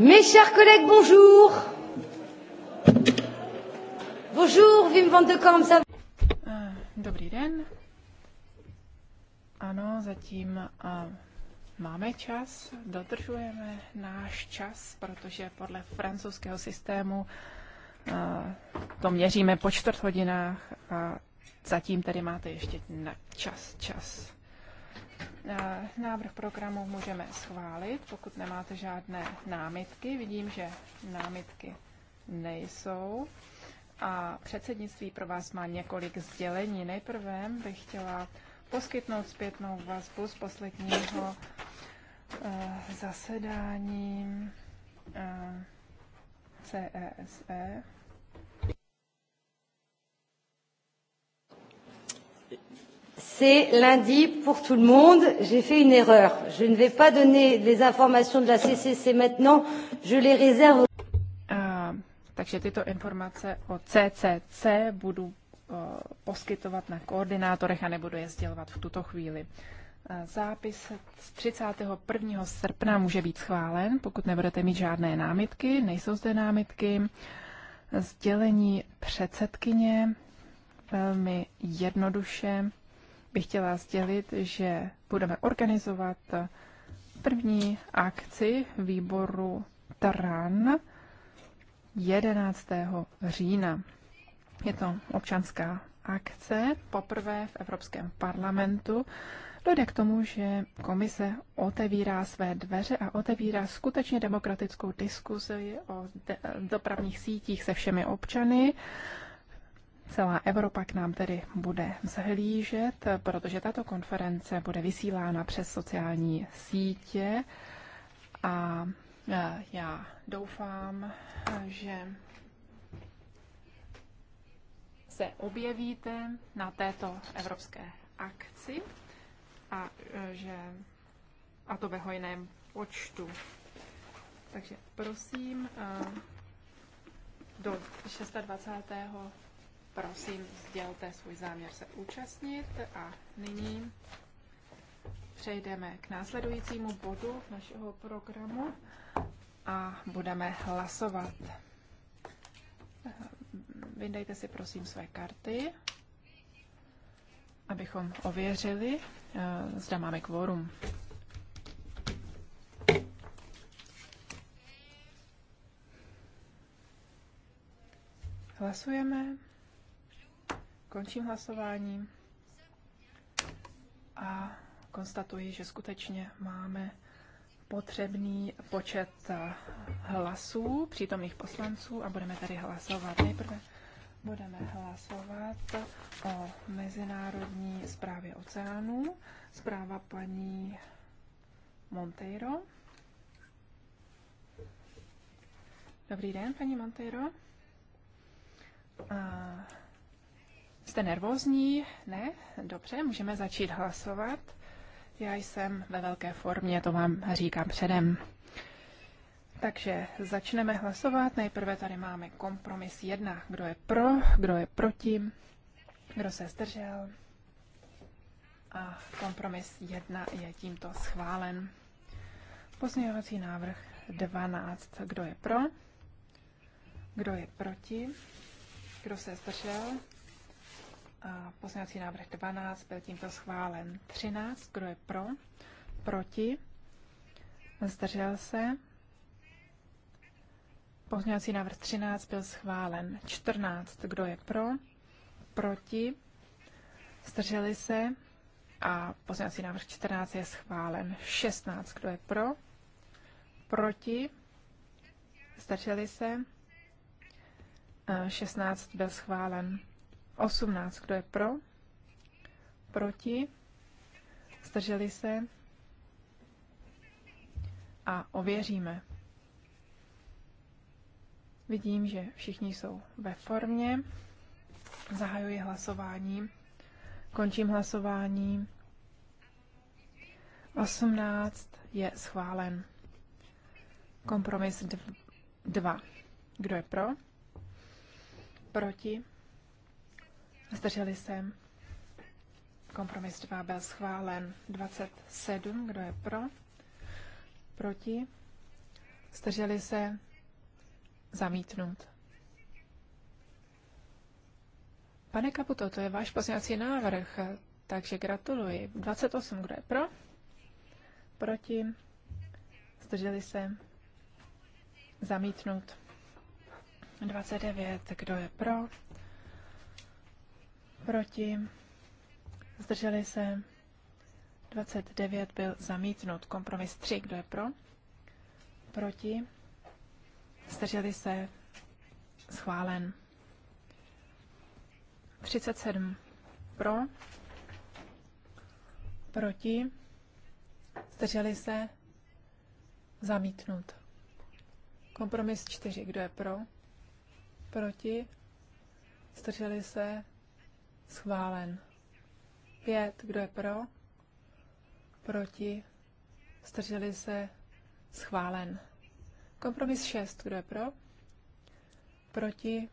Mes chers collègues, bonjour. Bonjour, Wim van de Kamp. Ça... Eh, dobrý den. Ano, zatím uh, máme čas, dodržujeme náš čas, protože podle francouzského systému uh, to měříme po čtvrt hodinách a zatím tady máte ještě na čas, čas. Eh, návrh programu můžeme schválit, pokud nemáte žádné námitky. Vidím, že námitky nejsou. A předsednictví pro vás má několik sdělení. Nejprve bych chtěla poskytnout zpětnou vazbu z posledního eh, zasedání eh, CESE c'est lundi pour tout le monde. J'ai fait une erreur. Je ne vais pas donner les informations de la CCC maintenant, je les réserve. Uh, takže tyto informace o CCC budu uh, poskytovat na koordinátorech a nebudu je sdělovat v tuto chvíli. Uh, zápis z 31. srpna může být schválen, pokud nebudete mít žádné námitky, nejsou zde námitky. Sdělení předsedkyně velmi jednoduše bych chtěla sdělit, že budeme organizovat první akci výboru TRAN 11. října. Je to občanská akce, poprvé v Evropském parlamentu. Dojde k tomu, že komise otevírá své dveře a otevírá skutečně demokratickou diskuzi o dopravních sítích se všemi občany Celá Evropa k nám tedy bude zhlížet, protože tato konference bude vysílána přes sociální sítě a e, já doufám, že se objevíte na této evropské akci a e, že a to ve hojném počtu. Takže prosím e, do 26 prosím sdělte svůj záměr se účastnit a nyní přejdeme k následujícímu bodu našeho programu a budeme hlasovat. Vydejte si prosím své karty, abychom ověřili, eh, zda máme kvórum. Hlasujeme. Končím hlasování a konstatuji, že skutečně máme potřebný počet eh, hlasů přítomných poslanců a budeme tady hlasovat. Nejprve budeme hlasovat o mezinárodní zprávě oceánů. Zpráva paní Monteiro. Dobrý den, paní Monteiro. A eh, Jste nervózní? Ne? Dobře, můžeme začít hlasovat. Já jsem ve velké formě, to vám říkám předem. Takže začneme hlasovat. Nejprve tady máme kompromis 1. Kdo je pro, kdo je proti, kdo se zdržel. A kompromis 1 je tímto schválen. Pozměňovací návrh 12. Kdo je pro? Kdo je proti? Kdo se zdržel? Poslanecí návrh 12 byl tímto schválen. 13. Kdo je pro? Proti? Zdržel se? Pozměňovací návrh 13 byl schválen. 14. Kdo je pro? Proti? Zdrželi se? A pozměňovací návrh 14 je schválen. 16. Kdo je pro? Proti? Zdrželi se? 16 byl schválen. 18. Kdo je pro? Proti? Zdrželi se? A ověříme. Vidím, že všichni jsou ve formě. Zahajuji hlasování. Končím hlasování. 18 je schválen. Kompromis 2. Kdo je pro? Proti? Zdrželi se. Kompromis 2 byl schválen. 27. Kdo je pro? Proti? Zdrželi se. Zamítnut. Pane Kaputo, to je váš pozměňovací návrh, takže gratuluji. 28, kdo je pro? Proti? Zdrželi se? Zamítnut. 29, kdo je pro? proti, zdrželi se, 29 byl zamítnut. Kompromis 3, kdo je pro, proti, zdrželi se, schválen. 37 pro, proti, zdrželi se, zamítnut. Kompromis 4, kdo je pro, proti, zdrželi se, Schválen. Pět, Kdo je pro? Proti? Zdrželi se? Schválen. Kompromis šest Kdo je pro? Proti?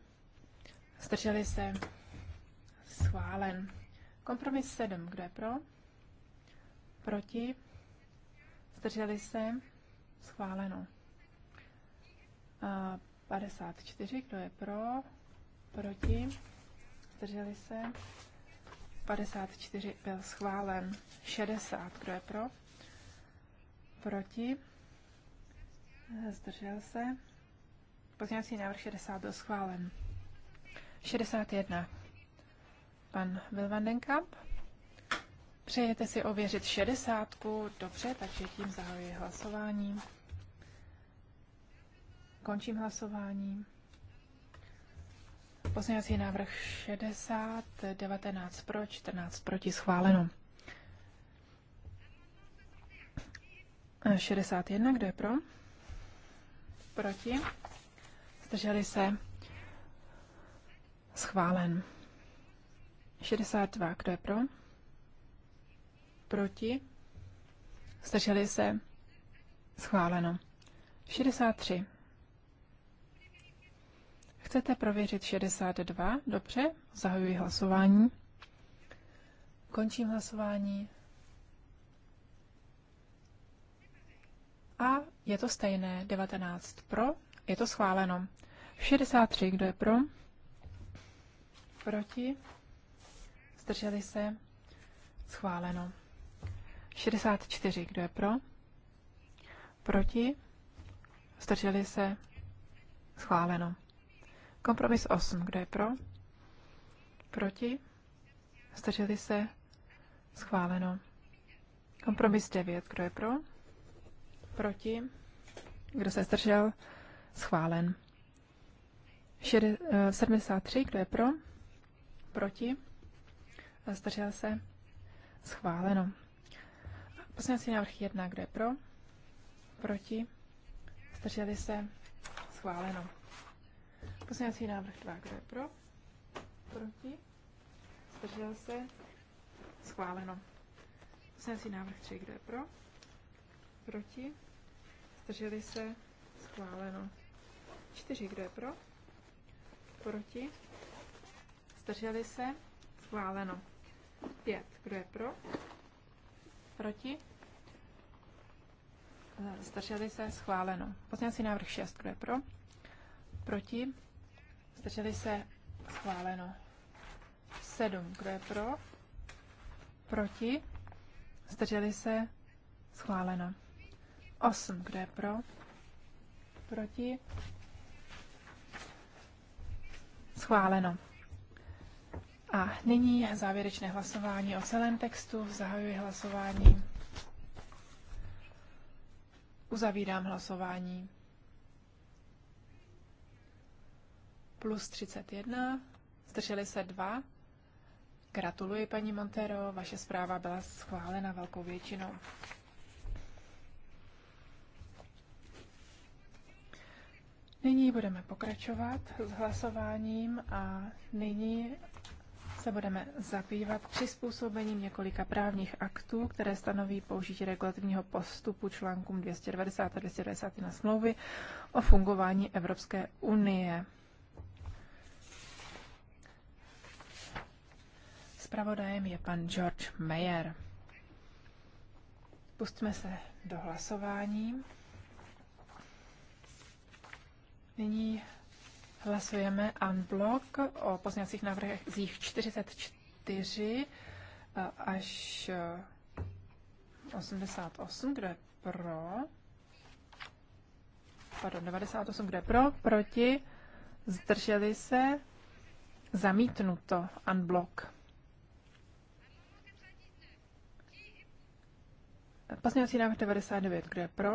Zdrželi se? Schválen. Kompromis sedm Kdo je pro? Proti? Zdrželi se? Schváleno. A 54. Kdo je pro? Proti? zdrželi se. 54 byl schválen. 60, kdo je pro? Proti. Zdržel se. Pozměňovací návrh 60 byl schválen. 61. Pan Kamp. Přejete si ověřit 60. Dobře, takže tím zahajuji hlasování. Končím hlasování. Pozměňovací návrh 60, 19 pro, 14 proti schváleno. 61, kdo je pro? Proti? Zdrželi se? Schválen. 62, kdo je pro? Proti? Zdrželi se? Schváleno. 63, Chcete prověřit 62? Dobře, zahajuji hlasování. Končím hlasování. A je to stejné, 19 pro, je to schváleno. 63, kdo je pro? Proti? Zdrželi se? Schváleno. 64, kdo je pro? Proti? Zdrželi se? Schváleno. Kompromis 8. Kdo je pro? Proti? Zdrželi se? Schváleno. Kompromis 9. Kdo je pro? Proti? Kdo se zdržel? Schválen. 73. Eh, Kdo je pro? Proti? Zdržel se? Schváleno. Poslední návrh 1. Kdo je pro? Proti? Zdrželi se? Schváleno. Pozměňovací návrh 2, kdo je pro? Proti? Zdržel se? Schváleno. Pozměňovací návrh 3, kdo je pro? Proti? Zdrželi se? Schváleno. 4, kdo je pro? Proti? Zdrželi se? Schváleno. 5, kdo je pro? Proti? Eh, zdrželi se? Schváleno. Pozměňovací návrh 6, kdo je pro? Proti? Zdrželi se schváleno. 7. Kdo je pro? Proti? Zdrželi se schváleno. 8. Kdo je pro? Proti? Schváleno. A nyní závěrečné hlasování o celém textu. Zahajuji hlasování. Uzavírám hlasování. plus 31, zdrželi se dva. Gratuluji, paní Montero, vaše zpráva byla schválena velkou většinou. Nyní budeme pokračovat s hlasováním a nyní se budeme zabývat přizpůsobením několika právních aktů, které stanoví použití regulativního postupu článkům 290 a 291 smlouvy o fungování Evropské unie. Zpravodajem je pan George Mayer. Pustíme se do hlasování. Nyní hlasujeme unblock o pozměňovacích návrhech z 44 eh, až 88, eh, kde pro. Pardon, 98, kde pro, proti, zdrželi se, zamítnuto unblock. Pozměňovací návrh 99, kdo je pro?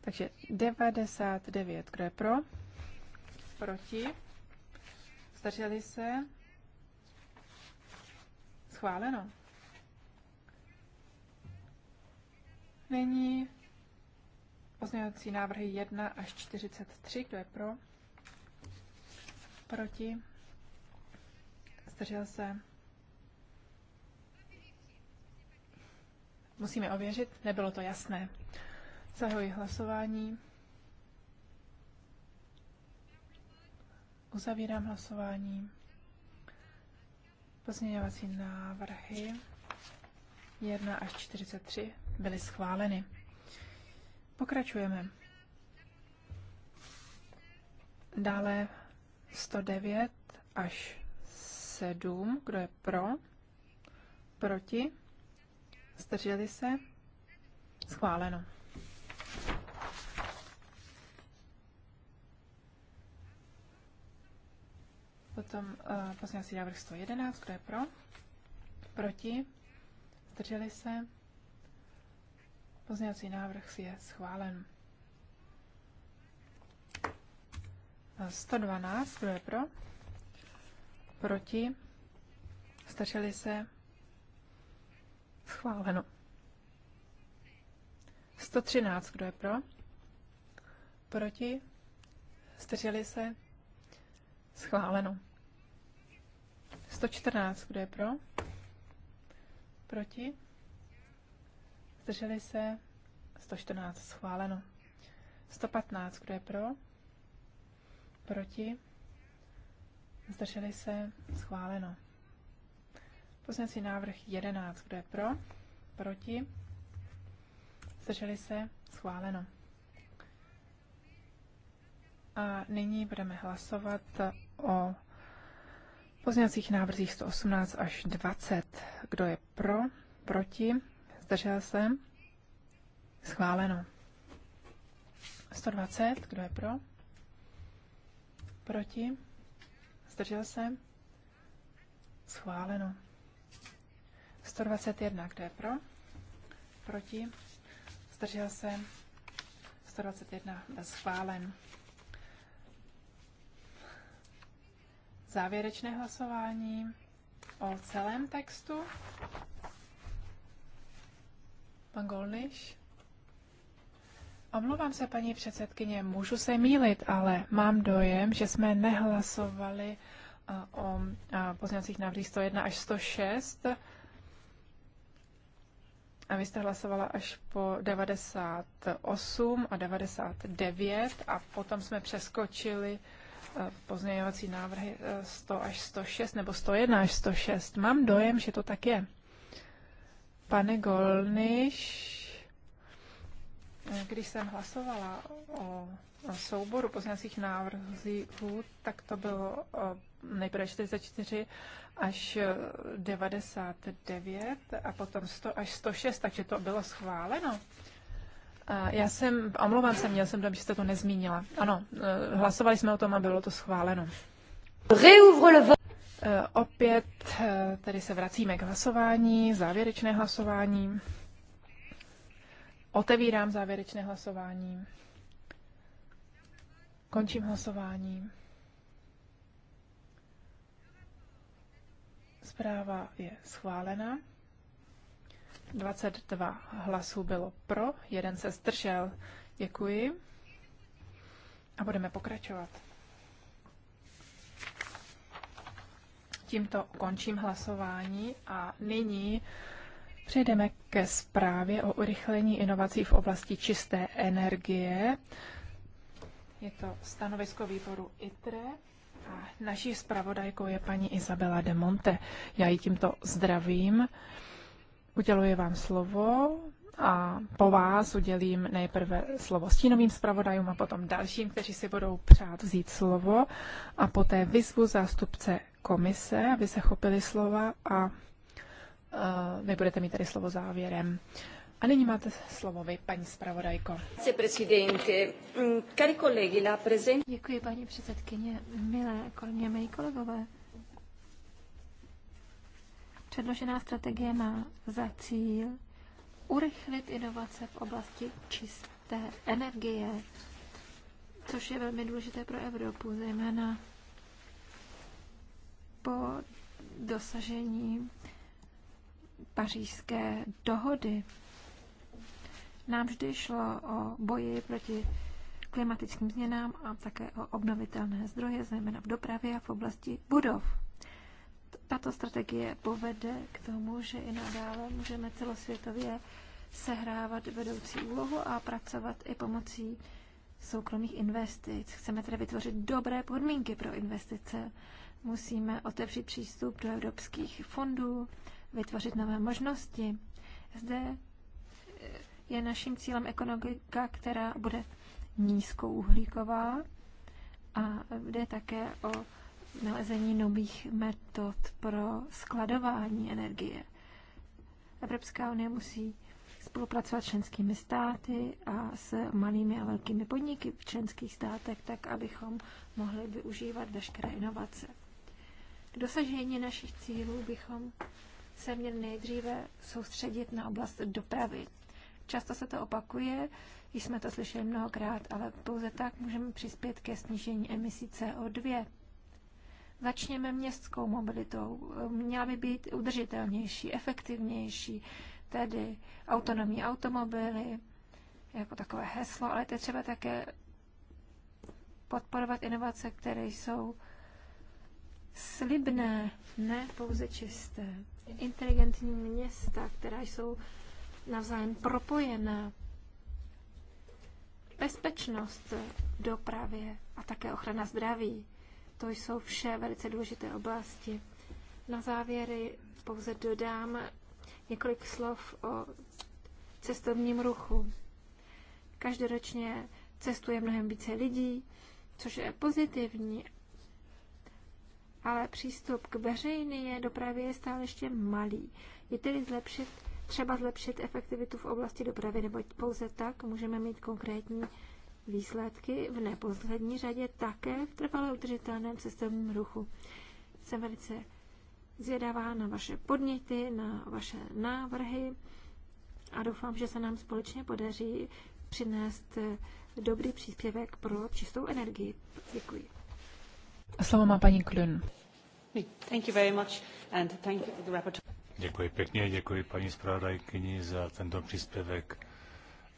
Takže 99, kdo je pro? Proti? Zdrželi se? Schváleno. Nyní pozměňovací návrhy 1 až 43, kdo je pro? Proti? Zdržel se? musíme ověřit, nebylo to jasné. Zahoji hlasování. Uzavírám hlasování. Pozměňovací návrhy 1 až 43 byly schváleny. Pokračujeme. Dále 109 až 7. Kdo je pro? Proti? Zdrželi se? Schváleno. Potom uh, eh, poslanecí návrh 111, kdo je pro? Proti? Zdrželi se? Pozměňovací návrh je schválen. 112, eh, kdo je pro? Proti? Stačili se? Schváleno. 113, kdo je pro? Proti? Zdrželi se? Schváleno. 114, kdo je pro? Proti? Zdrželi se? 114, schváleno. 115, kdo je pro? Proti? Zdrželi se? Schváleno. Poznací návrh 11. Kdo je pro? Proti? Zdrželi se? Schváleno. A nyní budeme hlasovat o pozměňovacích návrzích 118 až 20. Kdo je pro? Proti? Zdržel se? Schváleno. 120. Kdo je pro? Proti? Zdržel se? Schváleno. 121, kdo je pro? Proti? Zdržel se? 121 byl schválen. Závěrečné hlasování o celém textu. Pan Golniš? Omlouvám se, paní předsedkyně, můžu se mýlit, ale mám dojem, že jsme nehlasovali eh, o eh, pozměňovacích návrzích 101 až 106. A vy jste hlasovala až po 98 a 99 a potom jsme přeskočili eh, pozměňovací návrhy 100 eh, až 106 nebo 101 až 106. Mám dojem, že to tak je. Pane Golniš, eh, když jsem hlasovala o souboru pozměňovacích návrhů, tak to bylo nejprve 44 až 99 eh, a potom 100 až 106, takže to bylo schváleno. já jsem, omlouvám se, měl jsem tam, že jste to nezmínila. Ano, eh, hlasovali jsme o tom a bylo to schváleno. Eh, opět tady se vracíme k hlasování, závěrečné hlasování. Otevírám závěrečné hlasování. Končím hlasování. Zpráva je schválena. 22 hlasů bylo pro, jeden se zdržel. Děkuji. A budeme pokračovat. Tímto končím hlasování a nyní přejdeme ke zprávě o urychlení inovací v oblasti čisté energie. Je to stanovisko výboru ITRE. Naší zpravodajkou je paní Izabela de Monte. Já ji tímto zdravím. Uděluji vám slovo a po vás udělím nejprve slovo stínovým zpravodajům a potom dalším, kteří si budou přát vzít slovo a poté vyzvu zástupce komise, aby se chopili slova a uh, vy budete mít tady slovo závěrem. Uh, a nyní máte slovo vy, paní zpravodajko. Mm, Děkuji, paní předsedkyně. Milé kolegyně, milí kolegové. Předložená strategie má za cíl urychlit inovace v oblasti čisté energie, což je velmi důležité pro Evropu, zejména po dosažení pařížské dohody nám vždy šlo o boji proti klimatickým změnám a také o obnovitelné zdroje, zejména v dopravě a v oblasti budov. Tato strategie povede k tomu, že i nadále můžeme celosvětově sehrávat vedoucí úlohu a pracovat i pomocí soukromých investic. Chceme tedy vytvořit dobré podmínky pro investice. Musíme otevřít přístup do evropských fondů, vytvořit nové možnosti. Zde je naším cílem ekonomika, která bude nízkouhlíková a jde také o nalezení nových metod pro skladování energie. Evropská unie musí spolupracovat s členskými státy a s malými a velkými podniky v členských státech, tak abychom mohli využívat veškeré inovace. K dosažení našich cílů bychom se měli nejdříve soustředit na oblast dopravy. Často se to opakuje, již jsme to slyšeli mnohokrát, ale pouze tak můžeme přispět ke snížení emisí CO2. Začněme městskou mobilitou. Měla by být udržitelnější, efektivnější, tedy autonomní automobily, jako takové heslo, ale to je třeba také podporovat inovace, které jsou slibné, ne pouze čisté. Inteligentní města, která jsou navzájem propojená. Bezpečnost v dopravě a také ochrana zdraví, to jsou vše velice důležité oblasti. Na závěry pouze dodám několik slov o cestovním ruchu. Každoročně cestuje mnohem více lidí, což je pozitivní, ale přístup k veřejné dopravě je stále ještě malý. Je tedy zlepšit třeba zlepšit efektivitu v oblasti dopravy, neboť pouze tak můžeme mít konkrétní výsledky v neposlední řadě také v trvale udržitelném cestovním ruchu. Jsem velice zvědavá na vaše podněty, na vaše návrhy a doufám, že se nám společně podaří přinést dobrý příspěvek pro čistou energii. Děkuji. A slovo má paní Klun. Thank you very much and thank you the rapporteur. Děkuji pěkně, děkuji paní zpravodajkyni za tento příspěvek.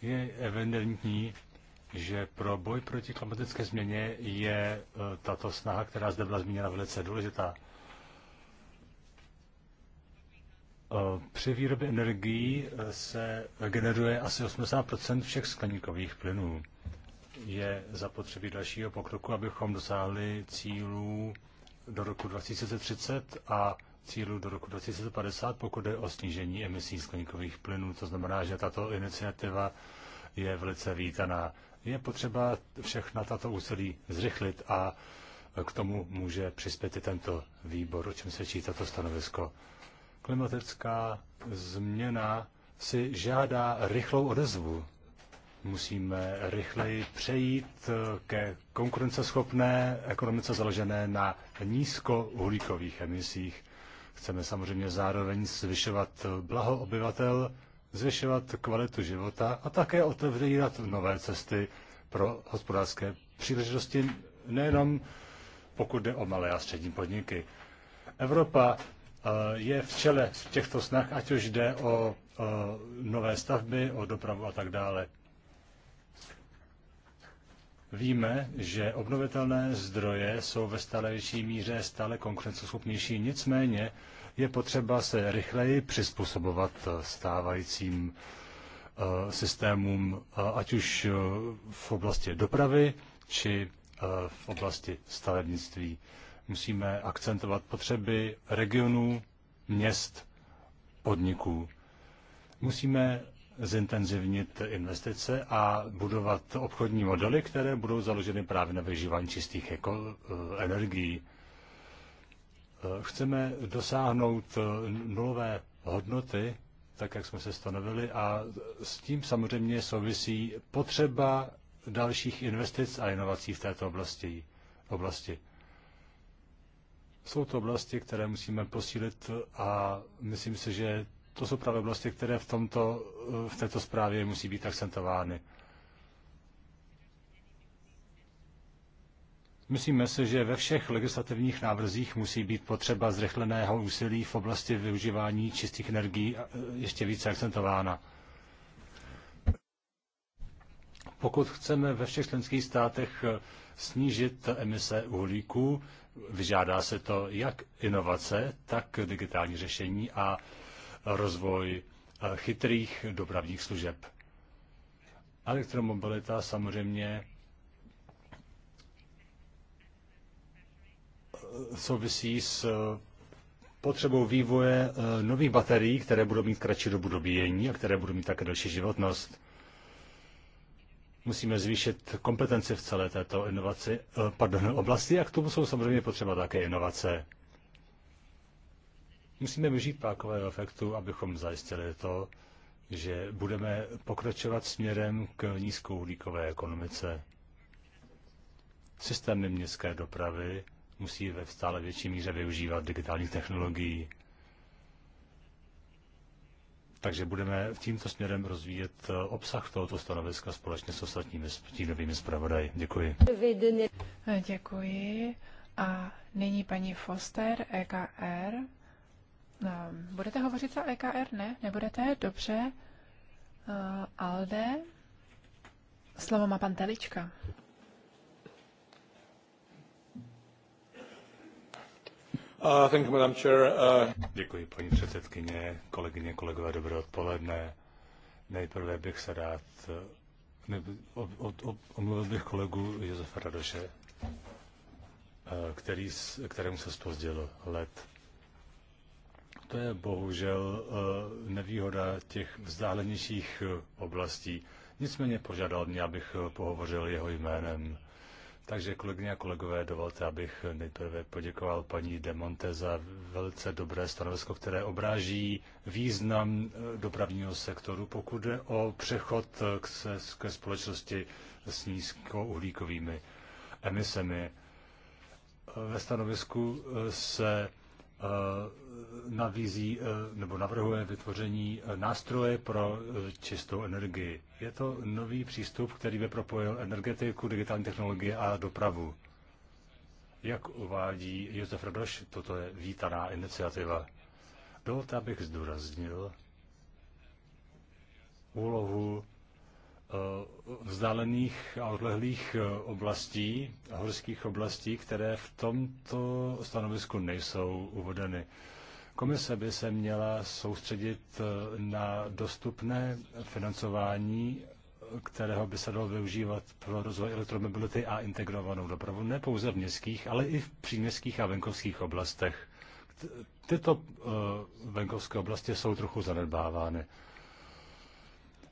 Je evidentní, že pro boj proti klimatické změně je e, tato snaha, která zde byla zmíněna, velice důležitá. E, při výrobě energií e, se generuje asi 80 všech skleníkových plynů. Je zapotřebí dalšího pokroku, abychom dosáhli cílů do roku 2030 a cílů do roku 2050, pokud je o snížení emisí skleníkových plynů. To znamená, že tato iniciativa je velice vítaná. Je potřeba všechna tato úsilí zrychlit a k tomu může přispět i tento výbor, o čem se čítá to stanovisko. Klimatická změna si žádá rychlou odezvu. Musíme rychleji přejít ke konkurenceschopné ekonomice založené na nízkouhlíkových emisích. Chceme samozřejmě zároveň zvyšovat blaho obyvatel, zvyšovat kvalitu života a také otevřít nové cesty pro hospodářské příležitosti, nejenom pokud jde o malé a střední podniky. Evropa eh, je v čele těchto snah, ať už jde o eh, nové stavby, o dopravu a tak dále. Víme, že obnovitelné zdroje jsou ve větší míře stále konkurenceschopnější, nicméně je potřeba se rychleji přizpůsobovat stávajícím eh, systémům, eh, ať už eh, v oblasti dopravy či v oblasti stavebnictví. Musíme akcentovat potřeby regionů, měst, podniků. Musíme zintenzivnit investice a budovat obchodní modely, které budou založeny právě na využívání čistých eko, eh, energií. Eh, chceme dosáhnout eh, nulové hodnoty, tak jak jsme se stanovili, a s tím samozřejmě souvisí potřeba dalších investic a inovací v této oblasti. oblasti. Jsou to oblasti, které musíme posílit a myslím si, že to jsou právě oblasti, které v, tomto, v této zprávě musí být akcentovány. Myslíme si, že ve všech legislativních návrzích musí být potřeba zrychleného úsilí v oblasti využívání čistých energií e, ještě více akcentována. Pokud chceme ve všech členských státech e, snížit emise uhlíků, vyžádá se to jak inovace, tak digitální řešení a rozvoj eh, chytrých dopravních služeb. Elektromobilita samozřejmě eh, souvisí s eh, potřebou vývoje nových baterií, které budou mít kratší dobu dobíjení a které budou mít také delší životnost. Musíme zvýšit kompetenci v celé této inovaci, pardon, oblasti a k tomu jsou samozřejmě potřeba také inovace. Musíme využít pákového efektu, abychom zajistili to, že budeme pokračovat směrem k nízkouhlíkové ekonomice. Systémy městské dopravy musí ve stále větší míře využívat digitálních technologií. Takže budeme v tímto směrem rozvíjet eh, obsah tohoto stanoviska společně s ostatními stínovými zpravodaji. Děkuji. Děkuji. A nyní paní Foster, EKR. Ehm, budete hovořit za EKR? Ne, nebudete? Dobře. Eh, Alde? Slovo má pan Telička. Uh, you, Madam Chair. Uh... Děkuji, paní předsedkyně, kolegyně, kolegové, dobré odpoledne. Nejprve bych se rád ne, omluvil bych kolegu Josefa Radoše, eh, který, kterému se spozdil let to je bohužel eh, nevýhoda těch vzdálenějších eh, oblastí. Nicméně požádal mě, abych eh, pohovořil jeho jménem. Takže kolegyně a kolegové, dovolte, abych nejprve poděkoval paní Demonte za velice dobré stanovisko, které obráží význam dopravního sektoru, pokud jde o přechod k se, ke společnosti s nízkouhlíkovými emisemi. Ve stanovisku se Eh, nabízí eh, nebo navrhuje vytvoření eh, nástroje pro čistou energii. Je to nový přístup, který by propojil energetiku, digitální technologie a dopravu. Jak uvádí Josef Radoš, toto je vítaná iniciativa. Dovolte, abych zdůraznil úlohu Eh, vzdálených a odlehlých eh, oblastí, horských oblastí, které v tomto stanovisku nejsou uvedeny. Komise by se měla soustředit eh, na dostupné financování, kterého by se dalo využívat pro rozvoj elektromobility a integrovanou dopravu, ne pouze v městských, ale i v příměstských a venkovských oblastech. Tyto venkovské oblasti jsou trochu zanedbávány.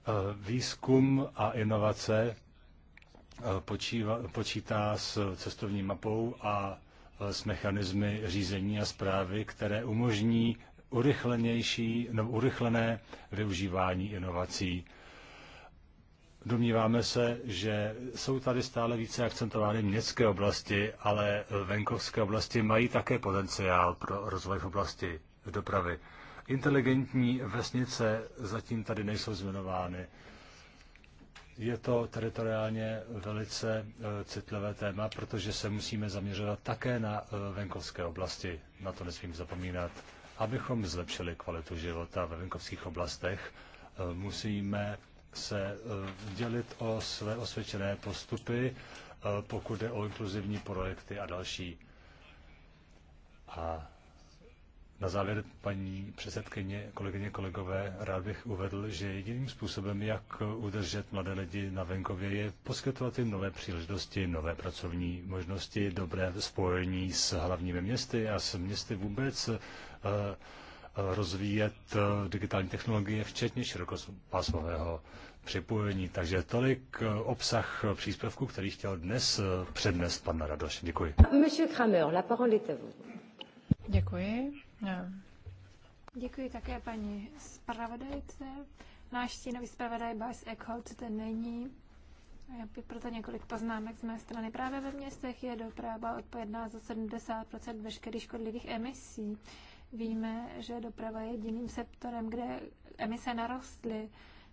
Eh, výzkum a inovace eh, počíva, počítá s cestovní mapou a eh, s mechanismy řízení a zprávy, které umožní urychlenější nebo urychlené využívání inovací. Domníváme se, že jsou tady stále více akcentovány městské oblasti, ale venkovské oblasti mají také potenciál pro rozvoj v oblasti dopravy inteligentní vesnice zatím tady nejsou zmenovány. Je to teritoriálně velice eh, citlivé téma, protože se musíme zaměřovat také na eh, venkovské oblasti. Na to nesmím zapomínat. Abychom zlepšili kvalitu života ve venkovských oblastech, eh, musíme se dělit o své osvědčené postupy, pokud jde o inkluzivní projekty a další. A na závěr, paní předsedkyně, kolegyně, kolegové, rád bych uvedl, že jediným způsobem, jak udržet mladé lidi na venkově, je poskytovat jim nové příležitosti, nové pracovní možnosti, dobré spojení s hlavními městy a s městy vůbec eh, eh, rozvíjet eh, digitální technologie, včetně širokopásmového připojení. Takže tolik obsah příspěvku, který chtěl dnes přednést pan Radoš. Děkuji. Monsieur Kramer, la parole est à vous. Děkuji. Děkuji také paní zpravodajce. Náš stínový zpravodaj Bas Eckholt To není. Já bych proto několik poznámek z mé strany. Právě ve městech je doprava odpovědná za 70 veškerých škodlivých emisí. Víme, že doprava je jediným sektorem, kde emise narostly.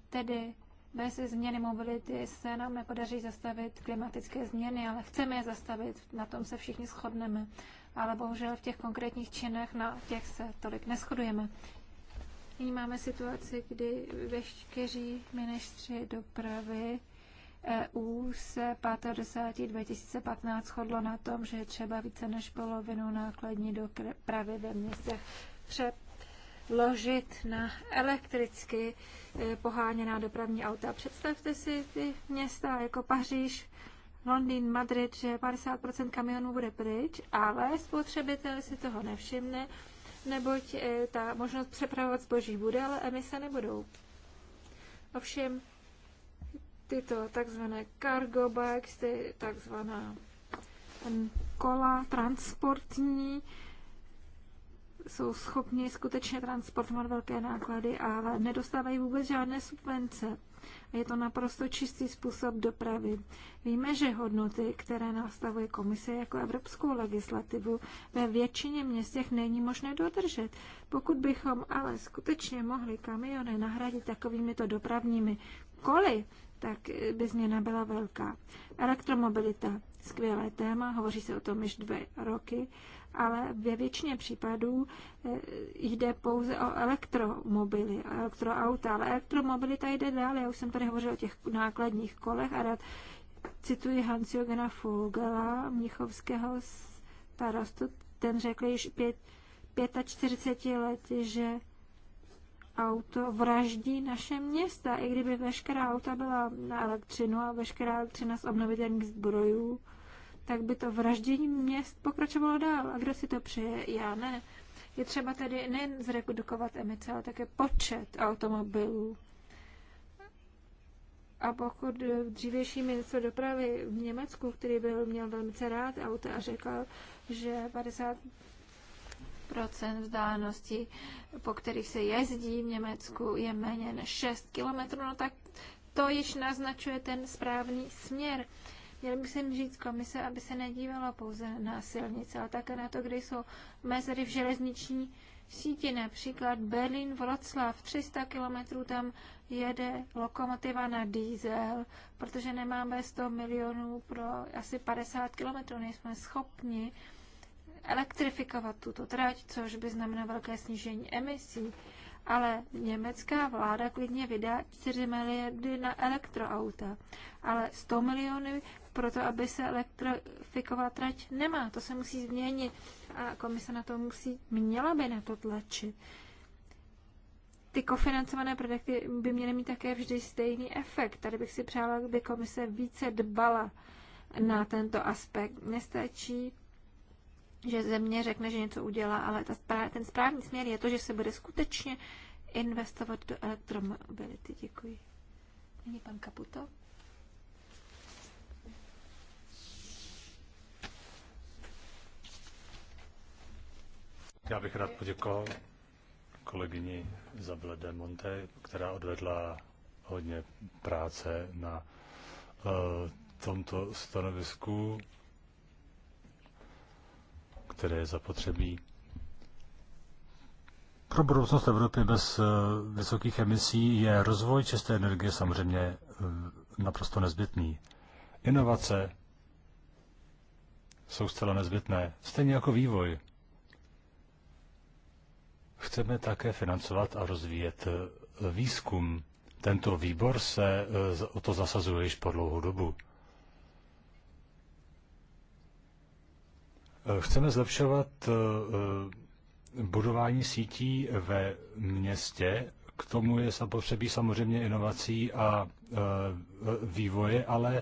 Tedy bez změny mobility se nám nepodaří zastavit klimatické změny, ale chceme je zastavit, na tom se všichni shodneme ale bohužel v těch konkrétních činech na těch se tolik neschodujeme. Nyní máme situaci, kdy veškeří ministři dopravy EU se 5.10.2015 shodlo na tom, že je třeba více než polovinu nákladní dopravy ve městech přeložit na elektricky eh, poháněná dopravní auta. Představte si ty města jako Paříž, Londýn, Madrid, že 50% kamionů bude pryč, ale spotřebitel si toho nevšimne, neboť eh, ta možnost přepravovat zboží bude, ale emise nebudou. Ovšem, tyto takzvané cargo bags, ty takzvaná mm, kola transportní, jsou schopni skutečně transportovat velké náklady, ale nedostávají vůbec žádné subvence. Je to naprosto čistý způsob dopravy. Víme, že hodnoty, které nastavuje komise jako evropskou legislativu, ve většině městech není možné dodržet. Pokud bychom ale skutečně mohli kamiony nahradit takovýmito dopravními koly, tak by změna byla velká. Elektromobilita, skvělé téma, hovoří se o tom již dvě roky ale ve většině případů eh, jde pouze o elektromobily, elektroauta, ale elektromobilita jde dál. Já už jsem tady hovořil o těch nákladních kolech a rád cituji Hans-Jogena Fogela, mnichovského starostu, ten řekl již pět, 45 lety, že auto vraždí naše města. I kdyby veškerá auta byla na elektřinu a veškerá elektřina z obnovitelných zdrojů, tak by to vraždění měst pokračovalo dál. A kdo si to přeje? Já ne. Je třeba tedy nejen zredukovat emice, ale také počet automobilů. A pokud dřívější ministr dopravy v Německu, který byl, měl velmi rád auta a řekl, že 50 procent vzdálenosti, po kterých se jezdí v Německu, je méně než 6 kilometrů, no tak to již naznačuje ten správný směr. Měli by se říct komise, aby se nedívala pouze na silnice, ale také na to, kde jsou mezery v železniční síti, například berlin Vroclav, 300 kilometrů tam jede lokomotiva na diesel, protože nemáme 100 milionů pro asi 50 kilometrů, nejsme schopni elektrifikovat tuto trať, což by znamenalo velké snížení emisí. Ale německá vláda klidně vydá 4 miliardy na elektroauta, ale 100 miliony proto, aby se elektrifikovala trať, nemá. To se musí změnit a komise na to musí, měla by na to tlačit. Ty kofinancované projekty by měly mít také vždy stejný efekt. Tady bych si přála, aby komise více dbala na tento aspekt. Nestačí, že země řekne, že něco udělá, ale ta, ten správný směr je to, že se bude skutečně investovat do elektromobility. Děkuji. Není pan Kaputo? Já bych rád poděkoval kolegyni Zabele de Monte, která odvedla hodně práce na uh, tomto stanovisku, které je zapotřebí. Pro budoucnost Evropy bez uh, vysokých emisí je rozvoj čisté energie samozřejmě uh, naprosto nezbytný. Inovace jsou zcela nezbytné, stejně jako vývoj. Chceme také financovat a rozvíjet e, výzkum. Tento výbor se e, o to zasazuje již po dlouhou dobu. E, chceme zlepšovat budování sítí ve městě. K tomu je zapotřebí samozřejmě inovací a vývoje, ale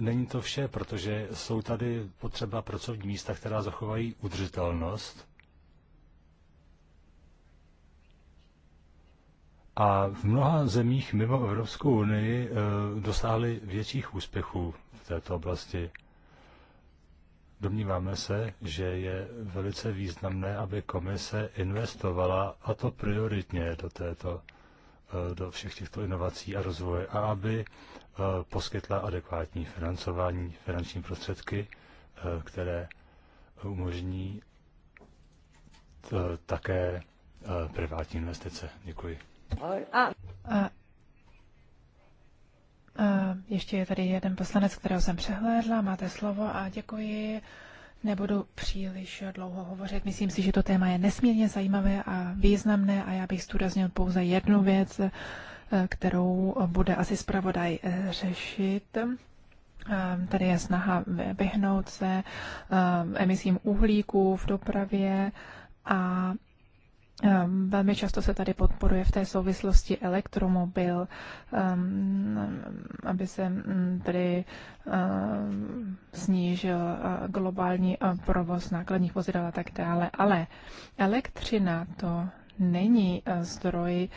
není to vše, protože jsou tady potřeba pracovní místa, která zachovají udržitelnost. A v mnoha zemích mimo Evropskou unii eh, dosáhly větších úspěchů v této oblasti. Domníváme se, že je velice významné, aby komise investovala, a to prioritně, do, této, eh, do všech těchto inovací a rozvoje, a aby Eh, poskytla adekvátní financování, finanční prostředky, eh, které umožní eh, také privátní investice. Děkuji. A, a, a ještě je tady jeden poslanec, kterého jsem přehlédla. Máte slovo a děkuji. Nebudu příliš dlouho hovořit. Myslím si, že to téma je nesmírně zajímavé a významné a já bych zdůraznil pouze jednu věc kterou bude asi zpravodaj eh, řešit. Eh, tady je snaha vyhnout se eh, emisím uhlíků v dopravě a ehm, Velmi často se tady podporuje v té souvislosti elektromobil, ehm, aby se mm, tedy ehm, snížil globální provoz nákladních vozidel a tak dále. Ale elektřina to není zdroj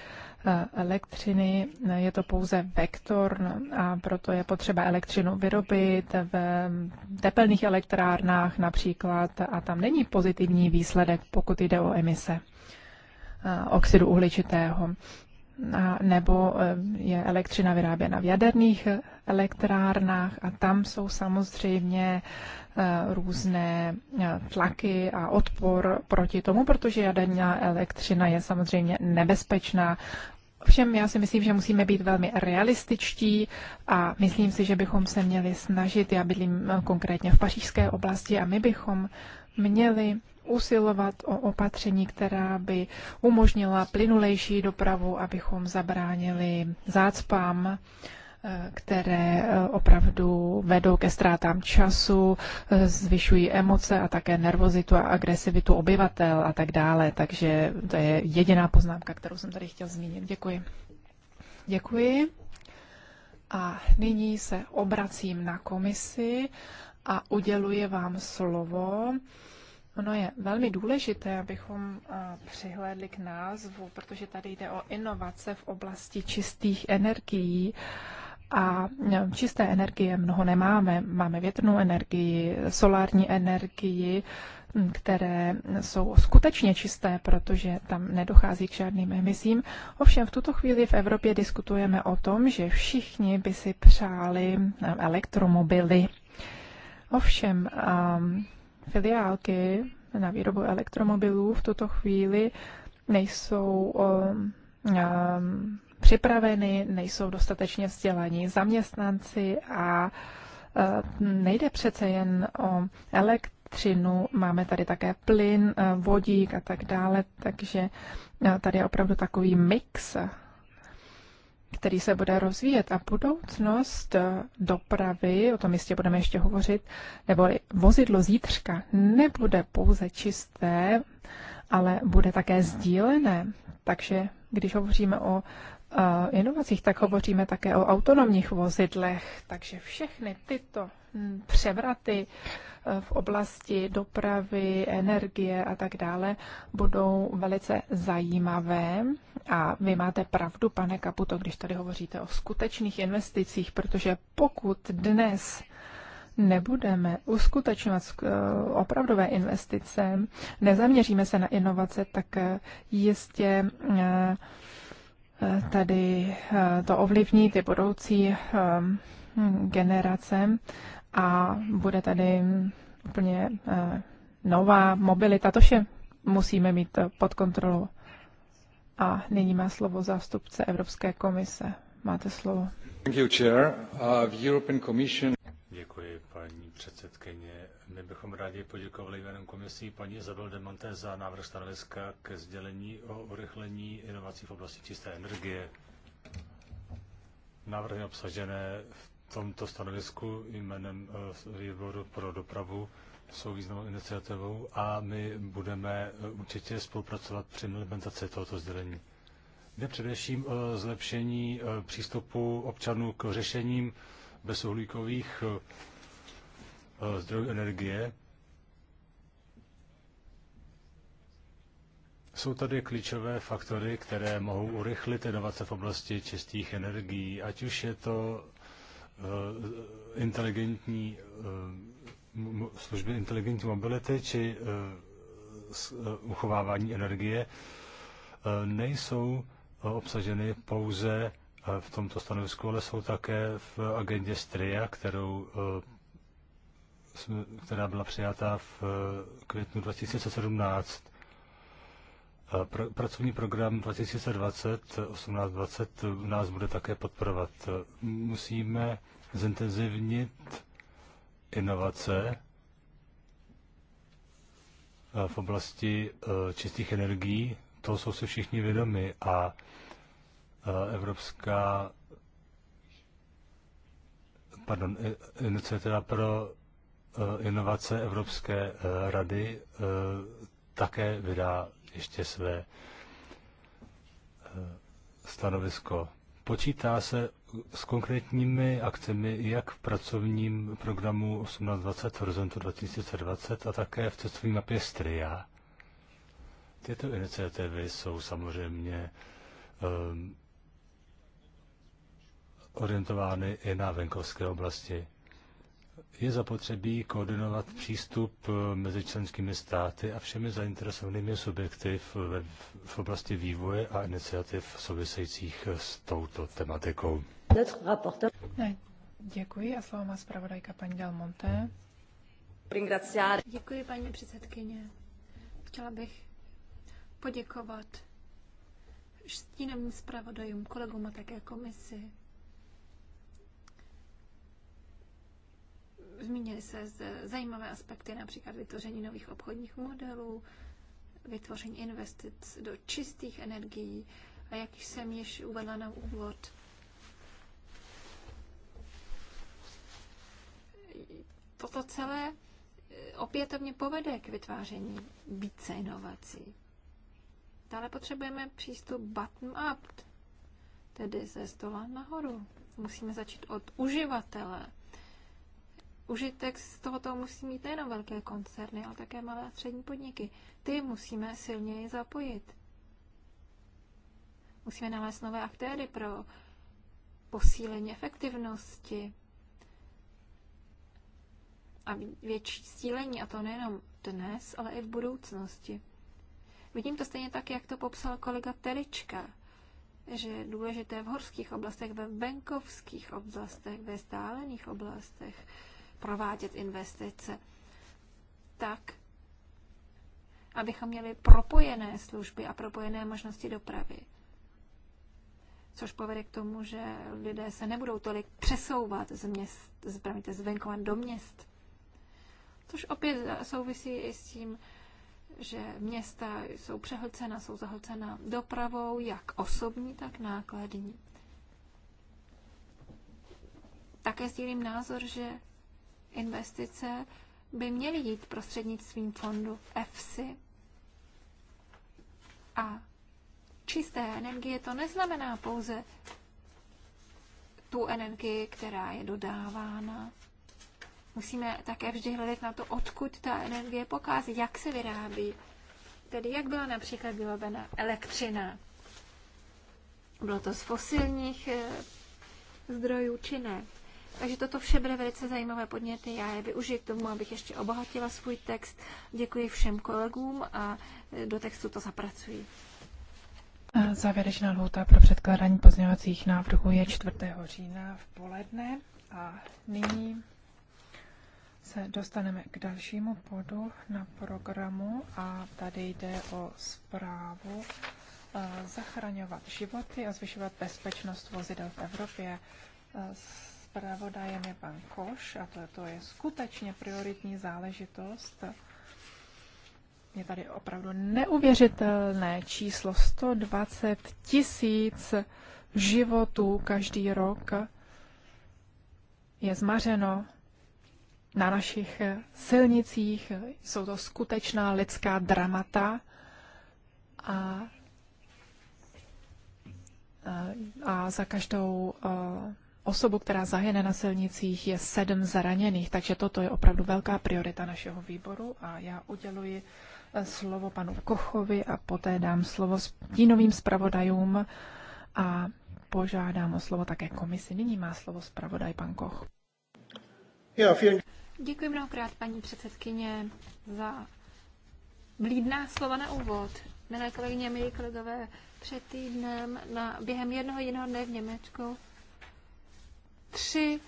Eh, elektřiny. Eh, je to pouze vektor no, a proto je potřeba elektřinu vyrobit v mm, tepelných elektrárnách například a tam není pozitivní výsledek, pokud jde o emise eh, oxidu uhličitého. A nebo je elektřina vyráběna v jaderných elektrárnách a tam jsou samozřejmě různé tlaky a odpor proti tomu, protože jaderná elektřina je samozřejmě nebezpečná Ovšem já si myslím, že musíme být velmi realističtí a myslím si, že bychom se měli snažit, já bydlím eh, konkrétně v pařížské oblasti a my bychom měli usilovat o opatření, která by umožnila plynulejší dopravu, abychom zabránili zácpám které eh, opravdu vedou ke ztrátám času, eh, zvyšují emoce a také nervozitu a agresivitu obyvatel a tak dále. Takže to je jediná poznámka, kterou jsem tady chtěl zmínit. Děkuji. Děkuji. A nyní se obracím na komisi a uděluje vám slovo. Ono je velmi důležité, abychom eh, přihlédli k názvu, protože tady jde o inovace v oblasti čistých energií a e, čisté energie mnoho nemáme. Máme větrnou energii, solární energii, které jsou skutečně čisté, protože tam nedochází k žádným emisím. Ovšem v tuto chvíli v Evropě diskutujeme o tom, že všichni by si přáli e, elektromobily. Ovšem um, filiálky na výrobu elektromobilů v tuto chvíli nejsou um, um, připraveny, nejsou dostatečně vzdělaní zaměstnanci a eh, nejde přece jen o elektřinu, máme tady také plyn, eh, vodík a tak dále, takže eh, tady je opravdu takový mix který se bude rozvíjet a budoucnost dopravy, o tom jistě budeme ještě hovořit, nebo vozidlo zítřka nebude pouze čisté, ale bude také sdílené. Takže když hovoříme o inovacích, tak hovoříme také o autonomních vozidlech. Takže všechny tyto převraty e, v oblasti dopravy, energie a tak dále budou velice zajímavé. A vy máte pravdu, pane Kaputo, když tady hovoříte o skutečných investicích, protože pokud dnes nebudeme uskutečňovat e, opravdové investice, nezaměříme se na inovace, tak e, jistě Eh, tady eh, to ovlivní ty budoucí eh, generace a bude tady úplně nová mobilita. To vše musíme mít pod kontrolou. A nyní má slovo zástupce Evropské komise. Máte slovo. Uh, Děkuji, paní předsedkyně. My bychom rádi poděkovali jménem komisí paní Izabel Demonte za návrh stanoviska ke sdělení o urychlení inovací v oblasti čisté energie. Návrhy obsažené v tomto stanovisku jménem eh, výboru pro dopravu jsou významnou iniciativou a my budeme eh, určitě spolupracovat při implementaci tohoto sdělení. Jde především o zlepšení eh, přístupu občanů k řešením bezuhlíkových zdroj energie. Jsou tady klíčové faktory, které mohou urychlit inovace v oblasti čistých energií, ať už je to eh, inteligentní eh, služby inteligentní mobility či eh, uchovávání energie nejsou obsaženy pouze v tomto stanovisku, ale jsou také v agendě STRIA, kterou která byla přijata v eh, květnu 2017. Pr- pracovní program 2020, 18-20 nás bude také podporovat. Musíme zintenzivnit inovace eh, v oblasti eh, čistých energií. To jsou si všichni vědomi a Evropská pardon, iniciativa pro Eh, inovace Evropské eh, rady eh, také vydá ještě své stanovisko. Počítá se s konkrétními akcemi jak v pracovním programu 1820 Horizontu 2020 a také v cestovní mapě Stria. Tyto iniciativy jsou samozřejmě um, orientovány i na venkovské oblasti je zapotřebí koordinovat přístup eh, mezi členskými státy a všemi zainteresovanými subjekty v, v oblasti vývoje a iniciativ souvisejících s touto tematikou. Ne, děkuji a slovo má zpravodajka paní Del Monte. Děkuji, paní předsedkyně. Chtěla bych poděkovat stínovým zpravodajům, kolegům a také komisi Zmínili se zajímavé aspekty, například vytvoření nových obchodních modelů, vytvoření investic do čistých energií a jak jsem již uvedla na úvod, toto celé e, opětovně povede k vytváření více inovací. Dále potřebujeme přístup bottom-up, tedy ze stola nahoru. Musíme začít od uživatele užitek z tohoto musí mít nejen velké koncerny, ale také malé a střední podniky. Ty musíme silněji zapojit. Musíme nalézt nové aktéry pro posílení efektivnosti a větší sílení, a to nejenom dnes, ale i v budoucnosti. Vidím to stejně tak, jak to popsal kolega Terička, že je důležité v horských oblastech, ve venkovských oblastech, ve stálených oblastech, provádět investice tak, abychom měli propojené služby a propojené možnosti dopravy. Což povede k tomu, že lidé se nebudou tolik přesouvat z měst, z, promiňte, z venkova do měst. Což opět souvisí i s tím, že města jsou přehlcena, jsou zahlcena dopravou, jak osobní, tak nákladní. Také sdílím názor, že investice by měly jít prostřednictvím fondu EFSI. A čisté energie to neznamená pouze tu energii, která je dodávána. Musíme také vždy hledat na to, odkud ta energie pokází, jak se vyrábí. Tedy jak byla například vyrobena elektřina. Bylo to z fosilních eh, zdrojů či ne. Takže toto vše bude velice zajímavé podněty. Já je využiju k tomu, abych ještě obohatila svůj text. Děkuji všem kolegům a e, do textu to zapracuji. Závěrečná lhůta pro předkládání pozměňovacích návrhů je 4. října v poledne a nyní se dostaneme k dalšímu bodu na programu a tady jde o zprávu e, zachraňovat životy a zvyšovat bezpečnost vozidel v Evropě. E, zpravodajem je pan Koš a to, to je skutečně prioritní záležitost. Je tady opravdu neuvěřitelné číslo 120 tisíc životů každý rok je zmařeno na našich silnicích. Jsou to skutečná lidská dramata a, a za každou osobu, která zahyne na silnicích, je sedm zraněných, takže toto je opravdu velká priorita našeho výboru a já uděluji eh, slovo panu Kochovi a poté dám slovo stínovým zpravodajům a požádám o slovo také komisi. Nyní má slovo zpravodaj pan Koch. Děkuji mnohokrát, paní předsedkyně, za vlídná slova na úvod. Milé kolegyně, milí kolegové, před týdnem na, během jednoho jiného dne v Německu tři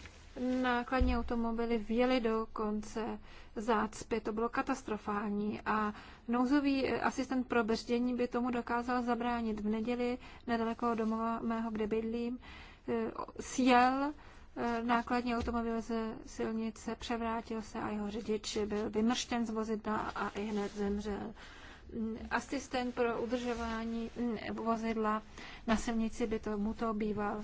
nákladní automobily vjeli do konce zácpy. To bylo katastrofální a nouzový eh, asistent pro brždění by tomu dokázal zabránit. V neděli nedaleko domova mého, kde bydlím, eh, sjel eh, nákladní automobil ze silnice, převrátil se a jeho řidič byl vymrštěn z vozidla a i hned zemřel. Mm, asistent pro udržování mm, vozidla na silnici by tomu to býval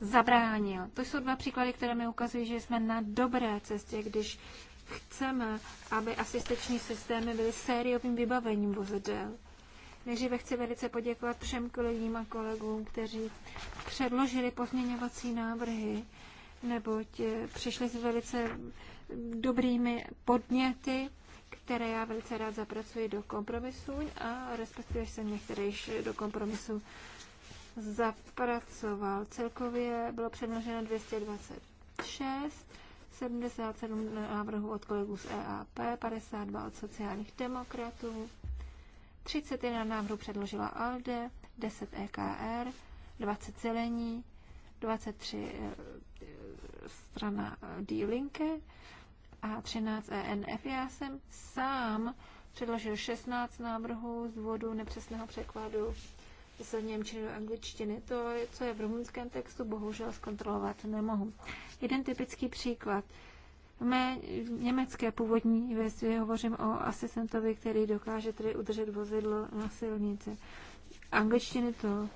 zabránil. To jsou dva příklady, které mi ukazují, že jsme na dobré cestě, když chceme, aby asistenční systémy byly sériovým vybavením vozidel. Nejdříve chci velice poděkovat všem kolegům a kolegům, kteří předložili pozměňovací návrhy, neboť eh, přišli s velice dobrými podněty, které já velice rád zapracuji do kompromisu a respektive jsem některé již do kompromisu zapracoval. Celkově bylo předloženo 226, 77 návrhů od kolegů z EAP, 52 od sociálních demokratů, 31 návrhů předložila ALDE, 10 EKR, 20 zelení, 23 eh, strana D-Linke a 13 ENF. Já jsem sám předložil 16 návrhů z vodu nepřesného překladu z Němčiny do angličtiny. To, co je v rumunském textu, bohužel zkontrolovat nemohu. Jeden typický příklad. V mé německé původní verzi hovořím o asistentovi, který dokáže tedy udržet vozidlo na silnici. Angličtiny to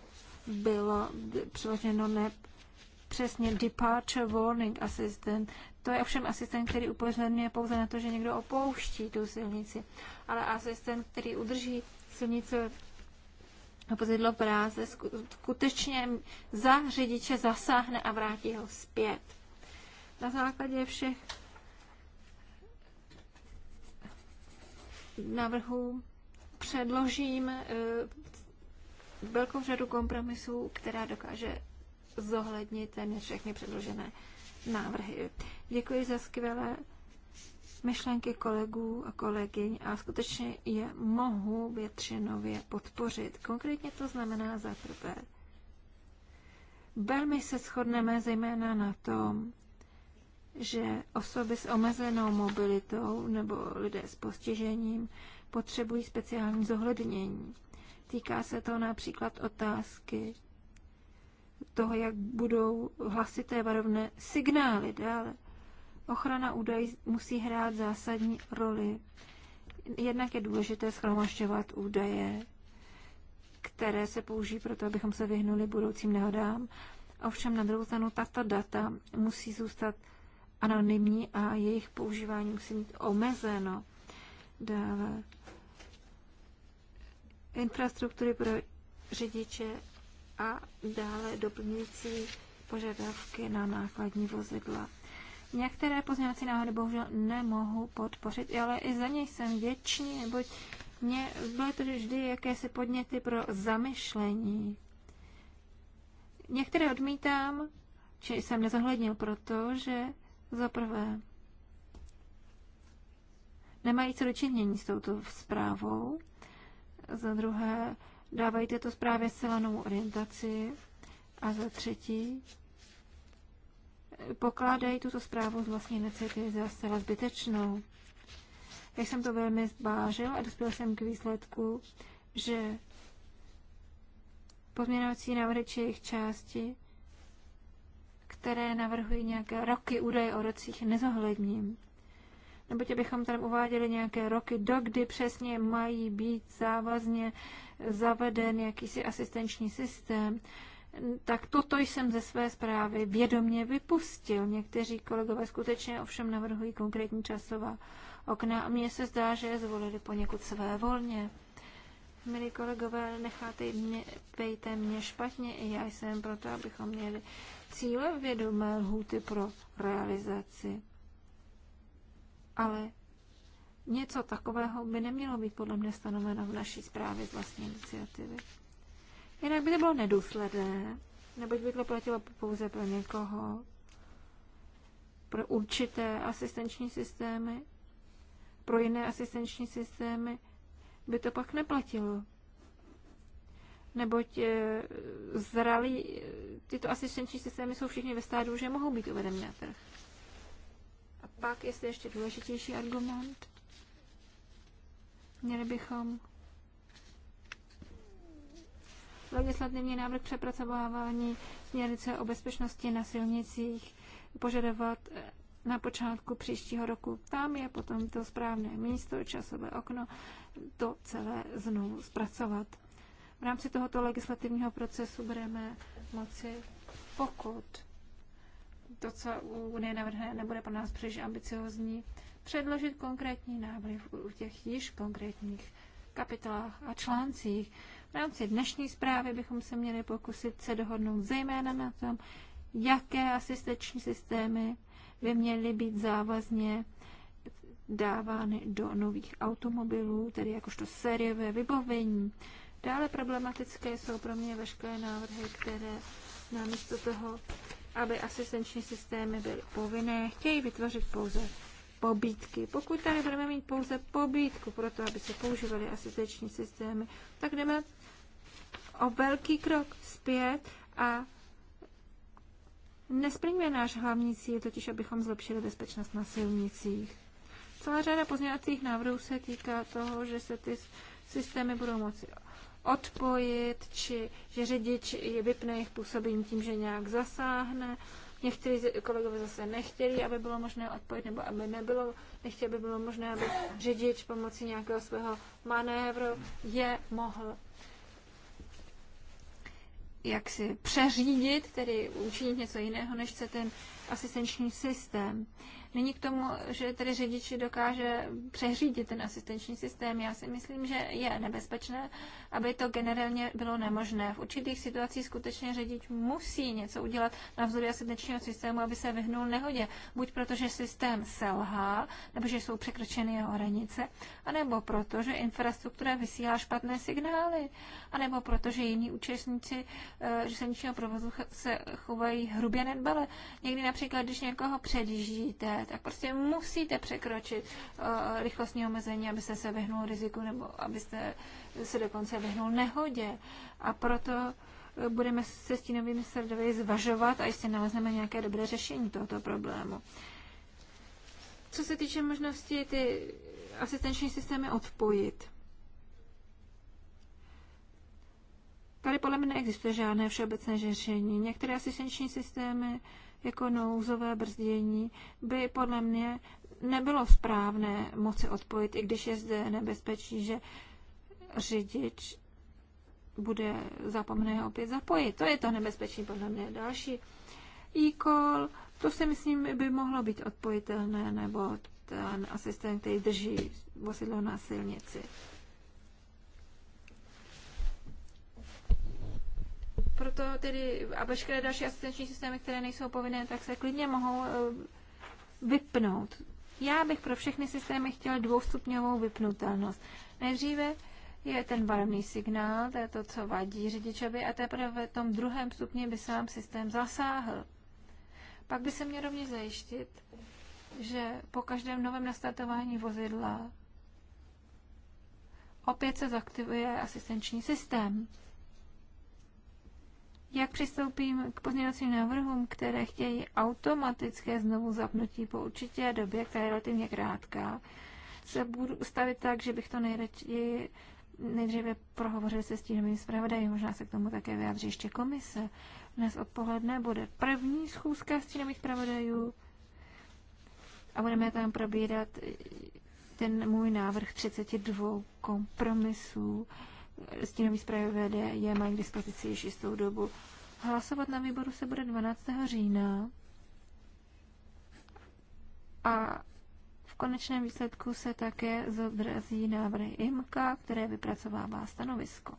bylo přeloženo ne přesně departure warning assistant. To je ovšem asistent, který upozorňuje pouze na to, že někdo opouští tu silnici, ale asistent, který udrží silnice a vozidlo práze skutečně za řidiče zasáhne a vrátí ho zpět. Na základě všech návrhů předložím eh, velkou řadu kompromisů, která dokáže zohlednit ten všechny předložené návrhy. Děkuji za skvělé myšlenky kolegů a kolegyň a skutečně je mohu většinově podpořit. Konkrétně to znamená za prvé. Velmi se shodneme zejména na tom, že osoby s omezenou mobilitou nebo lidé s postižením potřebují speciální zohlednění. Týká se to například otázky toho, jak budou hlasité varovné signály dále. Ochrana údajů musí hrát zásadní roli. Jednak je důležité schromažďovat údaje, které se použijí pro to, abychom se vyhnuli budoucím nehodám. Ovšem na druhou stranu tato data musí zůstat anonymní a jejich používání musí být omezeno. Dále infrastruktury pro řidiče a dále doplňující požadavky na nákladní vozidla. Některé pozměňovací návrhy bohužel nemohu podpořit, ale i za něj jsem věčný, neboť mě byly to vždy jakési podněty pro zamyšlení. Některé odmítám, či jsem nezohlednil, protože za prvé nemají co dočinění s touto zprávou, za druhé dávají této zprávě silanou orientaci a za třetí pokládají tuto zprávu z vlastní necity za zcela zbytečnou. Já jsem to velmi zvážil a dospěl jsem k výsledku, že pozměňovací návrhy či jejich části, které navrhují nějaké roky, údaje o rocích, nezohledním. Neboť abychom tam uváděli nějaké roky, dokdy přesně mají být závazně zaveden jakýsi asistenční systém, tak toto jsem ze své zprávy vědomě vypustil. Někteří kolegové skutečně ovšem navrhují konkrétní časová okna a mně se zdá, že je zvolili poněkud své volně. Milí kolegové, necháte mě, pejte mě špatně, i já jsem proto, abychom měli cíle vědomé lhůty pro realizaci. Ale něco takového by nemělo být podle mě stanoveno v naší zprávě z vlastní iniciativy. Jinak by to bylo nedůsledné, neboť by to platilo pouze pro někoho, pro určité asistenční systémy, pro jiné asistenční systémy by to pak neplatilo. Neboť eh, zralí, eh, tyto asistenční systémy jsou všichni ve stádu, že mohou být uvedeny na trh. A pak, jestli ještě důležitější argument, měli bychom legislativní návrh přepracovávání směrnice o bezpečnosti na silnicích požadovat eh, na počátku příštího roku. Tam je potom to správné místo, časové okno, to celé znovu zpracovat. V rámci tohoto legislativního procesu budeme moci, pokud to, co Unie navrhne, nebude pro nás příliš ambiciozní, předložit konkrétní návrhy v těch již konkrétních kapitolách a článcích. V rámci dnešní zprávy bychom se měli pokusit se dohodnout zejména na tom, jaké asistenční systémy by měly být závazně dávány do nových automobilů, tedy jakožto sériové vybavení. Dále problematické jsou pro mě veškeré návrhy, které namísto toho, aby asistenční systémy byly povinné, chtějí vytvořit pouze pobítky. Pokud tady budeme mít pouze pobítku pro to, aby se používaly asistenční systémy, tak jdeme o velký krok zpět a nesplňuje náš hlavní cíl, totiž abychom zlepšili bezpečnost na silnicích. Celá řada pozměňovacích návrhů se týká toho, že se ty systémy budou moci odpojit, či že řidič je vypne jejich působení tím, že nějak zasáhne. Někteří kolegové zase nechtěli, aby bylo možné odpojit, nebo aby nebylo, nechtěli, aby bylo možné, aby řidič pomocí nějakého svého manévru je mohl jak si přeřídit, tedy učinit něco jiného, než chce ten asistenční systém není k tomu, že tedy řidič dokáže přeřídit ten asistenční systém. Já si myslím, že je nebezpečné, aby to generálně bylo nemožné. V určitých situacích skutečně řidič musí něco udělat na vzory asistenčního systému, aby se vyhnul nehodě. Buď protože systém selhá, nebo že jsou překročeny jeho hranice, anebo proto, že infrastruktura vysílá špatné signály, anebo proto, že jiní účastníci eh, že silničního provozu se chovají hrubě nedbale. Někdy například, když někoho předjíždíte, tak prostě musíte překročit uh, rychlostní omezení, abyste se vyhnul riziku nebo abyste se dokonce vyhnul nehodě. A proto eh, budeme se stínovými srdovi zvažovat a jestli nalezneme nějaké dobré řešení tohoto problému. Co se týče možnosti ty asistenční systémy odpojit, Tady podle mě neexistuje žádné všeobecné řešení. Některé asistenční systémy jako nouzové brzdění by podle mě nebylo správné moci odpojit, i když je zde nebezpečí, že řidič bude zapomene opět zapojit. To je to nebezpečí podle mě. Další e-call, to si myslím by mohlo být odpojitelné, nebo ten asistent, který drží vozidlo na silnici. Proto tedy a veškeré další asistenční systémy, které nejsou povinné, tak se klidně mohou eh, vypnout. Já bych pro všechny systémy chtěl dvoustupňovou vypnutelnost. Nejdříve je ten varovný signál, to je to, co vadí řidičovi, a teprve v tom druhém stupni by sám systém zasáhl. Pak by se mě rovněž zajištit, že po každém novém nastartování vozidla opět se zaktivuje asistenční systém. Jak přistoupím k pozměňovacím návrhům, které chtějí automatické znovu zapnutí po určitě době, která je relativně krátká, se budu stavit tak, že bych to nejraději nejdříve prohovořil se stínovým zpravodajem, možná se k tomu také vyjádří ještě komise. Dnes odpoledne bude první schůzka stínových zpravodajů a budeme tam probírat ten můj návrh 32 kompromisů stínový zpravodaj je mají k dispozici již jistou dobu. Hlasovat na výboru se bude 12. října a v konečném výsledku se také zodrazí návrhy IMKA, které vypracovává stanovisko.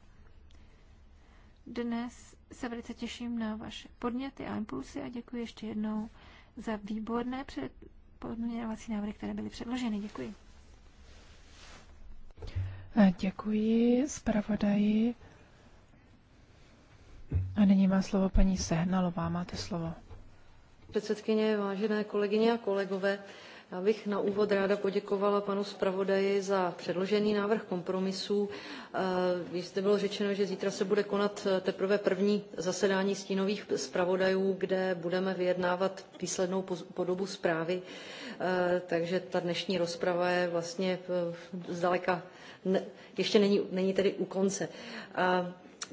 Dnes se velice těším na vaše podněty a impulsy a děkuji ještě jednou za výborné před podměňovací návrhy, které byly předloženy. Děkuji. Děkuji zpravodaji. A nyní má slovo paní Sehnalová. Máte slovo. Předsedkyně, vážené kolegyně a kolegové, já bych na úvod ráda poděkovala panu zpravodaji za předložený návrh kompromisů. Eh, již zde bylo řečeno, že zítra se bude konat eh, teprve první zasedání stínových zpravodajů, kde budeme vyjednávat výslednou podobu zprávy, eh, takže ta dnešní rozprava je vlastně zdaleka, ještě není, není tedy u konce.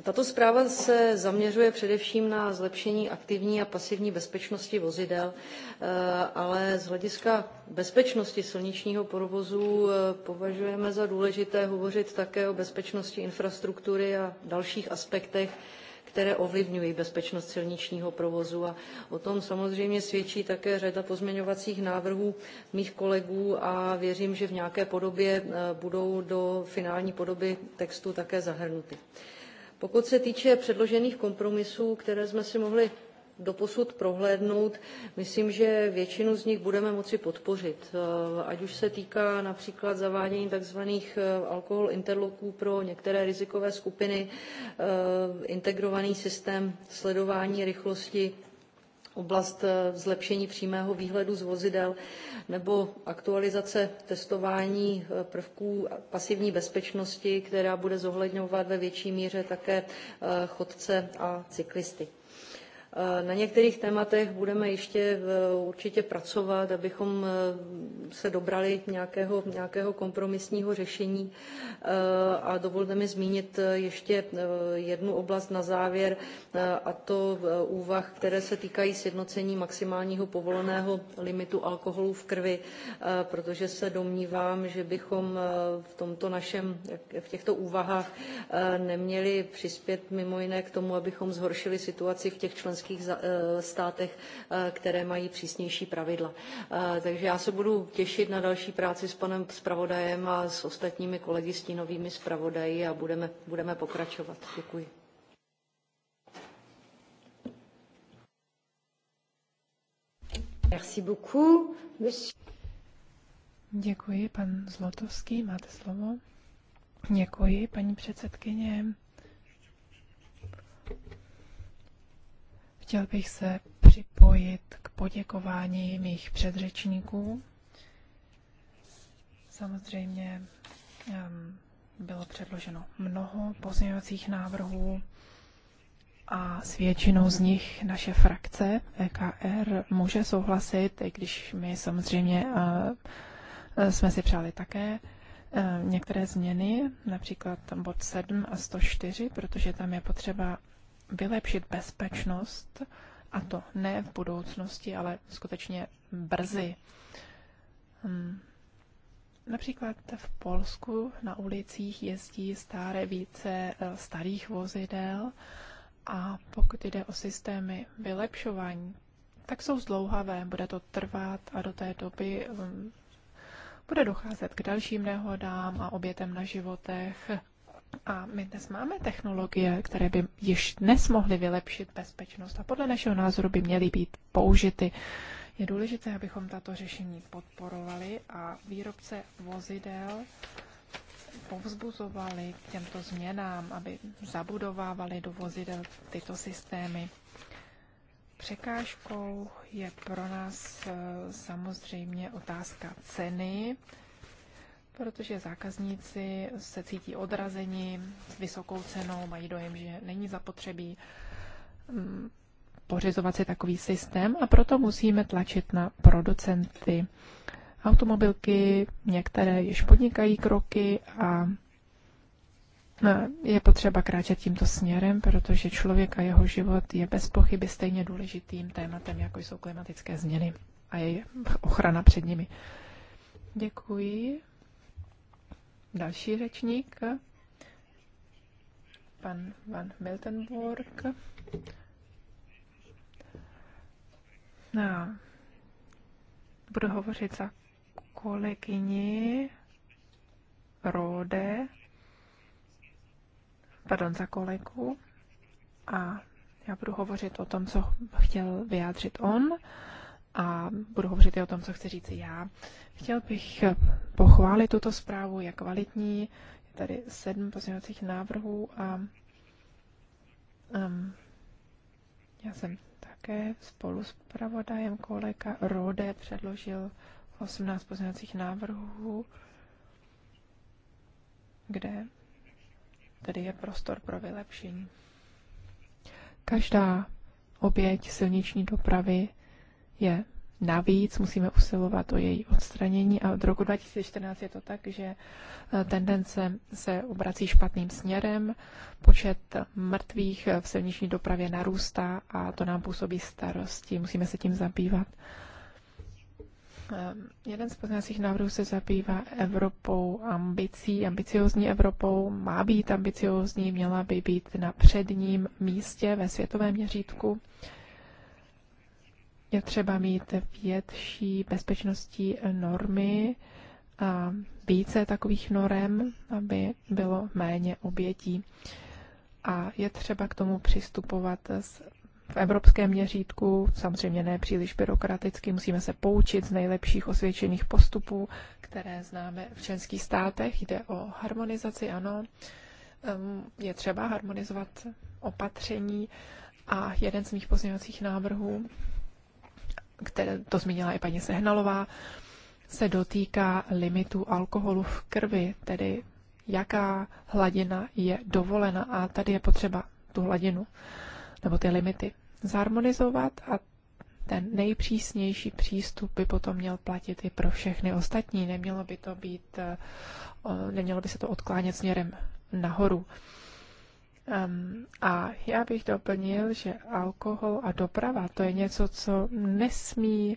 Tato zpráva se zaměřuje především na zlepšení aktivní a pasivní bezpečnosti vozidel, eh, ale z hlediska bezpečnosti silničního provozu eh, považujeme za důležité hovořit také o bezpečnosti infrastruktury a dalších aspektech, které ovlivňují bezpečnost silničního provozu. A o tom samozřejmě svědčí také řada pozměňovacích návrhů mých kolegů a věřím, že v nějaké podobě eh, budou do finální podoby textu také zahrnuty. Pokud se týče předložených kompromisů, které jsme si mohli doposud prohlédnout, myslím, že většinu z nich budeme moci podpořit. Eh, ať už se týká například zavádění tzv. Eh, alkohol interloků pro některé rizikové skupiny, eh, integrovaný systém sledování rychlosti oblast eh, zlepšení přímého výhledu z vozidel nebo aktualizace testování eh, prvků pasivní bezpečnosti, která bude zohledňovat ve větší míře také eh, chodce a cyklisty. Eh, na některých tématech budeme ještě eh, určitě pracovat, abychom eh, se dobrali nějakého, nějakého kompromisního řešení. A dovolte mi zmínit ještě jednu oblast na závěr, a to úvah, které se týkají sjednocení maximálního povoleného limitu alkoholu v krvi, protože se domnívám, že bychom v tomto našem, v těchto úvahách neměli přispět mimo jiné k tomu, abychom zhoršili situaci v těch členských členských eh, státech, eh, které mají přísnější pravidla. Eh, takže já se budu těšit na další práci s panem zpravodajem a s ostatními kolegy stínovými zpravodaji a budeme, budeme pokračovat. Děkuji. Merci beaucoup. Monsieur... Děkuji, pan Zlotovský, máte slovo. Děkuji, paní předsedkyně. Chtěl bych se připojit k poděkování mých předřečníků. Samozřejmě bylo předloženo mnoho pozměňovacích návrhů a s většinou z nich naše frakce EKR může souhlasit, i když my samozřejmě eh, jsme si přáli také eh, některé změny, například bod 7 a 104, protože tam je potřeba vylepšit bezpečnost, a to ne v budoucnosti, ale skutečně brzy. Hmm. Například v Polsku na ulicích jezdí stále více e, starých vozidel a pokud jde o systémy vylepšování, tak jsou zdlouhavé, bude to trvat a do té doby hm, bude docházet k dalším nehodám a obětem na životech a my dnes máme technologie, které by již dnes mohly vylepšit bezpečnost a podle našeho názoru by měly být použity. Je důležité, abychom tato řešení podporovali a výrobce vozidel povzbuzovali k těmto změnám, aby zabudovávali do vozidel tyto systémy. Překážkou je pro nás eh, samozřejmě otázka ceny protože zákazníci se cítí odrazeni s vysokou cenou, mají dojem, že není zapotřebí mm, pořizovat si takový systém a proto musíme tlačit na producenty. Automobilky některé již podnikají kroky a je potřeba kráčet tímto směrem, protože člověk a jeho život je bez pochyby stejně důležitým tématem, jako jsou klimatické změny a je ochrana před nimi. Děkuji. Další řečník, pan Van Miltenburg. No, budu hovořit za kolegyni Rode, pardon, za kolegu a já budu hovořit o tom, co chtěl vyjádřit on a budu hovořit i o tom, co chci říct já. Chtěl bych pochválit tuto zprávu, je kvalitní, je tady sedm pozměňovacích návrhů a um, já jsem také spolu s pravodajem kolega Rode předložil 18 pozměňovacích návrhů, kde tedy je prostor pro vylepšení. Každá oběť silniční dopravy je Navíc musíme usilovat o její odstranění a od roku 2014 je to tak, že eh, tendence se obrací špatným směrem, počet mrtvých v silniční dopravě narůstá a to nám působí starosti, musíme se tím zabývat. Eh, jeden z poznacích návrhů se zabývá Evropou ambicí, ambiciozní Evropou. Má být ambiciozní, měla by být na předním místě ve světovém měřítku. Je třeba mít větší bezpečnostní normy a více takových norem, aby bylo méně obětí. A je třeba k tomu přistupovat s v evropském měřítku, samozřejmě ne příliš byrokraticky, musíme se poučit z nejlepších osvědčených postupů, které známe v členských státech. Jde o harmonizaci, ano. Ehm, je třeba harmonizovat opatření a jeden z mých pozměňovacích návrhů které to zmínila i paní Sehnalová, se dotýká limitu alkoholu v krvi, tedy jaká hladina je dovolena a tady je potřeba tu hladinu nebo ty limity zharmonizovat a ten nejpřísnější přístup by potom měl platit i pro všechny ostatní. Nemělo by to být, eh, nemělo by se to odklánět směrem nahoru. Um, a já bych doplnil, že alkohol a doprava to je něco, co nesmí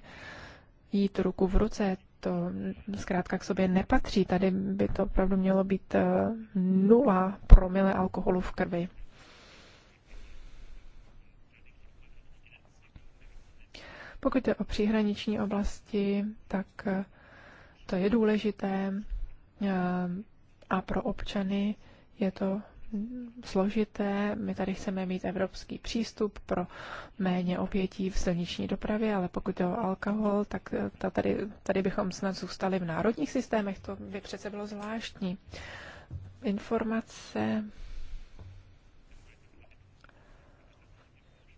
jít ruku v ruce. To zkrátka k sobě nepatří. Tady by to opravdu mělo být uh, nula promile alkoholu v krvi. Pokud je o příhraniční oblasti, tak eh, to je důležité eh, a pro občany je to složité. My tady chceme mít evropský přístup pro méně obětí v silniční dopravě, ale pokud je o alkohol, tak eh, ta tady, tady bychom snad zůstali v národních systémech. To by přece bylo zvláštní. Informace.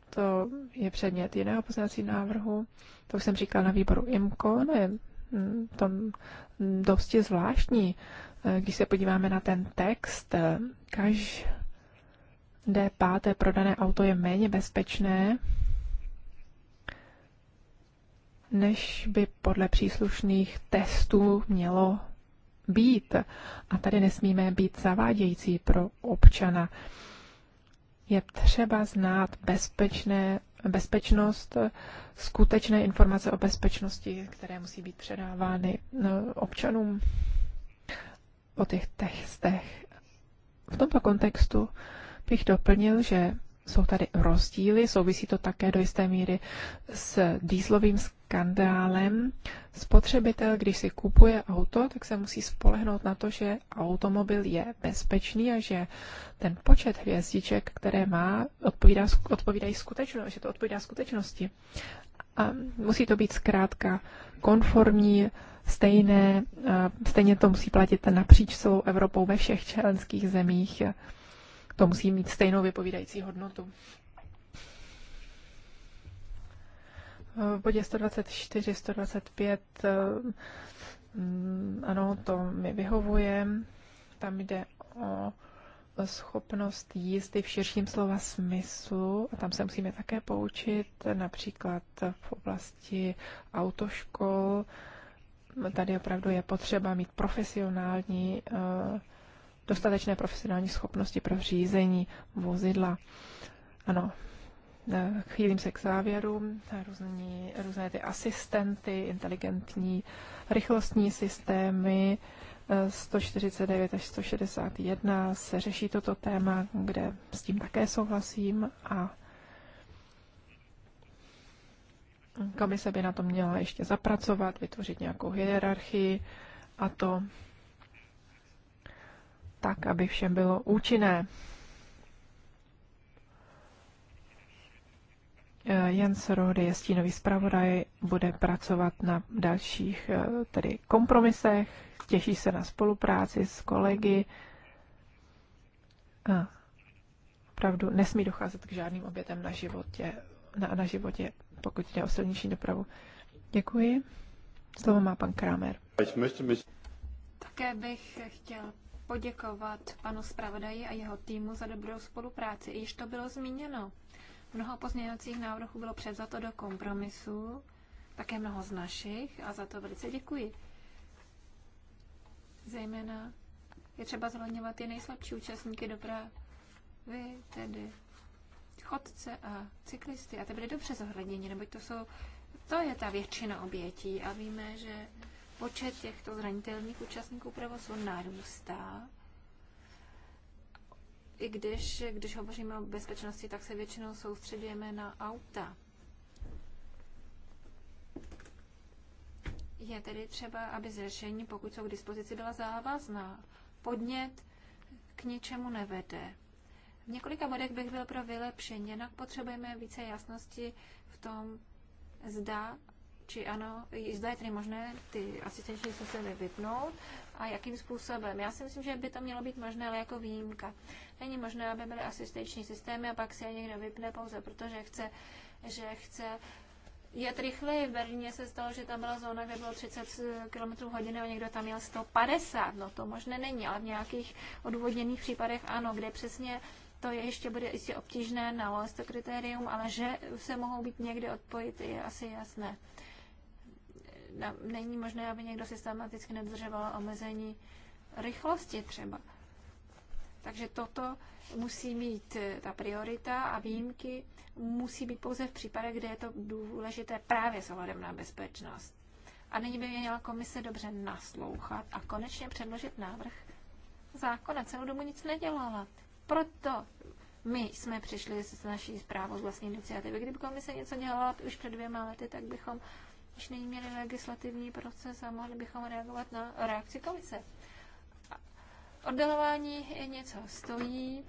To je předmět jiného poznacího návrhu. To už jsem říkal na výboru IMCO. No je mm, to dosti zvláštní. Uh, Eh, když se podíváme na ten text, eh, každé páté prodané auto je méně bezpečné, než by podle příslušných testů mělo být. A tady nesmíme být zavádějící pro občana. Je třeba znát bezpečné, bezpečnost, skutečné informace o bezpečnosti, které musí být předávány eh, občanům o těch textech. V tomto kontextu bych doplnil, že jsou tady rozdíly, souvisí to také do jisté míry s dýzlovým skandálem. Spotřebitel, když si kupuje auto, tak se musí spolehnout na to, že automobil je bezpečný a že ten počet hvězdiček, které má, odpovídá, odpovídají skutečnosti, že to odpovídá skutečnosti. A musí to být zkrátka konformní stejné, eh, stejně to musí platit napříč celou Evropou ve všech členských zemích. To musí mít stejnou vypovídající hodnotu. V bodě 124, 125, eh, mm, ano, to mi vyhovuje. Tam jde o schopnost jízdy v širším slova smyslu a tam se musíme také poučit, například v oblasti autoškol, tady opravdu je potřeba mít profesionální, eh, dostatečné profesionální schopnosti pro řízení vozidla. Ano, eh, chýlím se k závěru. Různý, různé ty asistenty, inteligentní rychlostní systémy, 149 eh, až 161 se řeší toto téma, kde s tím také souhlasím a Komise by na to měla ještě zapracovat, vytvořit nějakou hierarchii a to tak, aby všem bylo účinné. Eh, Jens Rohde je stínový zpravodaj, bude pracovat na dalších eh, tedy kompromisech, těší se na spolupráci s kolegy. A opravdu nesmí docházet k žádným obětem na životě, na, na životě pokud jde o silnější dopravu. Děkuji. Slovo má pan Kramer. Také bych chtěl poděkovat panu zpravodaji a jeho týmu za dobrou spolupráci. Již to bylo zmíněno. Mnoho pozměňovacích návrhů bylo převzato do kompromisu, také mnoho z našich a za to velice děkuji. Zejména je třeba zhledňovat ty nejslabší účastníky dopravy, tedy chodce a cyklisty a ty byly dobře zohledněni, neboť to jsou, to je ta většina obětí a víme, že počet těchto zranitelných účastníků provozu narůstá. I když, když hovoříme o bezpečnosti, tak se většinou soustředujeme na auta. Je tedy třeba, aby zřešení, pokud jsou k dispozici, byla závazná. Podnět k ničemu nevede. V několika bodech bych byl pro vylepšení, jinak potřebujeme více jasnosti v tom, zda či ano, zda je tedy možné ty asistenční systémy vypnout a jakým způsobem. Já si myslím, že by to mělo být možné, ale jako výjimka. Není možné, aby byly asistenční systémy a pak si je někdo vypne pouze protože chce, že chce jet rychleji. V Berlíně se stalo, že tam byla zóna, kde bylo 30 eh, km hodiny a někdo tam měl 150. No to možné není, ale v nějakých odvodněných případech ano, kde přesně to je ještě bude jistě obtížné nalézt to kritérium, ale že se mohou být někde odpojit, je asi jasné. Není možné, aby někdo systematicky nedržoval omezení rychlosti třeba. Takže toto musí mít eh, ta priorita a výjimky musí být pouze v případech, kde je to důležité právě s ohledem na bezpečnost. A nyní by měla komise dobře naslouchat a konečně předložit návrh zákona. Celou domu nic nedělala. Proto my jsme přišli s naší zprávou z vlastní iniciativy. Kdyby komise něco dělala už před dvěma lety, tak bychom už není měli legislativní proces a mohli bychom reagovat na reakci komise. Oddalování něco stojí,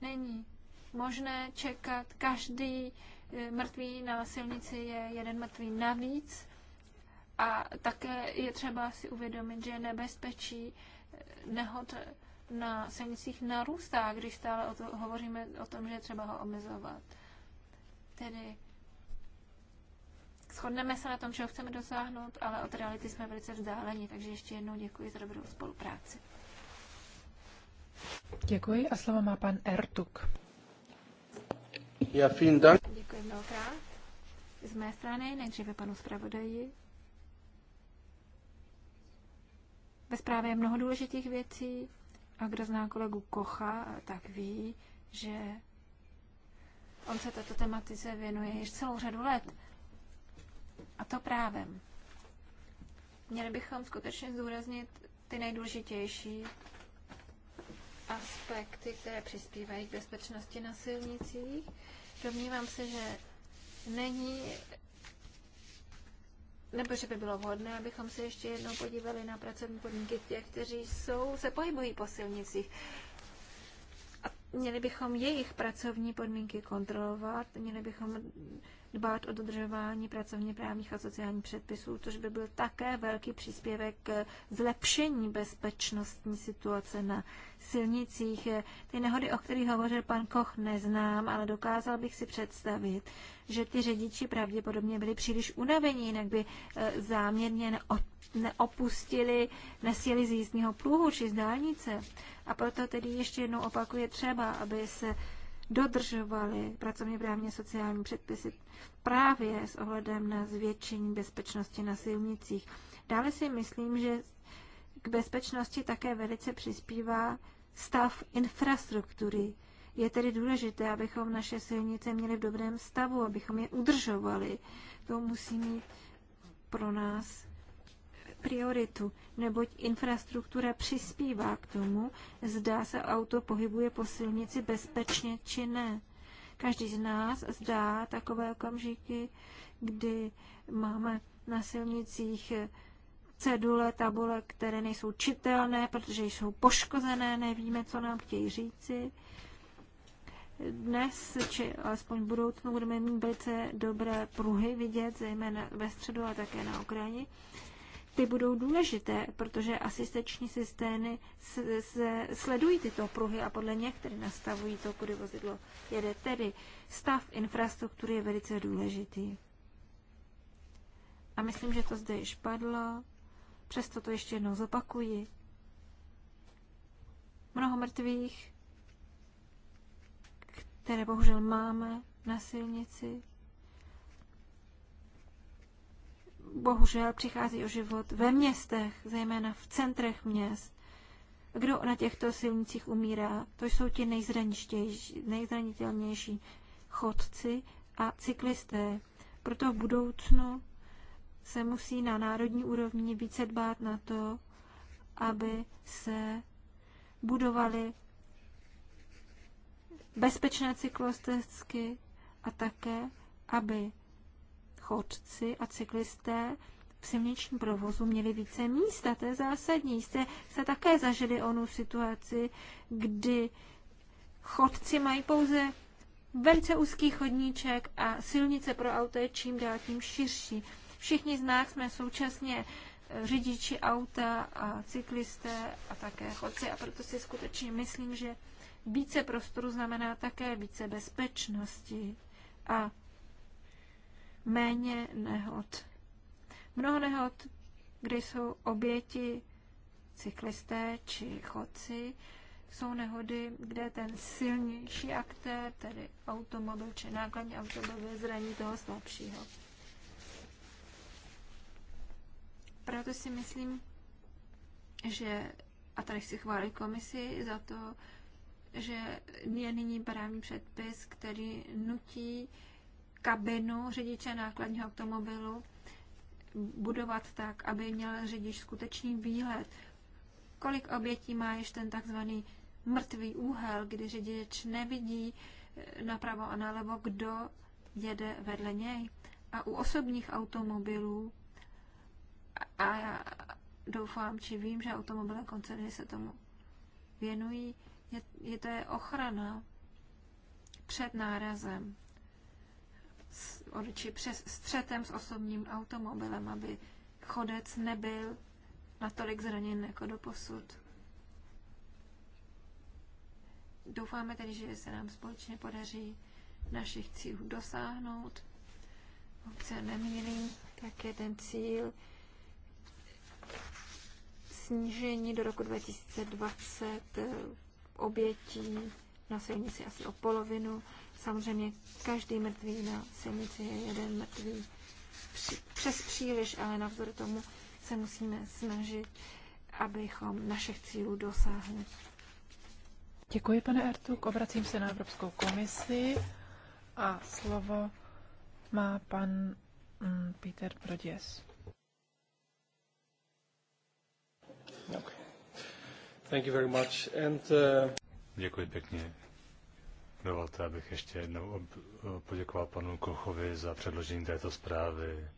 není možné čekat. Každý eh, mrtvý na silnici je jeden mrtvý navíc. A také je třeba si uvědomit, že nebezpečí eh, nehod na silnicích narůstá, když stále o to, hovoříme o tom, že je třeba ho omezovat. Tedy shodneme se na tom, čeho chceme dosáhnout, ale od reality jsme velice vzdáleni, takže ještě jednou děkuji za dobrou spolupráci. Děkuji a slovo má pan Ertuk. Já fin Dank. Děkuji mnohokrát. Z mé strany nejdříve panu zpravodaji. Ve zprávě je mnoho důležitých věcí, a kdo zná kolegu Kocha, tak ví, že on se této tematice věnuje již celou řadu let. A to právem. Měli bychom skutečně zdůraznit ty nejdůležitější aspekty, které přispívají k bezpečnosti na silnicích. Domnívám se, že není nebo že by bylo vhodné, abychom se ještě jednou podívali na pracovní podmínky těch, kteří jsou, se pohybují po silnicích. A měli bychom jejich pracovní podmínky kontrolovat, měli bychom dbát o dodržování pracovně právních a sociálních předpisů, což by byl také velký příspěvek k zlepšení bezpečnostní situace na silnicích. Ty nehody, o kterých hovořil pan Koch, neznám, ale dokázal bych si představit, že ty řidiči pravděpodobně byli příliš unavení, jinak by eh, záměrně neopustili, nesjeli z jízdního pluhu či z dálnice. A proto tedy ještě jednou opakuje třeba, aby se dodržovali pracovně právně sociální předpisy právě s ohledem na zvětšení bezpečnosti na silnicích. Dále si myslím, že k bezpečnosti také velice přispívá stav infrastruktury. Je tedy důležité, abychom naše silnice měli v dobrém stavu, abychom je udržovali. To musí mít pro nás prioritu, neboť infrastruktura přispívá k tomu, zda se auto pohybuje po silnici bezpečně či ne. Každý z nás zdá takové okamžiky, kdy máme na silnicích cedule, tabule, které nejsou čitelné, protože jsou poškozené, nevíme, co nám chtějí říci. Dnes, či alespoň v budoucnu, budeme mít velice dobré pruhy vidět, zejména ve středu a také na okraji ty budou důležité, protože asistenční systémy sledují tyto pruhy a podle něch tedy nastavují to, kudy vozidlo jede. Tedy stav infrastruktury je velice důležitý. A myslím, že to zde již padlo, přesto to ještě jednou zopakuji. Mnoho mrtvých, které bohužel máme na silnici, bohužel přichází o život ve městech, zejména v centrech měst. Kdo na těchto silnicích umírá, to jsou ti nejzranitelnější chodci a cyklisté. Proto v budoucnu se musí na národní úrovni více dbát na to, aby se budovaly bezpečné cyklostezky a také, aby chodci a cyklisté v silničním provozu měli více místa. To je zásadní. Jste, se také zažili onu situaci, kdy chodci mají pouze velice úzký chodníček a silnice pro auto je čím dál tím širší. Všichni z nás jsme současně eh, řidiči auta a cyklisté a také chodci a proto si skutečně myslím, že více prostoru znamená také více bezpečnosti a méně nehod. Mnoho nehod, kdy jsou oběti cyklisté či chodci, jsou nehody, kde ten silnější aktér, tedy automobil či nákladní automobil, zraní toho slabšího. Proto si myslím, že, a tady chci chválit komisi za to, že je nyní právní předpis, který nutí uh, kabinu řidiče nákladního automobilu budovat tak, aby měl řidič skutečný výhled. Kolik obětí má ještě ten takzvaný mrtvý úhel, kdy řidič nevidí eh, napravo a nalevo, kdo jede vedle něj. A u osobních automobilů, a já doufám, či vím, že automobilové koncerny se tomu věnují, je, je to je ochrana před nárazem či přes střetem s osobním automobilem, aby chodec nebyl natolik zraněn jako do posud. Doufáme tedy, že se nám společně podaří našich cílů dosáhnout. Obce se tak je ten cíl snížení do roku 2020 eh, obětí na silnici asi o polovinu Samozřejmě každý mrtvý na silnici je jeden mrtvý přes příliš, ale navzdory tomu se musíme snažit, abychom našich cílů dosáhli. Děkuji, pane Ertuk. Obracím se na Evropskou komisi a slovo má pan mm, Peter Proděs. Okay. Thank you very much. And, uh... Děkuji pěkně. Dovolte, abych ještě jednou poděkoval panu Kochovi za předložení této zprávy.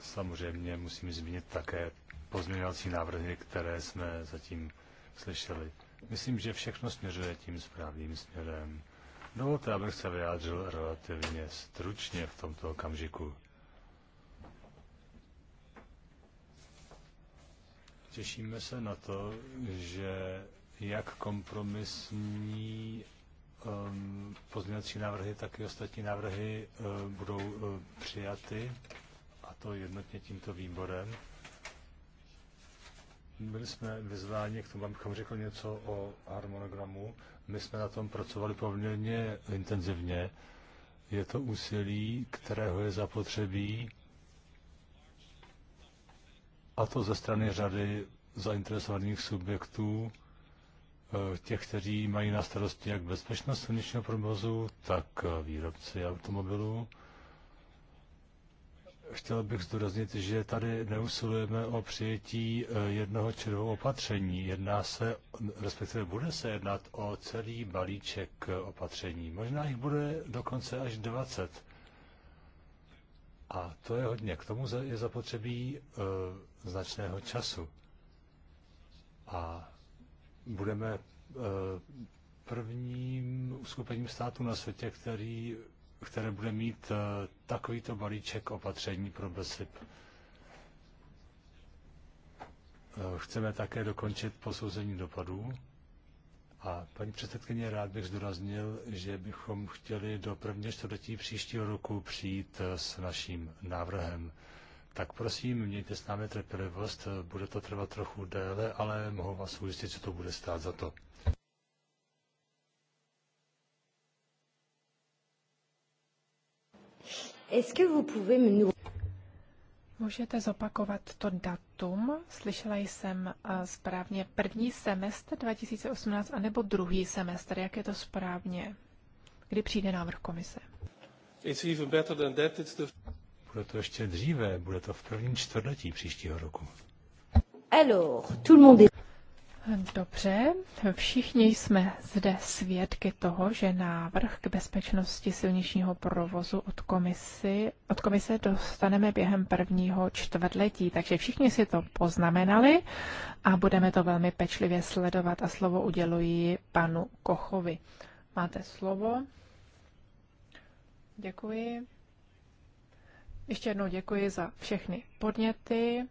Samozřejmě musím zmínit také pozměňovací návrhy, které jsme zatím slyšeli. Myslím, že všechno směřuje tím správným směrem. Dovolte, abych se vyjádřil relativně stručně v tomto okamžiku. Těšíme se na to, že jak kompromisní Ehm, pozměňovací návrhy, tak i ostatní návrhy ehm, budou ehm, přijaty, a to jednotně tímto výborem. Byli jsme vyzváni k tomu, abychom řekl něco o harmonogramu. My jsme na tom pracovali poměrně intenzivně. Je to úsilí, kterého je zapotřebí, a to ze strany řady zainteresovaných subjektů, Eh, těch, kteří mají na starosti jak bezpečnost silničního provozu, tak eh, výrobci automobilů. Chtěl bych zdůraznit, že tady neusilujeme o přijetí eh, jednoho či dvou opatření. Jedná se, respektive bude se jednat o celý balíček opatření. Možná jich bude dokonce až 20. A to je hodně. K tomu je zapotřebí e, značného času. A budeme eh, prvním uskupením států na světě, který, které bude mít eh, takovýto balíček opatření pro BESIP. Eh, chceme také dokončit posouzení dopadů. A paní předsedkyně, rád bych zdůraznil, že bychom chtěli do prvního čtvrtletí příštího roku přijít s naším návrhem. Tak prosím, mějte s námi trpělivost, bude to trvat trochu déle, ale mohu vás ujistit, co to bude stát za to. Můžete zopakovat to datum? Slyšela jsem eh, správně první semestr 2018 anebo druhý semestr. Jak je to správně? Kdy přijde návrh komise? It's even better than that. It's the... Bude to ještě dříve, bude to v prvním čtvrtletí příštího roku. Alors, tout le monde est... Dobře, všichni jsme zde svědky toho, že návrh k bezpečnosti silničního provozu od, komisi, od komise dostaneme během prvního čtvrtletí, takže všichni si to poznamenali a budeme to velmi pečlivě sledovat a slovo uděluji panu Kochovi. Máte slovo. Děkuji. Ještě jednou děkuji za všechny podněty.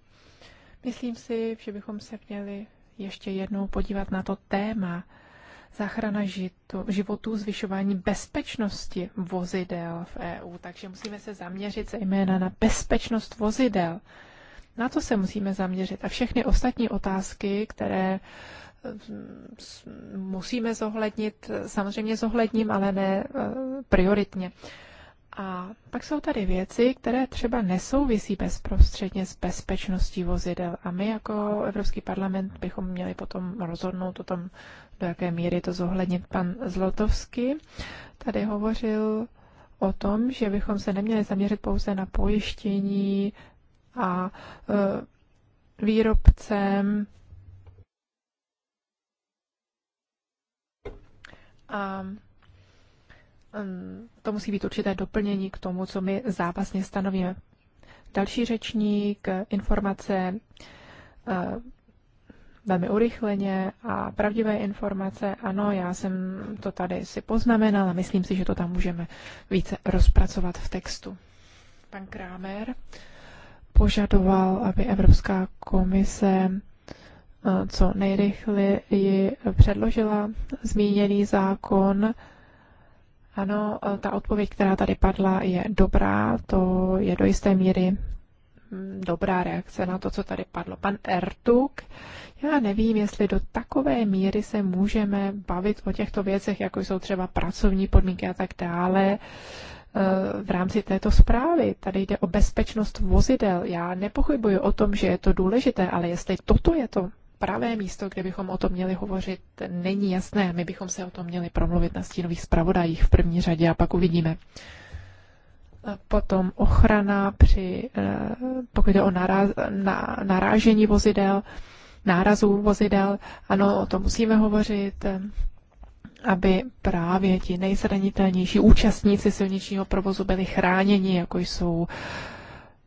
Myslím si, že bychom se měli ještě jednou podívat na to téma záchrana životů, zvyšování bezpečnosti vozidel v EU. Takže musíme se zaměřit zejména na bezpečnost vozidel. Na to se musíme zaměřit. A všechny ostatní otázky, které eh, musíme zohlednit, samozřejmě zohledním, ale ne eh, prioritně. A pak jsou tady věci, které třeba nesouvisí bezprostředně s bezpečností vozidel. A my jako Evropský parlament bychom měli potom rozhodnout o tom, do jaké míry to zohlednit. Pan Zlotovský tady hovořil o tom, že bychom se neměli zaměřit pouze na pojištění a e, výrobcem a to musí být určité doplnění k tomu, co my závazně stanovíme. Další řečník, informace eh, velmi urychleně a pravdivé informace. Ano, já jsem to tady si poznamenala, myslím si, že to tam můžeme více rozpracovat v textu. Pan Krámer požadoval, aby Evropská komise eh, co nejrychleji předložila zmíněný zákon ano, eh, ta odpověď, která tady padla, je dobrá. To je do jisté míry mm, dobrá reakce na to, co tady padlo. Pan Ertuk, já nevím, jestli do takové míry se můžeme bavit o těchto věcech, jako jsou třeba pracovní podmínky a tak dále, eh, v rámci této zprávy. Tady jde o bezpečnost vozidel. Já nepochybuji o tom, že je to důležité, ale jestli toto je to pravé místo, kde bychom o tom měli hovořit, není jasné. My bychom se o tom měli promluvit na stínových zpravodajích v první řadě a pak uvidíme. A potom ochrana při, eh, pokud jde o naraz, na, narážení vozidel, nárazů vozidel, ano, o tom musíme hovořit, eh, aby právě ti nejzranitelnější účastníci silničního provozu byli chráněni, jako jsou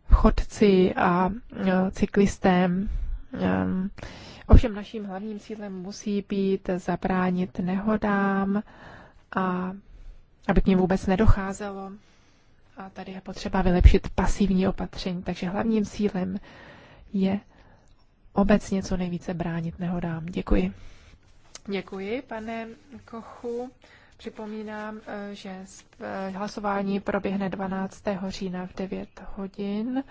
chodci a eh, cyklisté. Ovšem naším hlavním cílem musí být zabránit nehodám a aby k ním vůbec nedocházelo. A tady je potřeba vylepšit pasivní opatření. Takže hlavním cílem je obecně co nejvíce bránit nehodám. Děkuji. Děkuji, pane Kochu. Připomínám, eh, že eh, hlasování proběhne 12. října v 9 hodin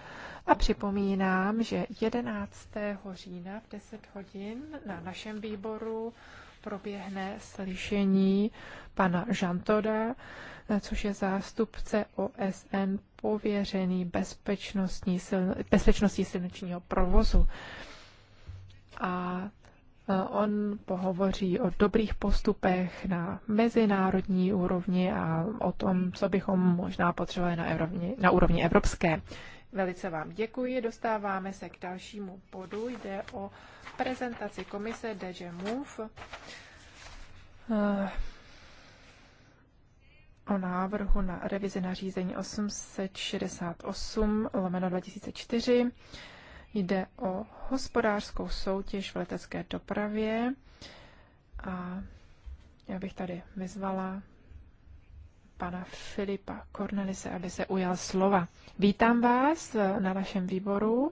a připomínám, že 11. října v 10 hodin na našem výboru proběhne slyšení pana Žantoda, eh, což je zástupce OSN pověřený bezpečnostní, bezpečností silničního provozu. A On pohovoří o dobrých postupech na mezinárodní úrovni a o tom, co bychom možná potřebovali na, úrovni, na úrovni evropské. Velice vám děkuji. Dostáváme se k dalšímu bodu. Jde o prezentaci komise DG Move eh, o návrhu na revizi nařízení 868 lomeno 2004 Jde o hospodářskou soutěž v letecké dopravě a já bych tady vyzvala pana Filipa Cornelise, aby se ujal slova. Vítám vás na našem výboru.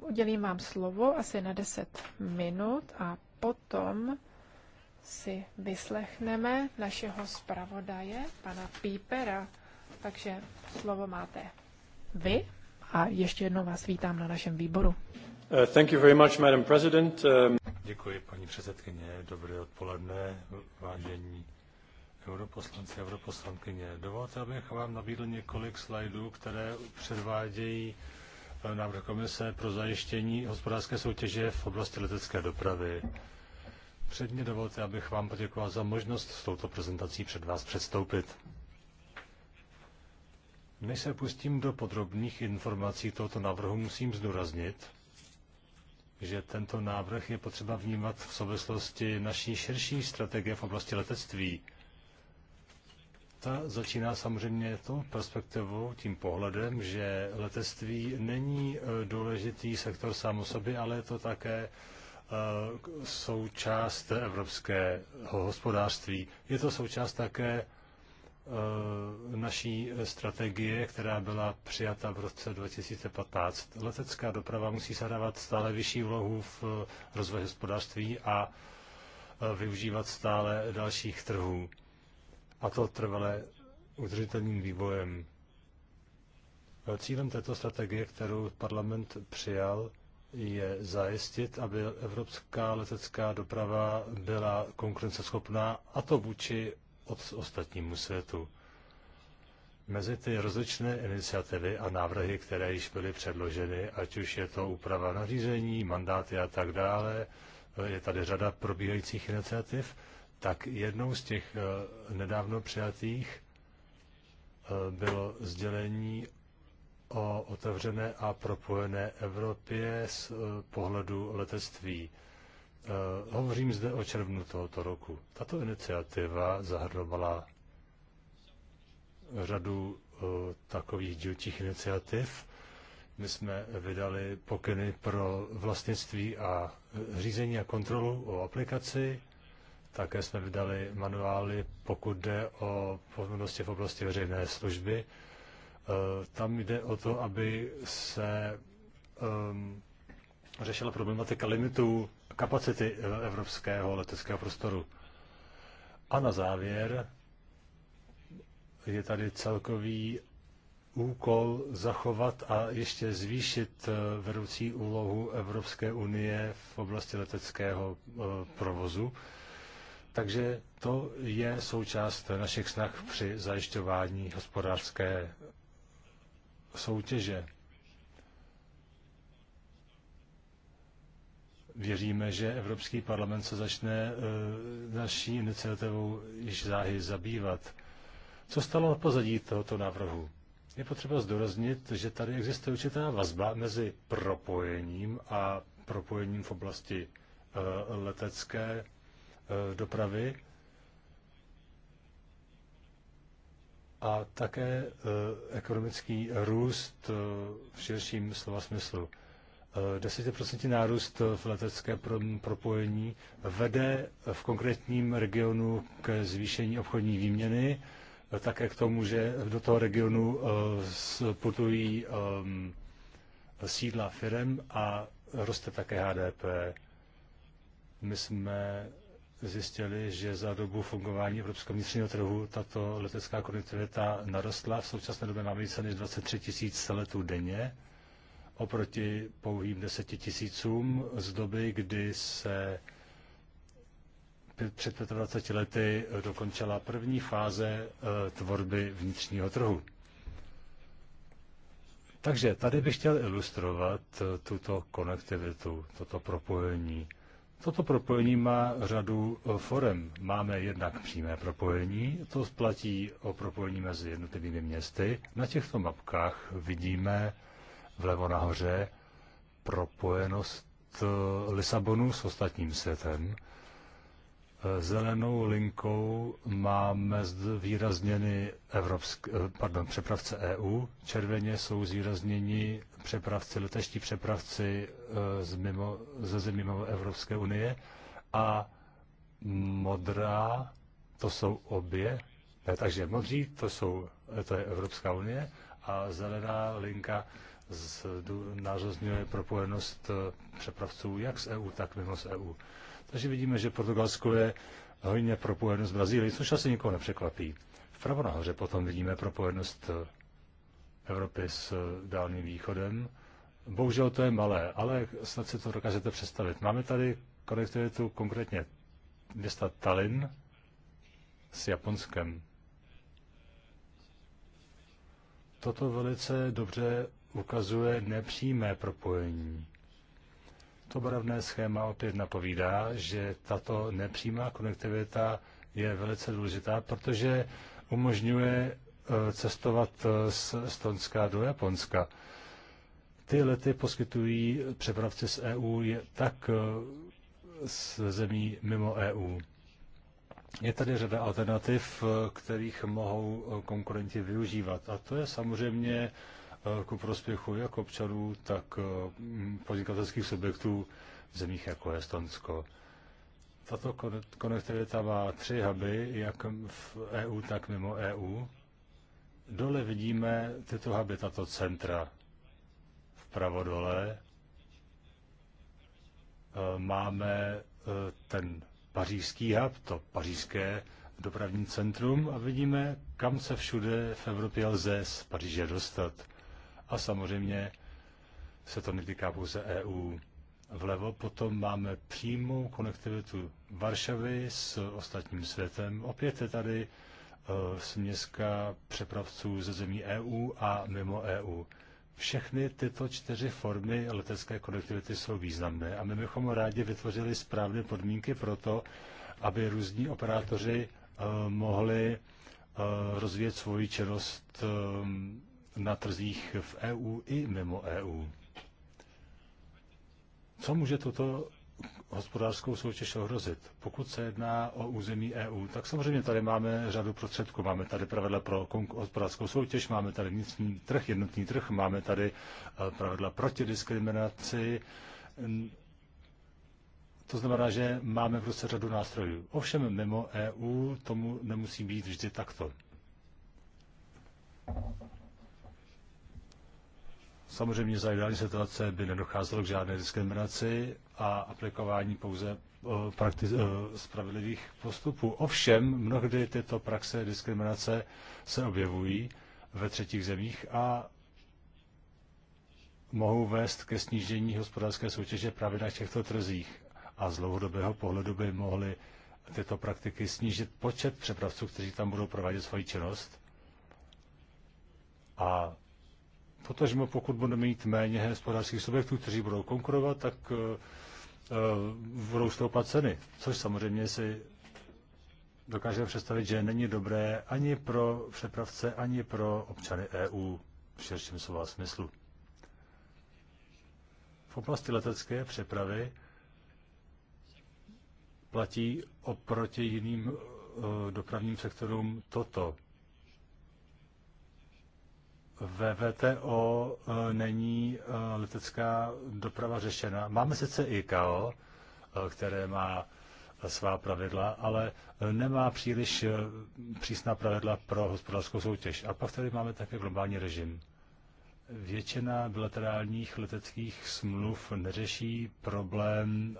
Udělím vám slovo asi na 10 minut a potom si vyslechneme našeho zpravodaje, pana Pípera. Takže slovo máte vy a ještě jednou vás vítám na našem výboru. Uh, thank you very much, Madam President. Um, Děkuji, paní předsedkyně. Dobré odpoledne, vážení europoslanci europoslankyně. Dovolte, abych vám nabídl několik slajdů, které předvádějí uh, návrh komise pro zajištění hospodářské soutěže v oblasti letecké dopravy. Předně dovolte, abych vám poděkoval za možnost s touto prezentací před vás předstoupit. Než se pustím do podrobných informací tohoto návrhu, musím zdůraznit, že tento návrh je potřeba vnímat v souvislosti naší širší strategie v oblasti letectví. Ta začíná samozřejmě tou perspektivou, tím pohledem, že letectví není eh, důležitý sektor sám o sobě, ale je to také eh, součást evropského hospodářství. Je to součást také Eh, naší strategie, která byla přijata v roce 2015. Letecká doprava musí zahrávat stále vyšší vlohu v rozvoji hospodářství a eh, využívat stále dalších trhů. A to trvale udržitelným vývojem. Eh, cílem této strategie, kterou parlament přijal, je zajistit, aby evropská letecká doprava byla konkurenceschopná, a to vůči od ostatnímu světu. Mezi ty rozličné iniciativy a návrhy, které již byly předloženy, ať už je to úprava nařízení, mandáty a tak dále, je tady řada probíhajících iniciativ, tak jednou z těch eh, nedávno přijatých eh, bylo sdělení o otevřené a propojené Evropě z eh, pohledu letectví. Eh, hovořím zde o červnu tohoto roku. Tato iniciativa zahrnovala řadu eh, takových dílčích iniciativ. My jsme vydali pokyny pro vlastnictví a řízení a kontrolu o aplikaci. Také jsme vydali manuály, pokud jde o povinnosti v oblasti veřejné služby. Eh, tam jde o to, aby se um, řešila problematika limitů kapacity eh, evropského leteckého prostoru. A na závěr je tady celkový úkol zachovat a ještě zvýšit eh, vedoucí úlohu Evropské unie v oblasti leteckého eh, provozu. Takže to je součást našich snah při zajišťování hospodářské soutěže. Věříme, že Evropský parlament se začne e, naší iniciativou již záhy zabývat. Co stalo na pozadí tohoto návrhu? Je potřeba zdůraznit, že tady existuje určitá vazba mezi propojením a propojením v oblasti e, letecké e, dopravy a také ekonomický růst v širším slova smyslu. 10% nárůst v letecké propojení vede v konkrétním regionu k zvýšení obchodní výměny, také k tomu, že do toho regionu eh, putují eh, sídla firm a roste také HDP. My jsme zjistili, že za dobu fungování evropského vnitřního trhu tato letecká konektivita narostla. V současné době máme více než 23 tisíc letů denně oproti pouhým deseti tisícům z doby, kdy se před 25 lety dokončila první fáze e, tvorby vnitřního trhu. Takže tady bych chtěl ilustrovat e, tuto konektivitu, toto propojení. Toto propojení má řadu e, forem. Máme jednak přímé propojení, to platí o propojení mezi jednotlivými městy. Na těchto mapkách vidíme vlevo nahoře propojenost eh, Lisabonu s ostatním světem. Eh, zelenou linkou máme výrazněny evropsk, eh, pardon, přepravce EU, červeně jsou zvýrazněni přepravci, leteští přepravci z mimo, ze zemí mimo Evropské unie a modrá, to jsou obě, ne, takže modří, to, jsou, to je Evropská unie a zelená linka nárazňuje propojenost eh, přepravců jak z EU, tak mimo z EU. Takže vidíme, že Portugalsko je hojně propojeno s Brazílií, což asi nikoho nepřekvapí. Vpravo nahoře potom vidíme propojenost eh, Evropy s eh, Dálným východem. Bohužel to je malé, ale snad si to dokážete představit. Máme tady konektivitu konkrétně města Tallinn s Japonskem. Toto velice dobře ukazuje nepřímé propojení. To barevné schéma opět napovídá, že tato nepřímá konektivita je velice důležitá, protože umožňuje eh, cestovat eh, z Estonska do Japonska. Ty lety poskytují přepravci z EU je tak eh, z zemí mimo EU. Je tady řada alternativ, kterých mohou konkurenti využívat. A to je samozřejmě ku prospěchu jak občanů, tak eh, podnikatelských subjektů v zemích jako Estonsko. Tato konektivita má tři huby, jak v EU, tak mimo EU. Dole vidíme tyto huby, tato centra. Vpravo dole eh, máme eh, ten pařížský hub, to pařížské dopravní centrum a vidíme, kam se všude v Evropě lze z Paříže dostat. A samozřejmě se to netýká pouze EU. Vlevo potom máme přímou konektivitu Varšavy s ostatním světem. Opět je tady e, směska přepravců ze zemí EU a mimo EU. Všechny tyto čtyři formy letecké konektivity jsou významné a my bychom rádi vytvořili správné podmínky pro to, aby různí operátoři e, mohli e, rozvíjet svoji činnost na trzích v EU i mimo EU. Co může tuto hospodářskou soutěž ohrozit? Pokud se jedná o území EU, tak samozřejmě tady máme řadu prostředků. Máme tady pravidla pro hospodářskou soutěž, máme tady vnitřní trh, jednotný trh, máme tady eh, pravidla proti diskriminaci. To znamená, že máme v ruce řadu nástrojů. Ovšem mimo EU tomu nemusí být vždy takto. Samozřejmě za ideální situace by nedocházelo k žádné diskriminaci a aplikování pouze eh, eh, spravedlivých postupů. Ovšem, mnohdy tyto praxe diskriminace se objevují ve třetích zemích a mohou vést ke snížení hospodářské soutěže právě na těchto trzích. A z dlouhodobého pohledu by mohly tyto praktiky snížit počet přepravců, kteří tam budou provádět svoji činnost a Potažmo, pokud budeme mít méně hospodářských subjektů, kteří budou konkurovat, tak budou eh, eh, stoupat ceny, což samozřejmě si dokážeme představit, že není dobré ani pro přepravce, ani pro občany EU v širším slova smyslu. V oblasti letecké přepravy platí oproti jiným eh, dopravním sektorům toto ve VTO není e, letecká doprava řešena. Máme sice ICAO, e, které má svá pravidla, ale e, nemá příliš přísná pravidla pro hospodářskou soutěž. A pak tady máme také globální režim. Většina bilaterálních leteckých smluv neřeší problém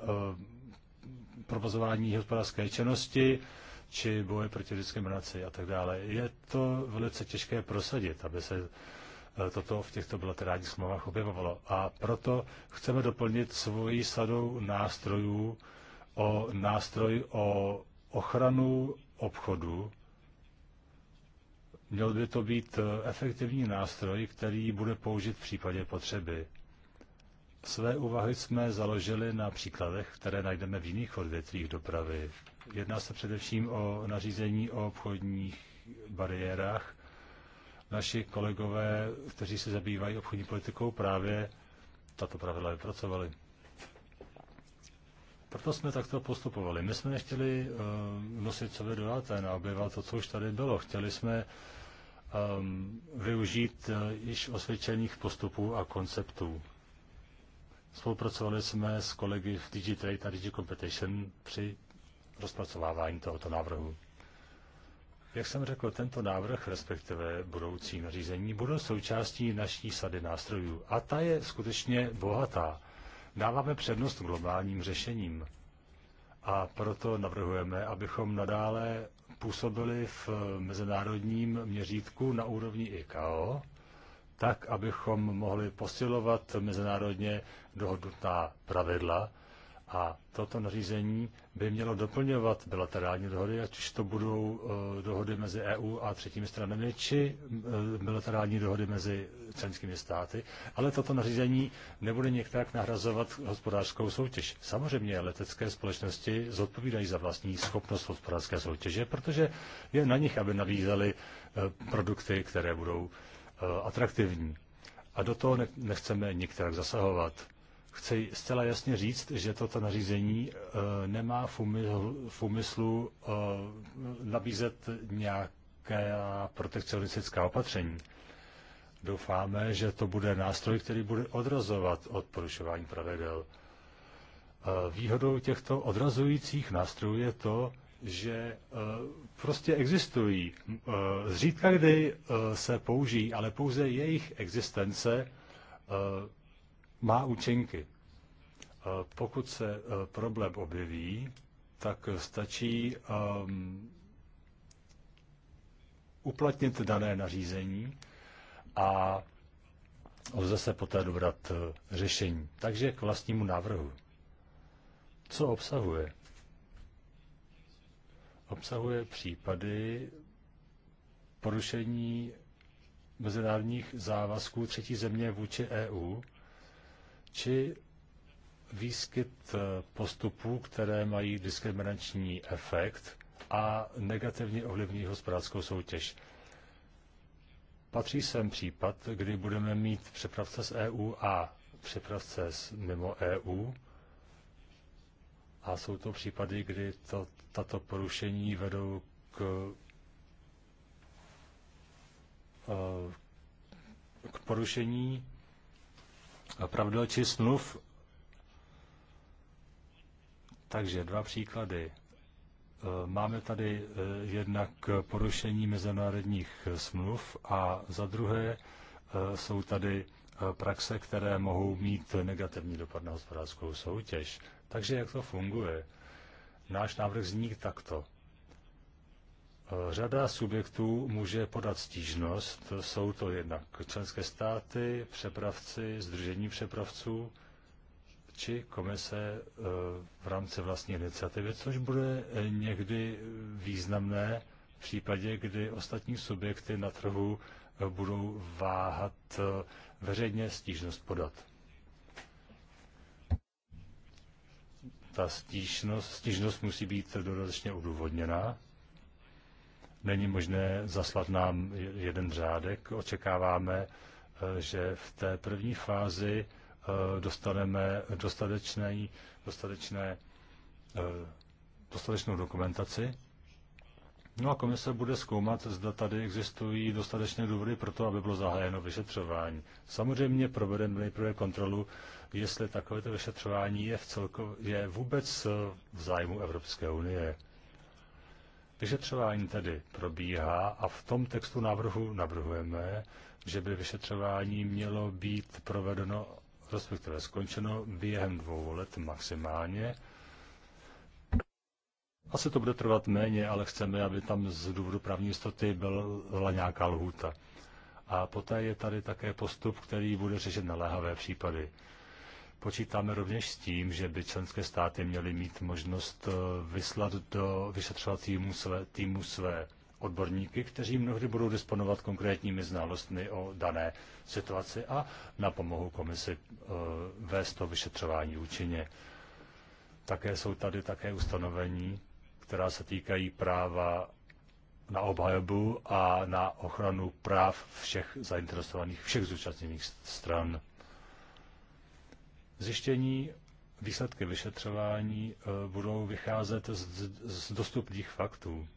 provozování hospodářské činnosti, či boje proti diskriminaci a tak dále. Je to velice těžké prosadit, aby se eh, toto v těchto bilaterálních smlouvách objevovalo. A proto chceme doplnit svoji sadou nástrojů o nástroj o ochranu obchodu. Měl by to být eh, efektivní nástroj, který bude použit v případě potřeby. Své úvahy jsme založili na příkladech, které najdeme v jiných odvětvích dopravy. Jedná se především o nařízení o obchodních bariérách. Naši kolegové, kteří se zabývají obchodní politikou, právě tato pravidla vypracovali. Proto jsme takto postupovali. My jsme nechtěli uh, nosit co do Aten a objevat to, co už tady bylo. Chtěli jsme um, využít uh, již osvědčených postupů a konceptů. Spolupracovali jsme s kolegy v DigiTrade a DigiCompetition při rozpracovávání tohoto návrhu. Jak jsem řekl, tento návrh, respektive budoucí nařízení, budou součástí naší sady nástrojů. A ta je skutečně bohatá. Dáváme přednost globálním řešením. A proto navrhujeme, abychom nadále působili v mezinárodním měřítku na úrovni ICAO, tak, abychom mohli posilovat mezinárodně dohodnutá pravidla, a toto nařízení by mělo doplňovat bilaterální dohody, ať už to budou eh, dohody mezi EU a třetími stranami, či eh, bilaterální dohody mezi členskými státy. Ale toto nařízení nebude některak nahrazovat hospodářskou soutěž. Samozřejmě letecké společnosti zodpovídají za vlastní schopnost hospodářské soutěže, protože je na nich, aby nabízely eh, produkty, které budou atraktivní. A do toho nechceme nikterak zasahovat chci zcela jasně říct, že toto nařízení eh, nemá v úmyslu eh, nabízet nějaké protekcionistická opatření. Doufáme, že to bude nástroj, který bude odrazovat od porušování pravidel. Eh, výhodou těchto odrazujících nástrojů je to, že prostě existují. Zřídka kdy se použijí, ale pouze jejich existence má účinky. E, pokud se e, problém objeví, tak stačí um, uplatnit dané nařízení a lze se poté dobrat e, řešení. Takže k vlastnímu návrhu. Co obsahuje? Obsahuje případy porušení mezinárodních závazků třetí země vůči EU, či výskyt eh, postupů, které mají diskriminační efekt a negativně ovlivní hospodářskou soutěž. Patří sem případ, kdy budeme mít přepravce z EU a přepravce z mimo EU. A jsou to případy, kdy to, tato porušení vedou k, eh, k porušení pravidel či smluv. Takže dva příklady. E, máme tady e, jednak porušení mezinárodních smluv a za druhé e, jsou tady praxe, které mohou mít negativní dopad na hospodářskou soutěž. Takže jak to funguje? Náš návrh zní takto. Řada subjektů může podat stížnost, jsou to jednak členské státy, přepravci, združení přepravců či komise eh, v rámci vlastní iniciativy, což bude někdy významné v případě, kdy ostatní subjekty na trhu eh, budou váhat eh, veřejně stížnost podat. Ta stížnost, stížnost musí být dodatečně odůvodněná Není možné zaslat nám jeden řádek. Očekáváme, eh, že v té první fázi eh, dostaneme dostatečné, dostatečné, eh, dostatečnou dokumentaci. No a komise bude zkoumat, zda tady existují dostatečné důvody pro to, aby bylo zahájeno vyšetřování. Samozřejmě provedeme nejprve kontrolu, jestli takovéto vyšetřování je, v celko, je vůbec v zájmu Evropské unie. Vyšetřování tedy probíhá a v tom textu návrhu navrhujeme, že by vyšetřování mělo být provedeno, respektive skončeno během dvou let maximálně. Asi to bude trvat méně, ale chceme, aby tam z důvodu právní jistoty byla nějaká lhůta. A poté je tady také postup, který bude řešit naléhavé případy. Počítáme rovněž s tím, že by členské státy měly mít možnost eh, vyslat do vyšetřovacímu své, týmu své odborníky, kteří mnohdy budou disponovat konkrétními znalostmi o dané situaci a napomohou komisi eh, vést to vyšetřování účinně. Také jsou tady také ustanovení, která se týkají práva na obhajobu a na ochranu práv všech zainteresovaných, všech zúčastněných stran. Zjištění výsledky vyšetřování eh, budou vycházet z, z dostupných faktů.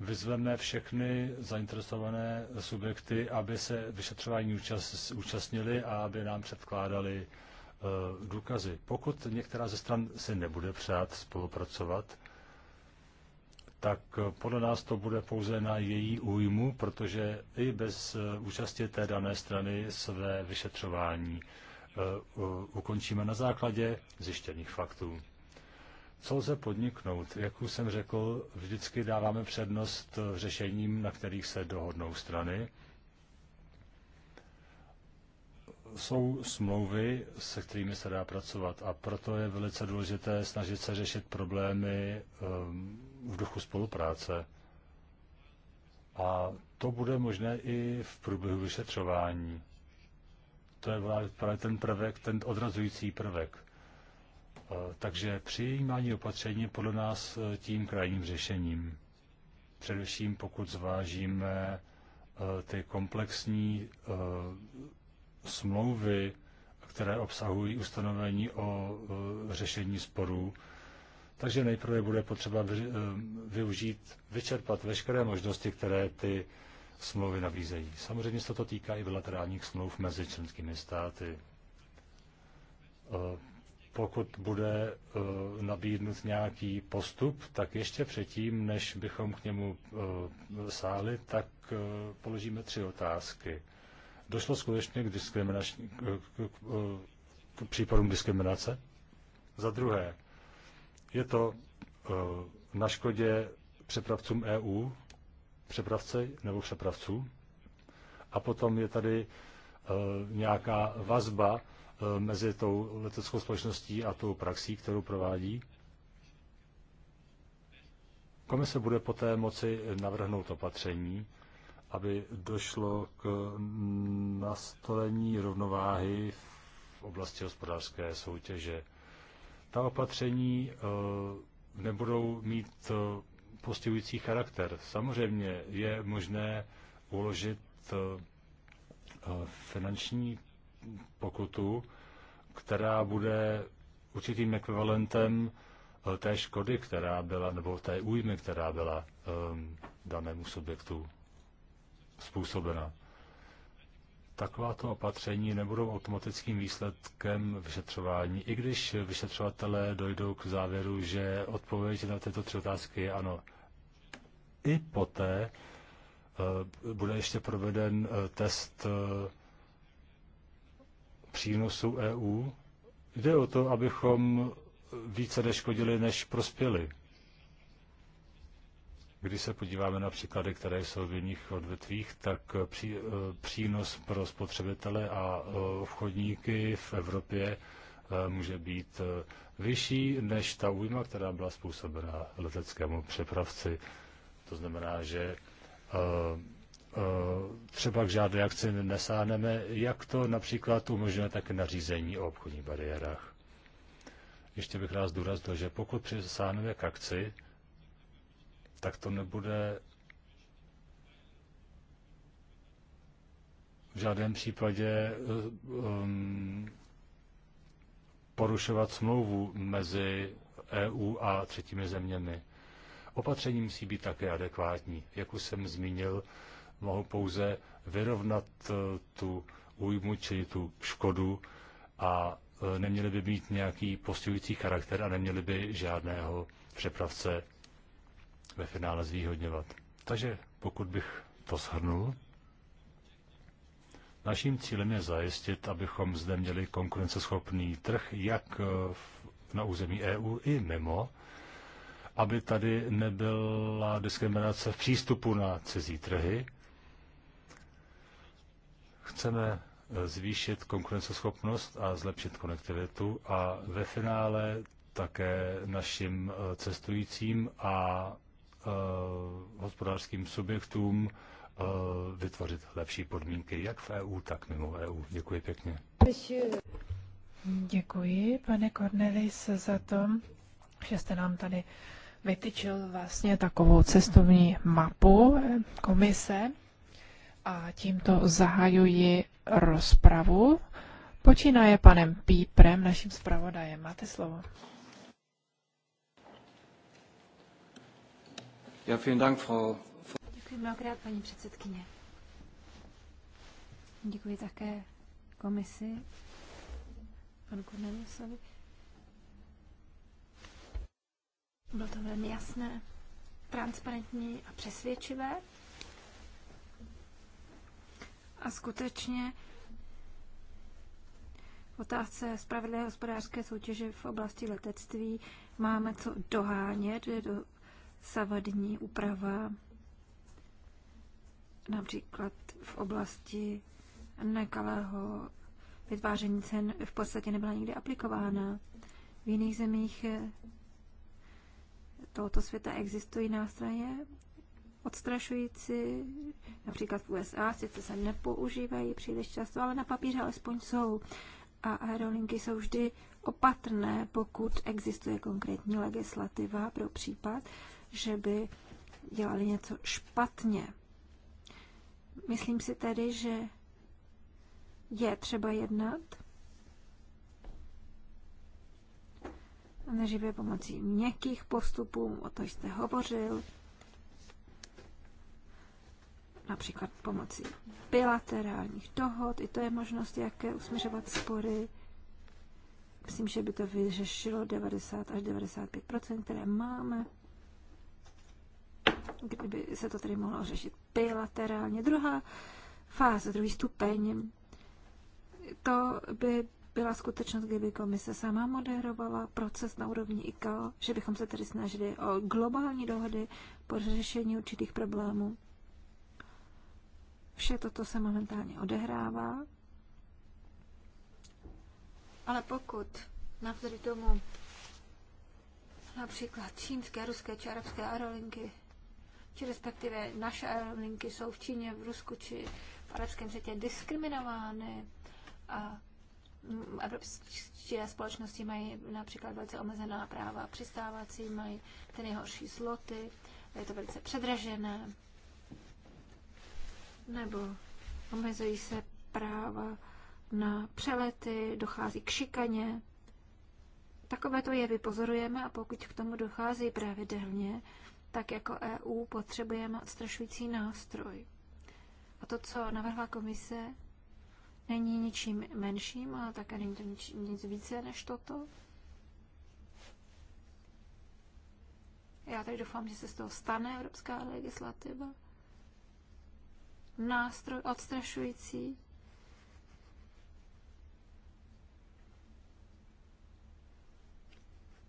Vyzveme všechny zainteresované subjekty, aby se vyšetřování účastnili a aby nám předkládali eh, důkazy. Pokud některá ze stran se nebude přát spolupracovat, tak podle nás to bude pouze na její újmu, protože i bez eh, účasti té dané strany své vyšetřování eh, ukončíme na základě zjištěných faktů. Co lze podniknout? Jak už jsem řekl, vždycky dáváme přednost eh, řešením, na kterých se dohodnou strany. Jsou smlouvy, se kterými se dá pracovat a proto je velice důležité snažit se řešit problémy um, v duchu spolupráce. A to bude možné i v průběhu vyšetřování. To je právě ten prvek, ten odrazující prvek. E, takže přijímání opatření podle nás e, tím krajním řešením. Především pokud zvážíme e, ty komplexní smlouvy, které obsahují ustanovení o řešení sporů, takže nejprve bude potřeba eh, využít, vyčerpat veškeré možnosti, které ty smlouvy nabízejí. Samozřejmě se to týká i bilaterálních smluv mezi členskými státy. Eh, pokud bude eh, nabídnut nějaký postup, tak ještě předtím, než bychom k němu sáli, tak položíme tři otázky. Došlo skutečně k, diskriminační, k, k, k, k případům diskriminace? Za druhé, je to eh, na škodě přepravcům EU, přepravce nebo přepravců. A potom je tady eh, nějaká vazba eh, mezi tou leteckou společností a tou praxí, kterou provádí. Komise bude poté moci navrhnout opatření, aby došlo k nastolení rovnováhy v oblasti hospodářské soutěže ta opatření eh, nebudou mít eh, postihující charakter. Samozřejmě je možné uložit eh, finanční pokutu, která bude určitým ekvivalentem té škody, která byla, nebo té újmy, která byla danému subjektu způsobena takováto opatření nebudou automatickým výsledkem vyšetřování, i když vyšetřovatelé dojdou k závěru, že odpověď na tyto tři otázky je ano. I poté eh, bude ještě proveden eh, test eh, přínosu EU. Jde o to, abychom více neškodili, než prospěli. Když se podíváme na příklady, které jsou v jiných odvětvích, tak pří, eh, přínos pro spotřebitele a eh, obchodníky v Evropě eh, může být vyšší než ta újma, která byla způsobena leteckému přepravci. To znamená, že třeba k žádné akci nesáhneme, jak to například umožňuje také nařízení o obchodních bariérách. Ještě bych rád zdůraznil, že pokud přesáhneme k akci, tak to nebude v žádném případě um, porušovat smlouvu mezi EU a třetími zeměmi. Opatření musí být také adekvátní. Jak už jsem zmínil, mohou pouze vyrovnat eh, tu újmu, či tu škodu a eh, neměly by mít nějaký postihující charakter a neměly by žádného přepravce ve finále zvýhodňovat. Takže pokud bych to shrnul, naším cílem je zajistit, abychom zde měli konkurenceschopný trh jak na území EU i mimo, aby tady nebyla diskriminace v přístupu na cizí trhy. Chceme eh, zvýšit konkurenceschopnost a zlepšit konektivitu a ve finále také našim eh, cestujícím a Eh, hospodářským subjektům eh, vytvořit lepší podmínky, jak v EU, tak mimo EU. Děkuji pěkně. Děkuji, pane Cornelis, za to, že jste nám tady vytyčil vlastně takovou cestovní mapu eh, komise a tímto zahajuji rozpravu. Počínaje panem Píprem, naším zpravodajem. Máte slovo. Ja, vielen Dank, Frau. Děkuji mnohokrát, paní předsedkyně. Děkuji také komisi, panu Corneliusovi. Bylo to velmi jasné, transparentní a přesvědčivé. A skutečně v otázce spravedlivé hospodářské soutěže v oblasti letectví máme co dohánět, do savadní úprava, například v oblasti nekalého vytváření cen v podstatě nebyla nikdy aplikována. V jiných zemích eh, tohoto světa existují nástroje odstrašující, například v USA, sice se nepoužívají příliš často, ale na papíře alespoň jsou. A aerolinky jsou vždy opatrné, pokud existuje konkrétní legislativa pro případ, že by dělali něco špatně. Myslím si tedy, že je třeba jednat neživě pomocí měkkých postupů, o to jste hovořil, například pomocí bilaterálních dohod, i to je možnost, jaké usměřovat spory. Myslím, že by to vyřešilo 90 až 95 které máme kdyby se to tedy mohlo řešit bilaterálně. Druhá fáze, druhý stupeň, to by byla skutečnost, kdyby komise sama moderovala proces na úrovni ICAO, že bychom se tedy snažili o globální dohody po řešení určitých problémů. Vše toto se momentálně odehrává. Ale pokud navzdory tomu například čínské, ruské či arabské aerolinky či respektive naše aerolinky jsou v Číně, v Rusku či v arabském světě diskriminovány a evropské společnosti mají například velice omezená práva přistávací, mají ty nejhorší sloty, je to velice předražené, nebo omezují se práva na přelety, dochází k šikaně. Takovéto jevy pozorujeme a pokud k tomu dochází pravidelně, tak jako EU potřebujeme odstrašující nástroj. A to, co navrhla komise, není ničím menším, ale také není to nič, nic více než toto. Já tady doufám, že se z toho stane evropská legislativa. Nástroj odstrašující,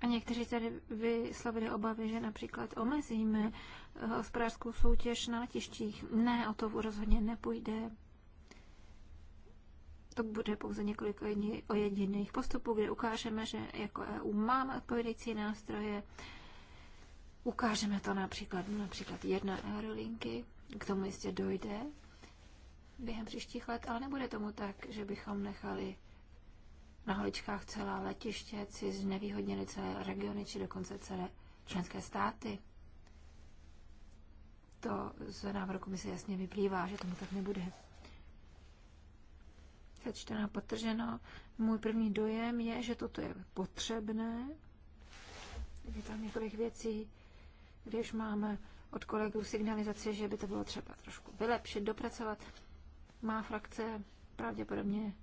A někteří tady vyslovili obavy, že například omezíme eh, hospodářskou soutěž na letištích. Ne, o to rozhodně nepůjde. To bude pouze několik jediných postupů, kde ukážeme, že jako EU máme odpovědící nástroje. Ukážeme to například, například jedna aerolinky, k tomu jistě dojde během příštích let, ale nebude tomu tak, že bychom nechali na holičkách celá letiště, si znevýhodnili celé regiony či dokonce celé členské státy. To z návrhu komise jasně vyplývá, že tomu tak nebude. Začtená potrženo. Můj první dojem je, že toto je potřebné. Je tam několik věcí, když máme od kolegů signalizaci, že by to bylo třeba trošku vylepšit, dopracovat. Má frakce pravděpodobně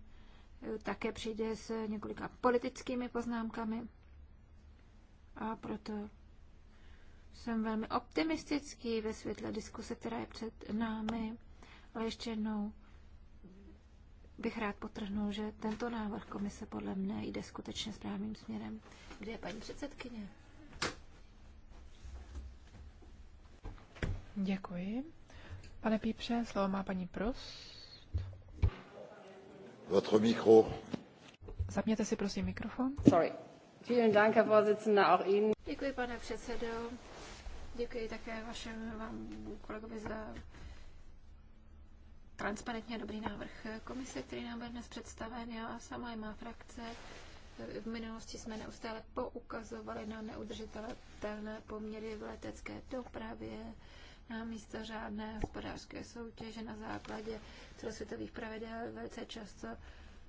také přijde s několika politickými poznámkami a proto jsem velmi optimistický ve světle diskuse, která je před námi. Ale ještě jednou bych rád potrhnul, že tento návrh komise podle mne jde skutečně správným směrem. Kde je paní předsedkyně? Děkuji. Pane Pípře, slovo má paní Prus. Votre micro. Zapněte si prosím mikrofon. Sorry. Vielen Dank, Herr Vorsitzender, auch Ihnen. Děkuji, pane předsedo. Děkuji také vašem vám kolegovi za transparentně dobrý návrh komise, který nám byl dnes představen. Já sama i má frakce. V minulosti jsme neustále poukazovali na neudržitelné poměry v letecké dopravě, na místo řádné hospodářské soutěže na základě celosvětových pravidel velice často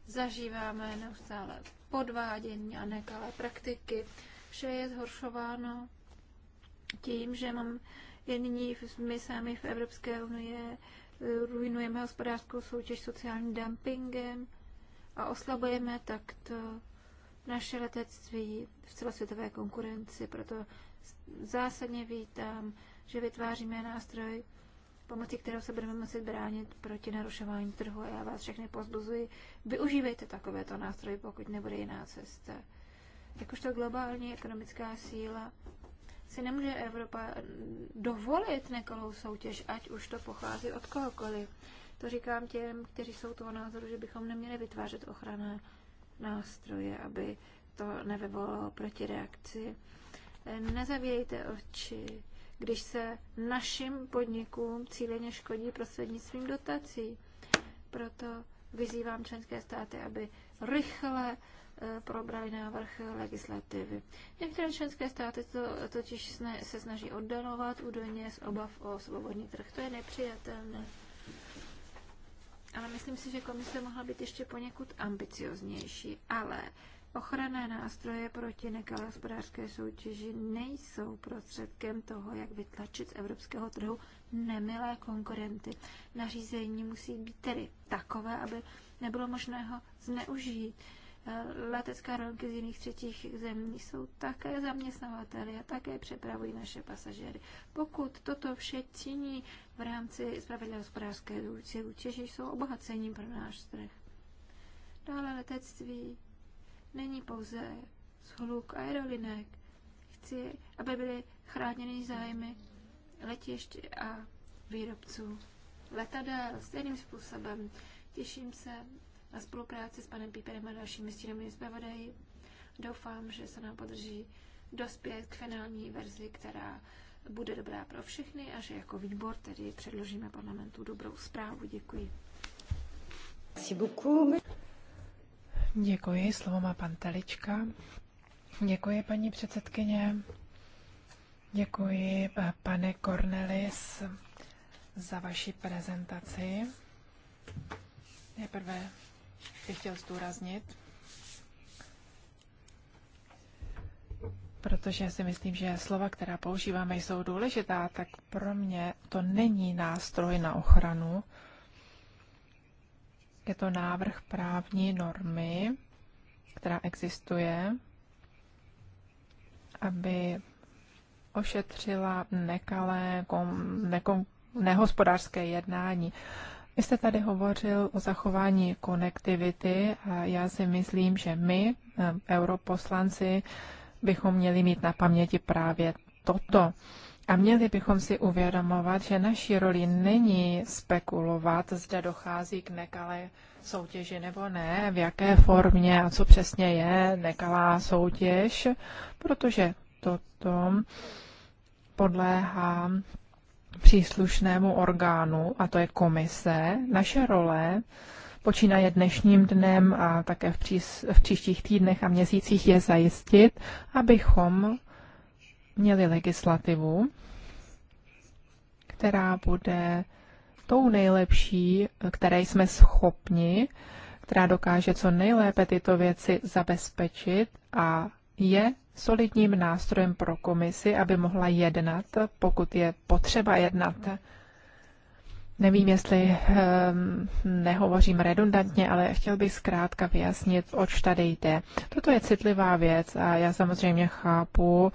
zažíváme neustále podvádění a nekalé praktiky. Vše je zhoršováno tím, že mám, je nyní my sami v Evropské unii eh, ruinujeme hospodářskou soutěž sociálním dumpingem a oslabujeme takto naše letectví v celosvětové konkurenci. Proto zásadně vítám že vytváříme nástroj, pomocí kterého se budeme muset bránit proti narušování trhu. A já vás všechny pozbuzuji, využívejte takovéto nástroje, pokud nebude jiná cesta. Jakožto globální ekonomická síla si nemůže Evropa dovolit nekolou soutěž, ať už to pochází od kohokoliv. To říkám těm, kteří jsou toho názoru, že bychom neměli vytvářet ochranné nástroje, aby to nevyvolalo protireakci. Nezavějte oči když se našim podnikům cíleně škodí prostřednictvím dotací. Proto vyzývám členské státy, aby rychle eh, probrali návrh legislativy. Některé členské státy to totiž se snaží oddalovat údajně z obav o svobodný trh. To je nepřijatelné. Ale myslím si, že komise mohla být ještě poněkud ambicioznější. Ale Ochranné nástroje proti nekalé hospodářské soutěži nejsou prostředkem toho, jak vytlačit z evropského trhu nemilé konkurenty. Nařízení musí být tedy takové, aby nebylo možné ho zneužít. Eh, Letecké ronky z jiných třetích zemí jsou také zaměstnavateli a také přepravují naše pasažéry. Pokud toto vše činí v rámci spravedlivé hospodářské soutěže, jsou obohacením pro náš trh. Dále letectví není pouze shluk aerolinek. Chci, aby byly chráněny zájmy letišť a výrobců letadel stejným způsobem. Těším se na spolupráci s panem Píperem a dalšími stínovými zpravodaji. Doufám, že se nám podrží dospět k finální verzi, která bude dobrá pro všechny a že jako výbor tedy předložíme parlamentu dobrou zprávu. Děkuji. Merci beaucoup. Děkuji, slovo má pan Telička. Děkuji, paní předsedkyně. Děkuji, pane Cornelis, za vaši prezentaci. Nejprve bych chtěl zdůraznit, protože si myslím, že slova, která používáme, jsou důležitá, tak pro mě to není nástroj na ochranu, je to návrh právní normy, která existuje, aby ošetřila nekalé, kom, nekom, nehospodářské jednání. Vy jste tady hovořil o zachování konektivity a já si myslím, že my, eh, europoslanci, bychom měli mít na paměti právě toto. A měli bychom si uvědomovat, že naší roli není spekulovat, zda dochází k nekalé soutěži nebo ne, v jaké formě a co přesně je nekalá soutěž, protože toto podléhá příslušnému orgánu, a to je komise. Naše role počínaje dnešním dnem a také v, v příštích týdnech a měsících je zajistit, abychom měli legislativu, která bude tou nejlepší, které jsme schopni, která dokáže co nejlépe tyto věci zabezpečit a je solidním nástrojem pro komisi, aby mohla jednat, pokud je potřeba jednat. Nevím, jestli um, nehovořím redundantně, ale chtěl bych zkrátka vyjasnit, oč tady jde. Toto je citlivá věc a já samozřejmě chápu,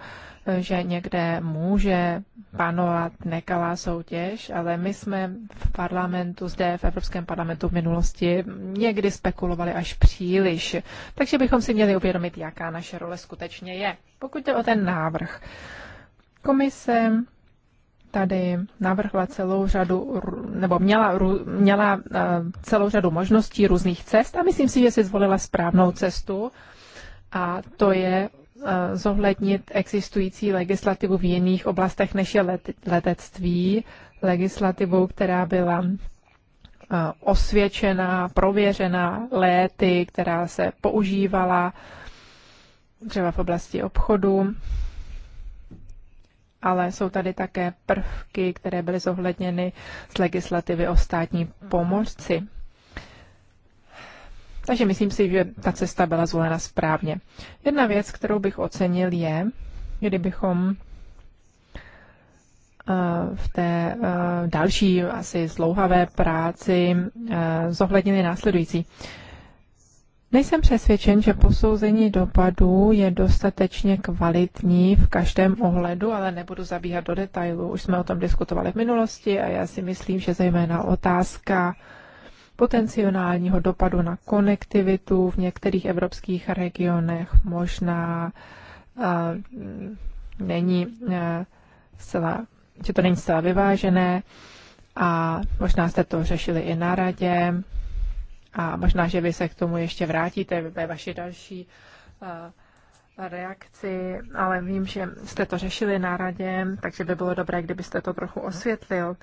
že někde může panovat nekalá soutěž, ale my jsme v parlamentu, zde v Evropském parlamentu v minulosti někdy spekulovali až příliš. Takže bychom si měli uvědomit, jaká naše role skutečně je. Pokud jde o ten návrh, komise tady navrhla celou řadu, nebo měla, měla eh, celou řadu možností různých cest a myslím si, že si zvolila správnou cestu a to je eh, zohlednit existující legislativu v jiných oblastech než je letectví, legislativu, která byla eh, osvědčená, prověřená léty, která se používala třeba v oblasti obchodu ale jsou tady také prvky, které byly zohledněny z legislativy o státní pomoci. Takže myslím si, že ta cesta byla zvolena správně. Jedna věc, kterou bych ocenil, je, kdybychom eh, v té eh, další asi zlouhavé práci eh, zohlednili následující. Nejsem přesvědčen, že posouzení dopadů je dostatečně kvalitní v každém ohledu, ale nebudu zabíhat do detailů. Už jsme o tom diskutovali v minulosti a já si myslím, že zejména otázka potenciálního dopadu na konektivitu v některých evropských regionech možná a, eh, není a, eh, zcela, že to není zcela vyvážené a možná jste to řešili i na radě a možná, že vy se k tomu ještě vrátíte ve vaší další eh, reakci, ale vím, že jste to řešili na radě, takže by bylo dobré, kdybyste to trochu osvětlil.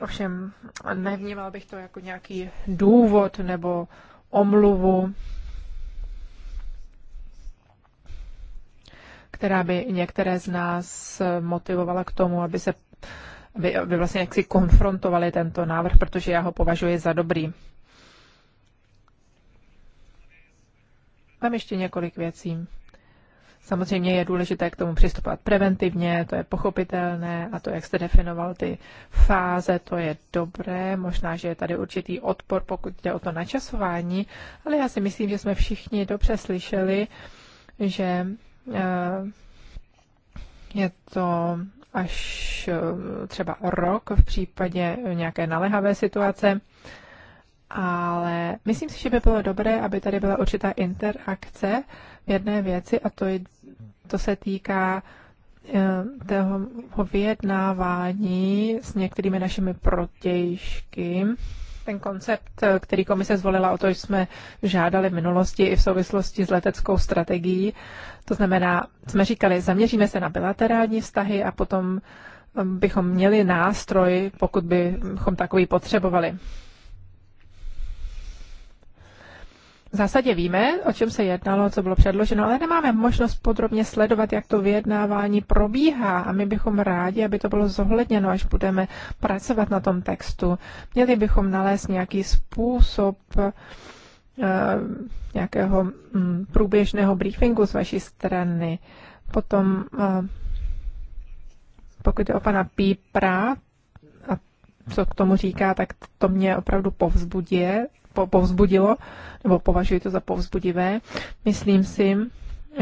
Ovšem, nevnímal bych to jako nějaký důvod nebo omluvu, která by některé z nás motivovala k tomu, aby se aby, aby vlastně jaksi konfrontovali tento návrh, protože já ho považuji za dobrý. Mám ještě několik věcí. Samozřejmě je důležité k tomu přistupovat preventivně, to je pochopitelné a to, jak jste definoval ty fáze, to je dobré. Možná, že je tady určitý odpor, pokud jde o to načasování, ale já si myslím, že jsme všichni dobře slyšeli, že eh, je to až eh, třeba rok v případě nějaké naléhavé situace ale myslím si, že by bylo dobré, aby tady byla určitá interakce v jedné věci a to, je, to se týká eh, toho vyjednávání s některými našimi protějšky. Ten koncept, který komise zvolila, o to jsme žádali v minulosti i v souvislosti s leteckou strategií. To znamená, jsme říkali, zaměříme se na bilaterální vztahy a potom eh, bychom měli nástroj, pokud bychom takový potřebovali. v zásadě víme, o čem se jednalo, co bylo předloženo, ale nemáme možnost podrobně sledovat, jak to vyjednávání probíhá a my bychom rádi, aby to bylo zohledněno, až budeme pracovat na tom textu. Měli bychom nalézt nějaký způsob e, nějakého m, mm, průběžného briefingu z vaší strany. Potom, e, pokud je o pana Pípra, co k tomu říká, tak to mě opravdu povzbudí povzbudilo, nebo považuji to za povzbudivé. Myslím si,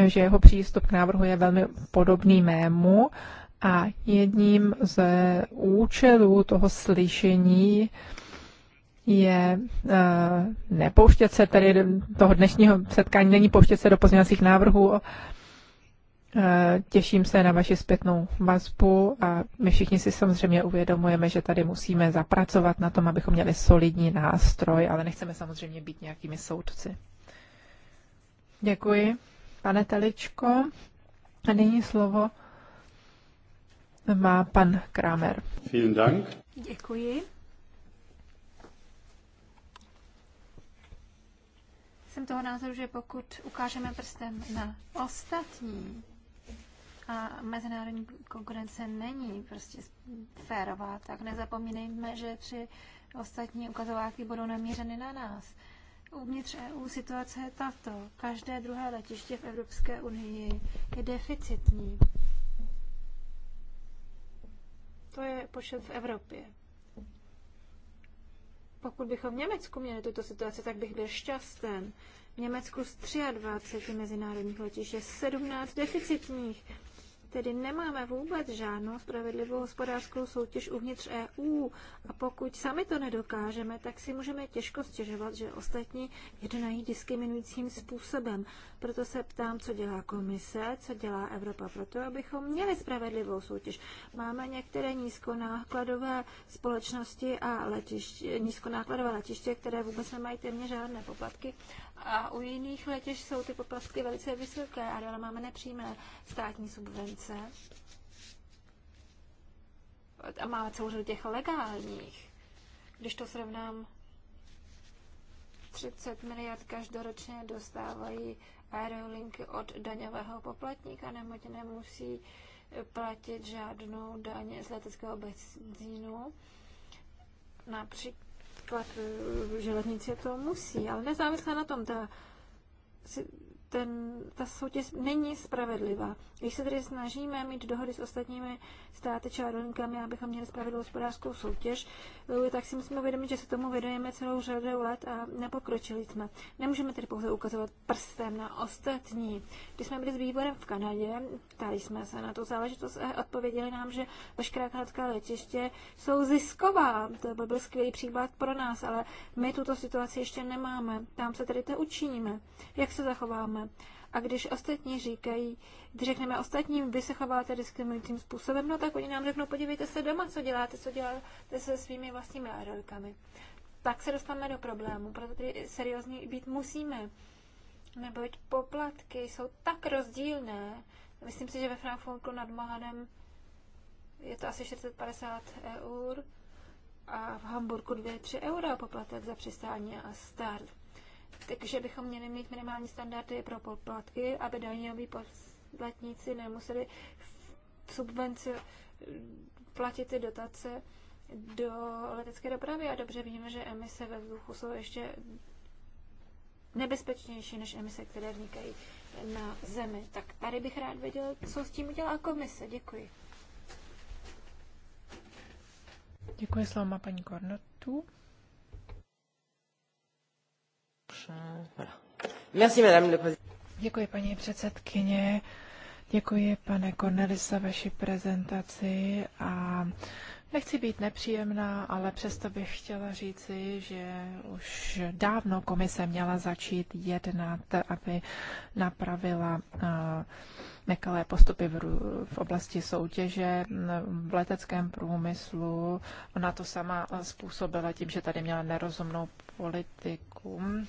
že jeho přístup k návrhu je velmi podobný mému a jedním z účelů toho slyšení je eh, nepouštět se, tedy toho dnešního setkání není pouštět se do pozměňovacích návrhů, Eh, těším se na vaši zpětnou vazbu a my všichni si samozřejmě uvědomujeme, že tady musíme zapracovat na tom, abychom měli solidní nástroj, ale nechceme samozřejmě být nějakými soudci. Děkuji, pane Teličko. A nyní slovo má pan Kramer. Vielen Dank. Děkuji. Jsem toho názoru, že pokud ukážeme prstem na ostatní, a mezinárodní konkurence není prostě férová, tak nezapomínejme, že tři ostatní ukazováky budou namířeny na nás. Uvnitř EU situace je tato. Každé druhé letiště v Evropské unii je deficitní. To je počet v Evropě. Pokud bychom v Německu měli tuto situaci, tak bych byl šťasten. V Německu z 23 mezinárodních letišť je 17 deficitních. Tedy nemáme vůbec žádnou spravedlivou hospodářskou soutěž uvnitř EU a pokud sami to nedokážeme, tak si můžeme těžko stěžovat, že ostatní jednají diskriminujícím způsobem. Proto se ptám, co dělá komise, co dělá Evropa proto, abychom měli spravedlivou soutěž. Máme některé nízkonákladové společnosti a letiště, nízkonákladové letiště, které vůbec nemají téměř žádné poplatky a u jiných letišť jsou ty poplatky velice vysoké ale máme nepřímé státní subvence. A máme celou řadu těch legálních. Když to srovnám, 30 miliard každoročně dostávají aerolinky od daňového poplatníka, neboť nemusí platit žádnou daně z leteckého benzínu. Například například eh, železnice to musí, ale nezávisle na tom, ta ten, ta soutěž není spravedlivá. Když se tedy snažíme mít dohody s ostatními státy či aerolinkami, abychom měli spravedlivou hospodářskou soutěž, eh, tak si musíme uvědomit, že se tomu věnujeme celou řadu let a nepokročili jsme. Nemůžeme tedy pouze ukazovat prstem na ostatní. Když jsme byli s výborem v Kanadě, ptali jsme se na tu záležitost a odpověděli nám, že veškerá kanadská letiště jsou zisková. To by byl skvělý příklad pro nás, ale my tuto situaci ještě nemáme. Tam se tedy to učiníme. Jak se zachováme? státům. A když ostatní říkají, když řekneme ostatním, vy se chováte diskriminujícím způsobem, no tak oni nám řeknou, podívejte se doma, co děláte, co děláte se svými vlastními aerolkami. Tak se dostaneme do problému, proto tedy seriózní být musíme. Neboť poplatky jsou tak rozdílné, myslím si, že ve Frankfurtu nad Mohanem je to asi 650 eur a v Hamburgu 2-3 eura poplatek za přistání a start. Takže bychom měli mít minimální standardy pro poplatky, aby daňoví poplatníci nemuseli subvenci platit ty dotace do letecké dopravy. A dobře víme, že emise ve vzduchu jsou ještě nebezpečnější než emise, které vznikají na Zemi. Tak tady bych rád věděl, co s tím udělá komise. Děkuji. Děkuji, slovo paní Kornotu. Děkuji, paní předsedkyně. Děkuji, pane Cornelis, za vaši prezentaci a Nechci být nepříjemná, ale přesto bych chtěla říci, že už dávno komise měla začít jednat, aby napravila nekalé postupy v, v oblasti soutěže v leteckém průmyslu. Ona to sama způsobila tím, že tady měla nerozumnou politikům.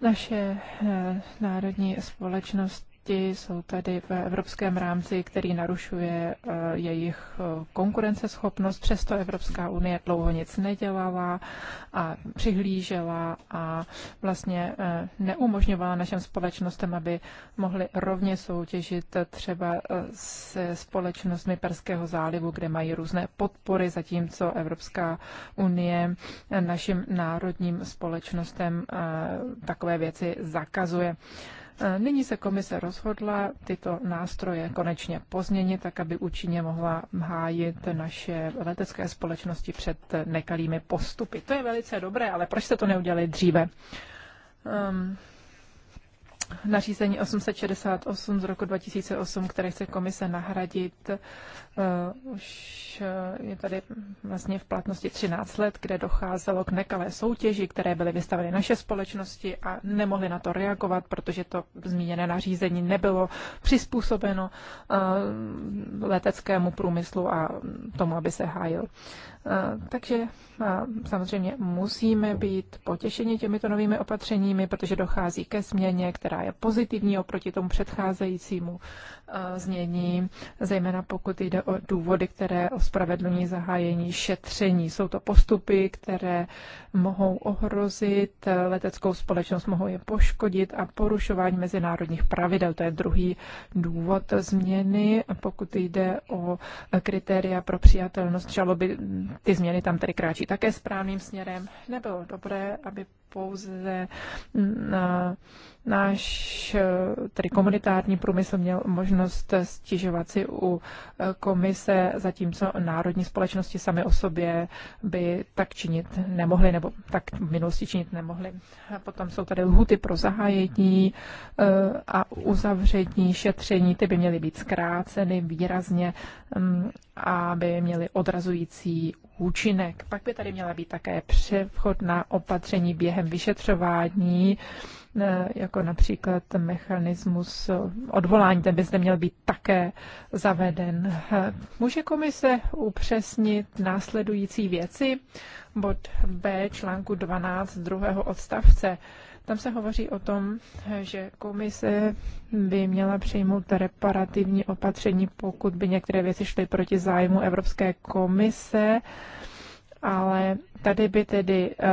Naše eh, národní společnost oblasti jsou tady v evropském rámci, který narušuje eh, jejich eh, konkurenceschopnost. Přesto Evropská unie dlouho nic nedělala a přihlížela a vlastně eh, neumožňovala našem společnostem, aby mohli rovně soutěžit třeba se společnostmi Perského zálivu, kde mají různé podpory, zatímco Evropská unie našim národním společnostem takové věci zakazuje. Nyní se komise rozhodla tyto nástroje konečně pozměnit, tak aby účinně mohla hájit naše letecké společnosti před nekalými postupy. To je velice dobré, ale proč jste to neudělali dříve? Um, nařízení 868 z roku 2008, které chce komise nahradit, uh, už eh, je tady vlastně v platnosti 13 let, kde docházelo k nekalé soutěži, které byly vystaveny naše společnosti a nemohly na to reagovat, protože to zmíněné nařízení nebylo přizpůsobeno uh, leteckému průmyslu a tomu, aby se hájil. Eh, takže eh, samozřejmě musíme být potěšeni těmito novými opatřeními, protože dochází ke změně, která je pozitivní oproti tomu předcházejícímu. Eh, znění, zejména pokud jde o důvody, které ospravedlní zahájení šetření. Jsou to postupy, které mohou ohrozit eh, leteckou společnost, mohou je poškodit a porušování mezinárodních pravidel. To je druhý důvod změny. Pokud jde o kritéria pro přijatelnost žaloby, ty změny tam tedy kráčí také správným směrem. Nebylo dobré, aby pouze mm, eh, náš eh, tedy komunitární průmysl měl možnost stěžovat si u eh, komise, zatímco národní společnosti sami o sobě by tak činit nemohly, nebo tak v minulosti činit nemohly. A potom jsou tady lhuty pro zahájení eh, a uzavření, šetření, ty by měly být zkráceny výrazně, mm, aby měly odrazující účinek. Pak by tady měla být také přechodná opatření během vyšetřování, E, jako například mechanismus odvolání, ten by zde měl být také zaveden. E, může komise upřesnit následující věci? Bod B článku 12 druhého odstavce. Tam se hovoří o tom, že komise by měla přijmout reparativní opatření, pokud by některé věci šly proti zájmu Evropské komise ale tady by tedy eh,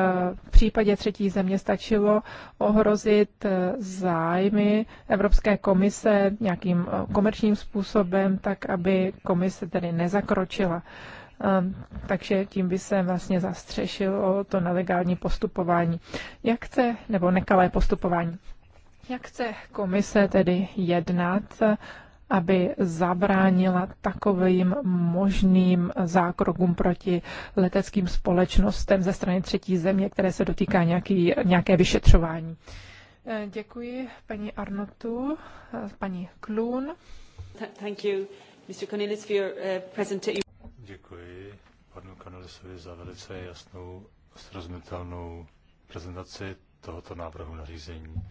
v případě třetí země stačilo ohrozit eh, zájmy Evropské komise nějakým eh, komerčním způsobem, tak aby komise tedy nezakročila. Ehm, takže tím by se vlastně zastřešilo to nelegální postupování. Jak chce, nebo nekalé postupování. Jak chce komise tedy jednat, aby zabránila takovým možným zákrokům proti leteckým společnostem ze strany třetí země, které se dotýká nějaký, nějaké vyšetřování. Eh, děkuji paní Arnotu, eh, paní Klun. Thank you, Mr. Cornelis, for your eh, presentation. Děkuji panu Cornelisovi za velice jasnou, srozumitelnou prezentaci tohoto návrhu nařízení.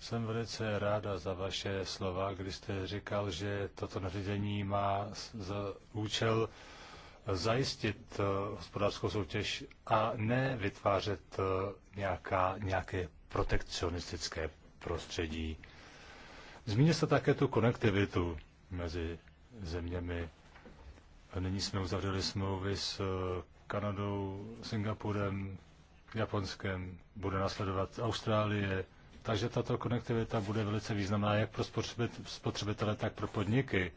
Jsem velice ráda za vaše slova, kdy jste říkal, že toto nařízení má za účel zajistit eh, hospodářskou soutěž a ne vytvářet eh, nějaká, nějaké protekcionistické prostředí. Zmínil jste také tu konektivitu mezi zeměmi. Nyní jsme uzavřeli smlouvy s eh, Kanadou, Singapurem, Japonskem, bude nasledovat Austrálie, takže tato konektivita bude velice významná jak pro spotřebitele, tak pro podniky.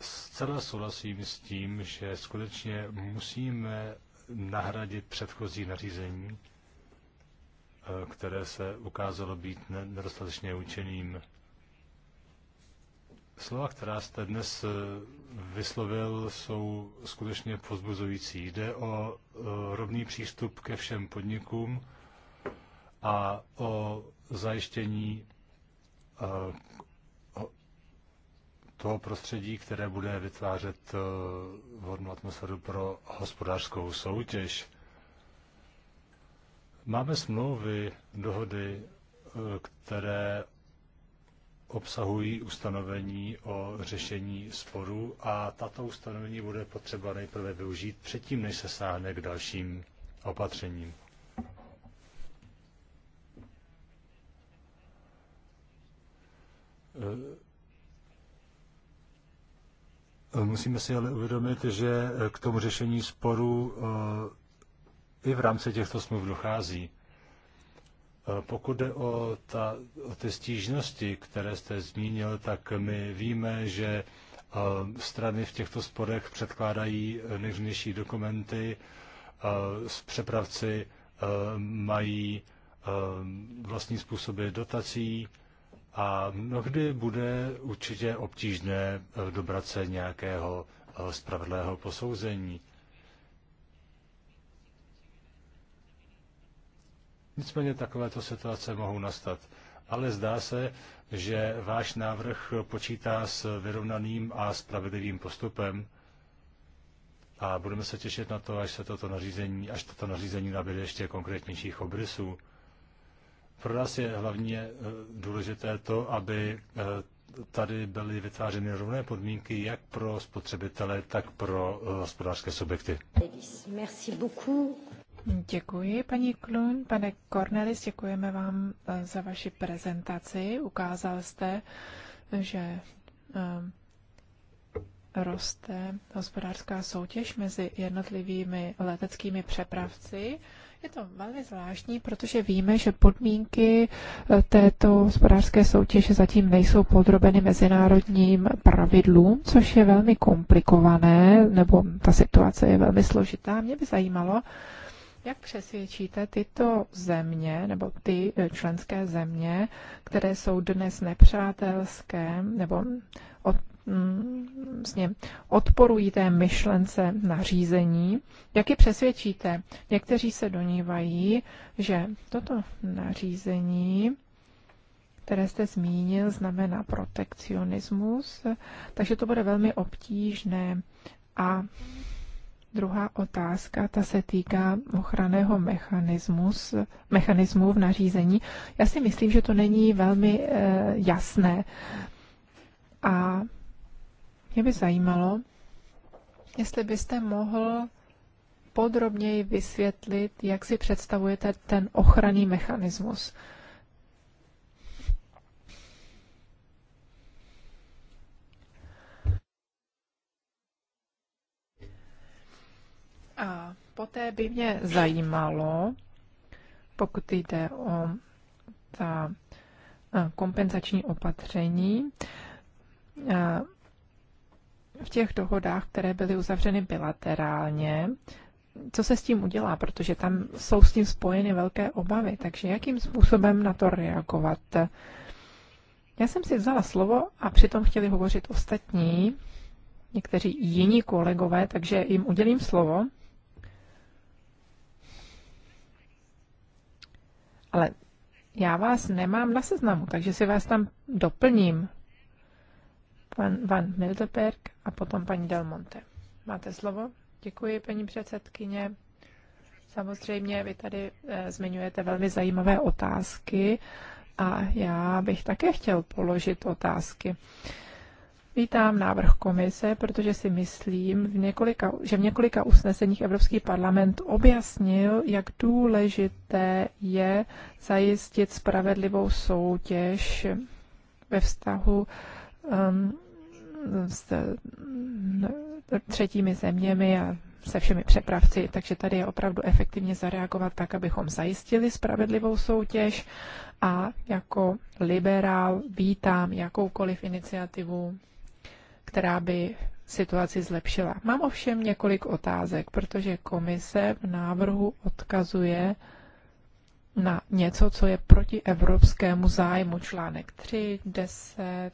Zcela souhlasím s tím, že skutečně musíme nahradit předchozí nařízení, eh, které se ukázalo být nedostatečně účinným. Slova, která jste dnes eh, vyslovil, jsou skutečně pozbuzující. Jde o eh, rovný přístup ke všem podnikům, a o zajištění toho prostředí, které bude vytvářet e, vhodnou atmosféru pro hospodářskou soutěž. Máme smlouvy, dohody, e, které obsahují ustanovení o řešení sporů a tato ustanovení bude potřeba nejprve využít předtím, než se sáhne k dalším opatřením. Eh, musíme si ale uvědomit, že eh, k tomu řešení sporu eh, i v rámci těchto smluv dochází. Pokud jde o, ta, o ty stížnosti, které jste zmínil, tak my víme, že strany v těchto sporech předkládají nejrůznější dokumenty, s přepravci mají vlastní způsoby dotací, a mnohdy bude určitě obtížné eh, dobrat se nějakého eh, spravedlého posouzení. Nicméně takovéto situace mohou nastat. Ale zdá se, že váš návrh počítá s vyrovnaným a spravedlivým postupem a budeme se těšit na to, až se toto nařízení, až toto nařízení nabíde ještě konkrétnějších obrysů. Pro nás je hlavně eh, důležité to, aby eh, tady byly vytvářeny rovné podmínky jak pro spotřebitele, tak pro eh, hospodářské subjekty. Děkuji, paní Klun. Pane Cornelis, děkujeme vám za vaši prezentaci. Ukázal jste, že roste hospodářská soutěž mezi jednotlivými leteckými přepravci je to velmi zvláštní, protože víme, že podmínky eh, této hospodářské soutěže zatím nejsou podrobeny mezinárodním pravidlům, což je velmi komplikované, nebo ta situace je velmi složitá. Mě by zajímalo, jak přesvědčíte tyto země, nebo ty eh, členské země, které jsou dnes nepřátelské, nebo od vlastně odporují té myšlence nařízení. Jak ji přesvědčíte? Někteří se donívají, že toto nařízení které jste zmínil, znamená protekcionismus, takže to bude velmi obtížné. A druhá otázka, ta se týká ochranného mechanismus, mechanismu v nařízení. Já si myslím, že to není velmi e, jasné. A mě by zajímalo, jestli byste mohl podrobněji vysvětlit, jak si představujete ten ochranný mechanismus. A poté by mě zajímalo, pokud jde o ta kompenzační opatření, v těch dohodách, které byly uzavřeny bilaterálně, co se s tím udělá, protože tam jsou s tím spojeny velké obavy. Takže jakým způsobem na to reagovat? Já jsem si vzala slovo a přitom chtěli hovořit ostatní, někteří jiní kolegové, takže jim udělím slovo. Ale já vás nemám na seznamu, takže si vás tam doplním pan Van Mildeberg a potom paní Del Monte. Máte slovo? Děkuji, paní předsedkyně. Samozřejmě vy tady eh, zmiňujete velmi zajímavé otázky a já bych také chtěl položit otázky. Vítám návrh komise, protože si myslím, v několika, že v několika usneseních Evropský parlament objasnil, jak důležité je zajistit spravedlivou soutěž ve vztahu uh, Um, s třetími zeměmi a se všemi přepravci, takže tady je opravdu efektivně zareagovat tak, abychom zajistili spravedlivou soutěž a jako liberál vítám jakoukoliv iniciativu, která by situaci zlepšila. Mám ovšem několik otázek, protože komise v návrhu odkazuje na něco, co je proti evropskému zájmu. Článek 3, 10,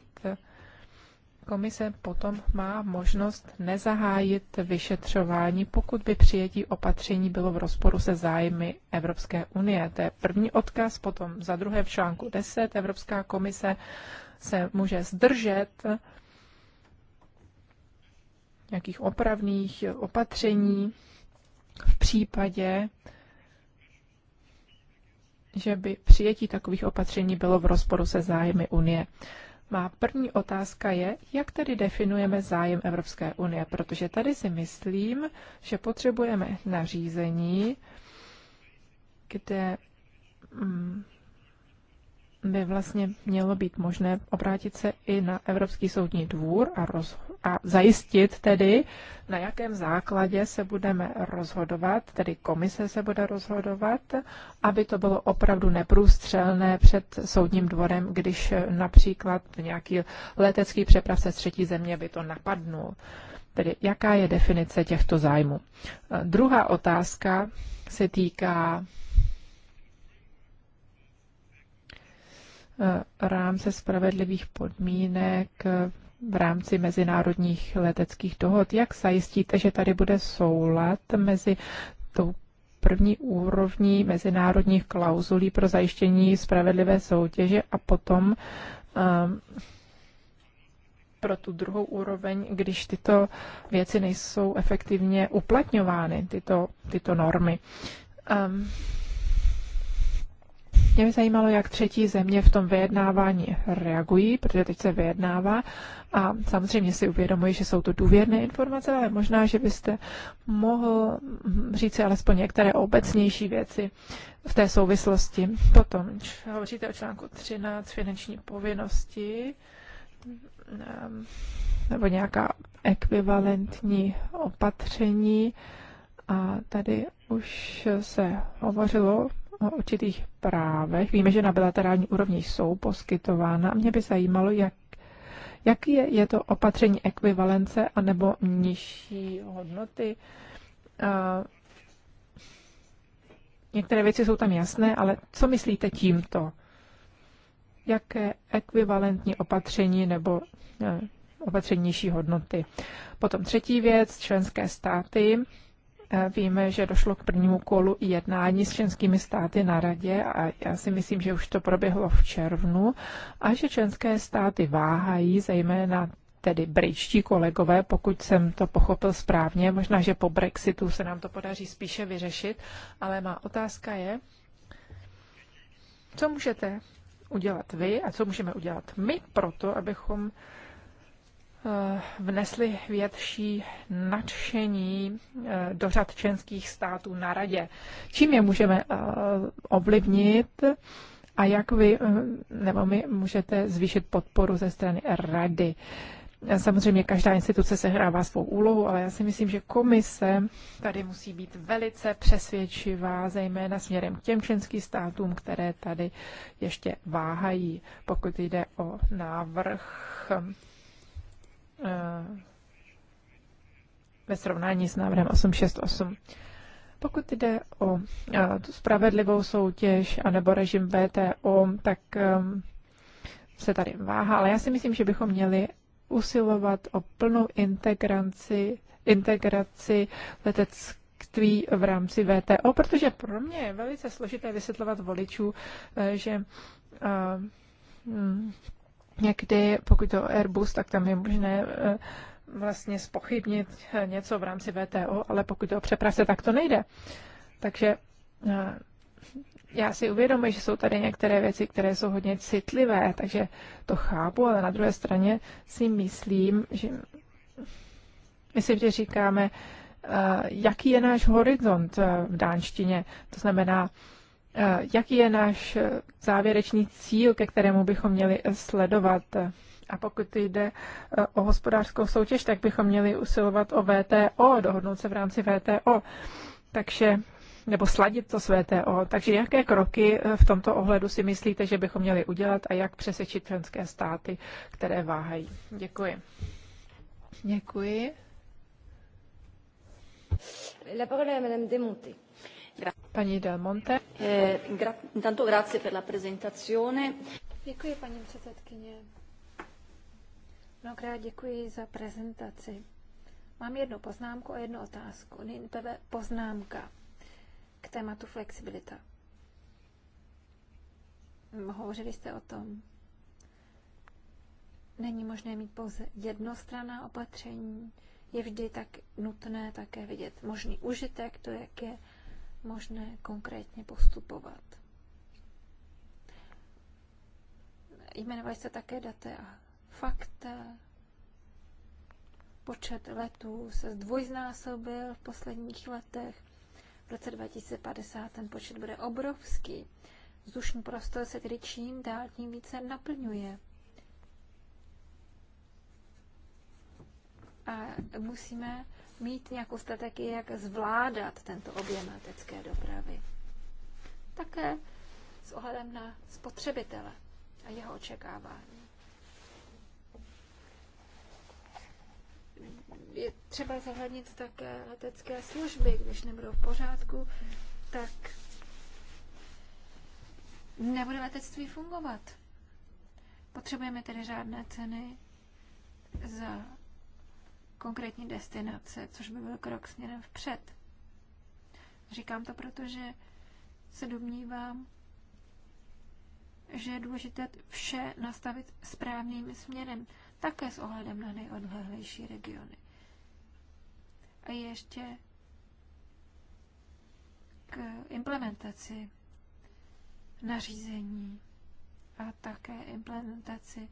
komise potom má možnost nezahájit vyšetřování, pokud by přijetí opatření bylo v rozporu se zájmy Evropské unie. To je první odkaz. Potom za druhé v článku 10 Evropská komise se může zdržet nějakých opravných opatření v případě, že by přijetí takových opatření bylo v rozporu se zájmy Unie. Má první otázka je, jak tedy definujeme zájem Evropské unie, protože tady si myslím, že potřebujeme nařízení, kde mm, by vlastně mělo být možné obrátit se i na Evropský soudní dvůr a rozhodnout, a zajistit tedy, na jakém základě se budeme rozhodovat, tedy komise se bude rozhodovat, aby to bylo opravdu neprůstřelné před soudním dvorem, když například nějaký letecký přepravce z třetí země by to napadnul. Tedy jaká je definice těchto zájmů? Druhá otázka se týká eh, rámce spravedlivých podmínek v rámci mezinárodních leteckých dohod. Jak zajistíte, že tady bude soulad mezi tou první úrovní mezinárodních klauzulí pro zajištění spravedlivé soutěže a potom um, pro tu druhou úroveň, když tyto věci nejsou efektivně uplatňovány, tyto, tyto normy. Um, mě by zajímalo, jak třetí země v tom vyjednávání reagují, protože teď se vyjednává a samozřejmě si uvědomuji, že jsou to důvěrné informace, ale možná, že byste mohl si alespoň některé obecnější věci v té souvislosti. Potom hovoříte o článku 13, finanční povinnosti ehm, nebo nějaká ekvivalentní opatření. A tady už se hovořilo o určitých právech. Víme, že na bilaterální úrovni jsou poskytována. Mě by zajímalo, jak, jaký je, je to opatření ekvivalence anebo nižší hodnoty. A některé věci jsou tam jasné, ale co myslíte tímto? Jaké ekvivalentní opatření nebo eh, opatření nižší hodnoty? Potom třetí věc, členské státy. Eh, víme, že došlo k prvnímu kolu jednání s členskými státy na radě a já si myslím, že už to proběhlo v červnu a že členské státy váhají, zejména tedy britští kolegové, pokud jsem to pochopil správně. Možná, že po Brexitu se nám to podaří spíše vyřešit, ale má otázka je, co můžete udělat vy a co můžeme udělat my proto, abychom Eh, vnesli větší nadšení eh, do řad členských států na radě. Čím je můžeme eh, ovlivnit a jak vy nebo my můžete zvýšit podporu ze strany rady? Samozřejmě každá instituce sehrává svou úlohu, ale já si myslím, že komise tady musí být velice přesvědčivá, zejména směrem k těm členským státům, které tady ještě váhají, pokud jde o návrh Eh, ve srovnání s návrhem 868. Pokud jde o eh, tu spravedlivou soutěž anebo režim VTO, tak ehm, se tady váha, ale já si myslím, že bychom měli usilovat o plnou integraci, integraci letectví v rámci VTO, protože pro mě je velice složité vysvětlovat voličů, eh, že hmm, Někdy, pokud to Airbus, tak tam je možné eh, vlastně spochybnit eh, něco v rámci VTO, ale pokud to přepravce, tak to nejde. Takže eh, já si uvědomuji, že jsou tady některé věci, které jsou hodně citlivé, takže to chápu, ale na druhé straně si myslím, že si vždy říkáme, jaký je náš horizont v dánštině. To znamená, Eh, jaký je náš eh, závěrečný cíl, ke kterému bychom měli eh, sledovat? A pokud jde o hospodářskou soutěž, tak bychom měli usilovat o VTO, dohodnout se v rámci VTO. Takže nebo sladit to s VTO. Takže jaké kroky v tomto ohledu si myslíte, že bychom měli udělat a jak přesvědčit členské státy, které váhají? Děkuji. Děkuji. La parole est à Madame Demonté. Paní Del Monte. Eh, intanto grazie per la presentazione. Děkuji, paní předsedkyně. Mnohokrát děkuji za prezentaci. Mám jednu poznámku a jednu otázku. Nejprve poznámka k tématu flexibilita. Hovořili jste o tom. Není možné mít pouze jednostranná opatření, je vždy tak nutné také vidět možný užitek, to, jak je možné konkrétně postupovat. Jmenovali se také data a fakta. Počet letů se zdvojznásobil v posledních letech. V roce 2050 ten počet bude obrovský. Vzdušný prostor se tedy čím dál tím více naplňuje. A musíme mít nějakou strategii, jak zvládat tento objem letecké dopravy. Také s ohledem na spotřebitele a jeho očekávání. Je třeba zahradnit také letecké služby, když nebudou v pořádku, tak nebude letectví fungovat. Potřebujeme tedy řádné ceny za konkrétní destinace, což by byl krok směrem vpřed. Říkám to proto, že se domnívám, že je důležité vše nastavit správným směrem, také s ohledem na nejodlehlejší regiony. A ještě k implementaci nařízení a také implementaci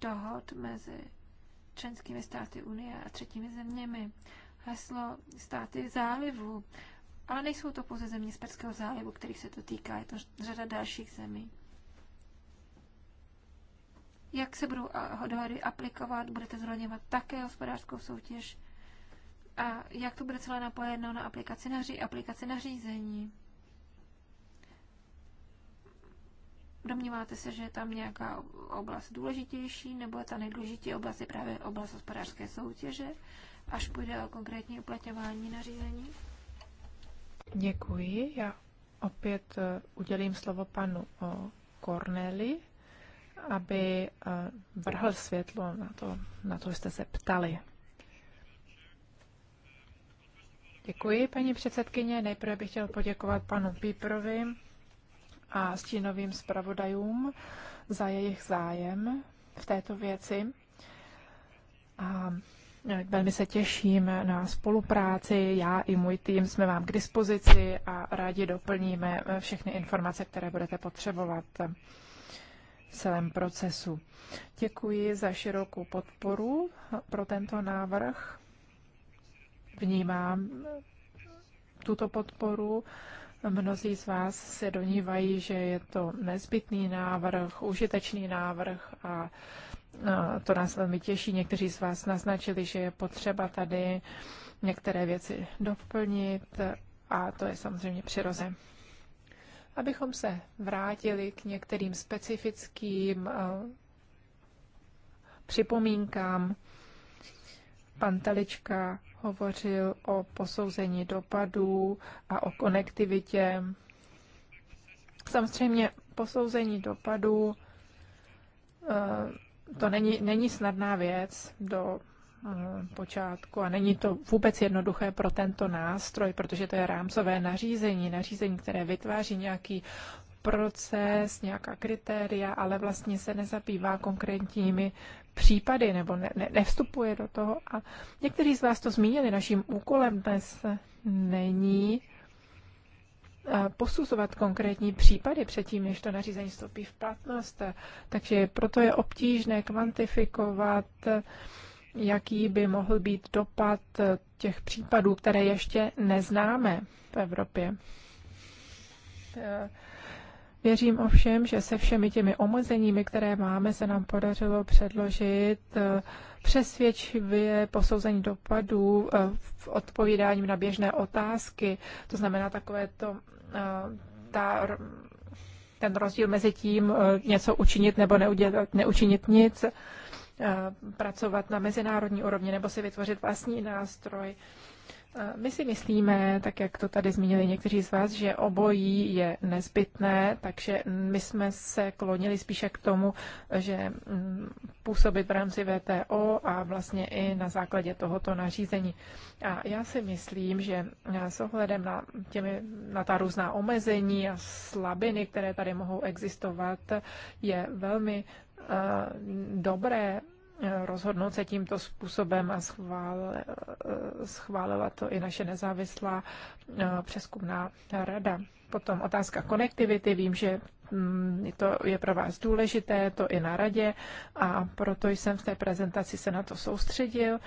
dohod mezi členskými státy Unie a třetími zeměmi. Heslo státy zálivu. Ale nejsou to pouze země z Perského zálivu, kterých se to týká, je to řada dalších zemí. Jak se budou dohody aplikovat, budete zhledňovat také hospodářskou soutěž a jak to bude celé napojeno na aplikaci, naří, aplikaci nařízení. Domníváte se, že je tam nějaká oblast důležitější, nebo ta nejdůležitější oblast je právě oblast hospodářské soutěže, až půjde o konkrétní uplatňování nařízení? Děkuji. Já opět eh, udělím slovo panu eh, Corneli, aby eh, vrhl světlo na to, na to jste se ptali. Děkuji, paní předsedkyně. Nejprve bych chtěl poděkovat panu Píprovi a stínovým zpravodajům za jejich zájem v této věci. A e, velmi se těším na spolupráci. Já i můj tým jsme vám k dispozici a rádi doplníme e, všechny informace, které budete potřebovat v celém procesu. Děkuji za širokou podporu pro tento návrh. Vnímám e, tuto podporu Mnozí z vás se donívají, že je to nezbytný návrh, užitečný návrh a to nás velmi těší. Někteří z vás naznačili, že je potřeba tady některé věci doplnit a to je samozřejmě přirozené. Abychom se vrátili k některým specifickým připomínkám, pan Telička hovořil o posouzení dopadů a o konektivitě. Samozřejmě posouzení dopadů eh, to není, není snadná věc do eh, počátku a není to vůbec jednoduché pro tento nástroj, protože to je rámcové nařízení, nařízení, které vytváří nějaký proces, nějaká kritéria, ale vlastně se nezabývá konkrétními případy nebo ne, ne, nevstupuje do toho. A někteří z vás to zmínili, naším úkolem dnes není eh, posuzovat konkrétní případy předtím, než to nařízení vstoupí v platnost. Takže proto je obtížné kvantifikovat, jaký by mohl být dopad těch případů, které ještě neznáme v Evropě. Eh, Věřím ovšem, že se všemi těmi omezeními, které máme, se nám podařilo předložit eh, přesvědčivě posouzení dopadů eh, v odpovídání na běžné otázky. To znamená takové to, eh, ta, ten rozdíl mezi tím něco učinit nebo neudělat, neučinit nic, pracovat na mezinárodní úrovni nebo si vytvořit vlastní nástroj. My si myslíme, tak jak to tady zmínili někteří z vás, že obojí je nezbytné, takže my jsme se klonili spíše k tomu, že mm, působit v rámci VTO a vlastně i na základě tohoto nařízení. A já si myslím, že eh, s ohledem na, těmi, na ta různá omezení a slabiny, které tady mohou existovat, je velmi eh, dobré rozhodnout se tímto způsobem a schvál, schválila to i naše nezávislá eh, přeskumná rada. Potom otázka konektivity. Vím, že mm, to je pro vás důležité, to i na radě a proto jsem v té prezentaci se na to soustředil.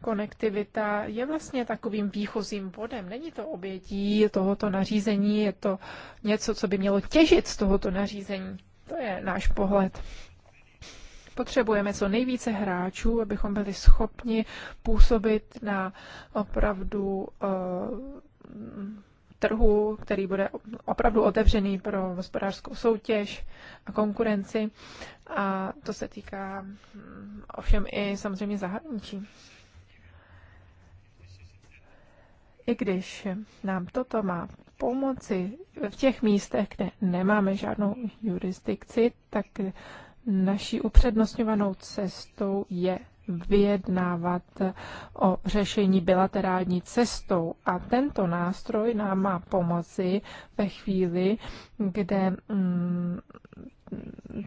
Konektivita je vlastně takovým výchozím bodem. Není to obětí tohoto nařízení, je to něco, co by mělo těžit z tohoto nařízení. To je náš pohled. Potřebujeme co nejvíce hráčů, abychom byli schopni působit na opravdu eh, trhu, který bude opravdu otevřený pro hospodářskou soutěž a konkurenci. A to se týká hm, ovšem i samozřejmě zahraničí. I když nám toto má pomoci v těch místech, kde nemáme žádnou jurisdikci, tak Naší upřednostňovanou cestou je vyjednávat o řešení bilaterální cestou. A tento nástroj nám má pomoci ve chvíli, kde mm,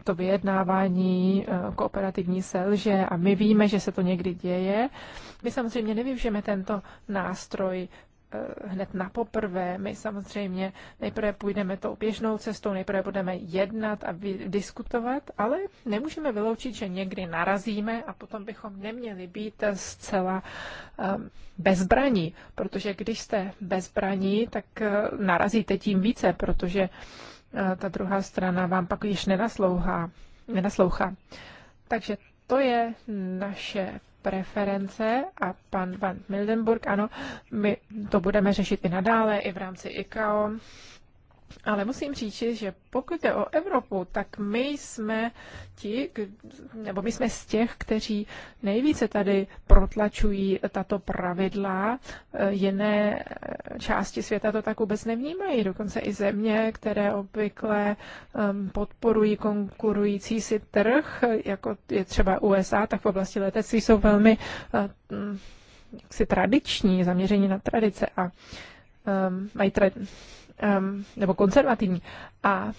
to vyjednávání e, kooperativní selže a my víme, že se to někdy děje. My samozřejmě nevyužijeme tento nástroj Eh, hned na poprvé. My samozřejmě nejprve půjdeme tou běžnou cestou, nejprve budeme jednat a diskutovat, ale nemůžeme vyloučit, že někdy narazíme a potom bychom neměli být zcela eh, bezbraní, protože když jste bezbraní, tak eh, narazíte tím více, protože ta druhá strana vám pak již nenaslouchá. nenaslouchá. Takže to je naše preference a pan Van Mildenburg, ano, my to budeme řešit i nadále, i v rámci ICAO. Ale musím říct, že pokud jde o Evropu, tak my jsme ti, nebo my jsme z těch, kteří nejvíce tady protlačují tato pravidla. Eh, jiné eh, části světa to tak vůbec nevnímají. Dokonce i země, které obvykle ehm, podporují konkurující si trh, eh, jako je třeba USA, tak v oblasti letectví jsou velmi mm, jaksi tradiční, zaměření na tradice a ehm, mají tradiční Um, nebo konzervativní. A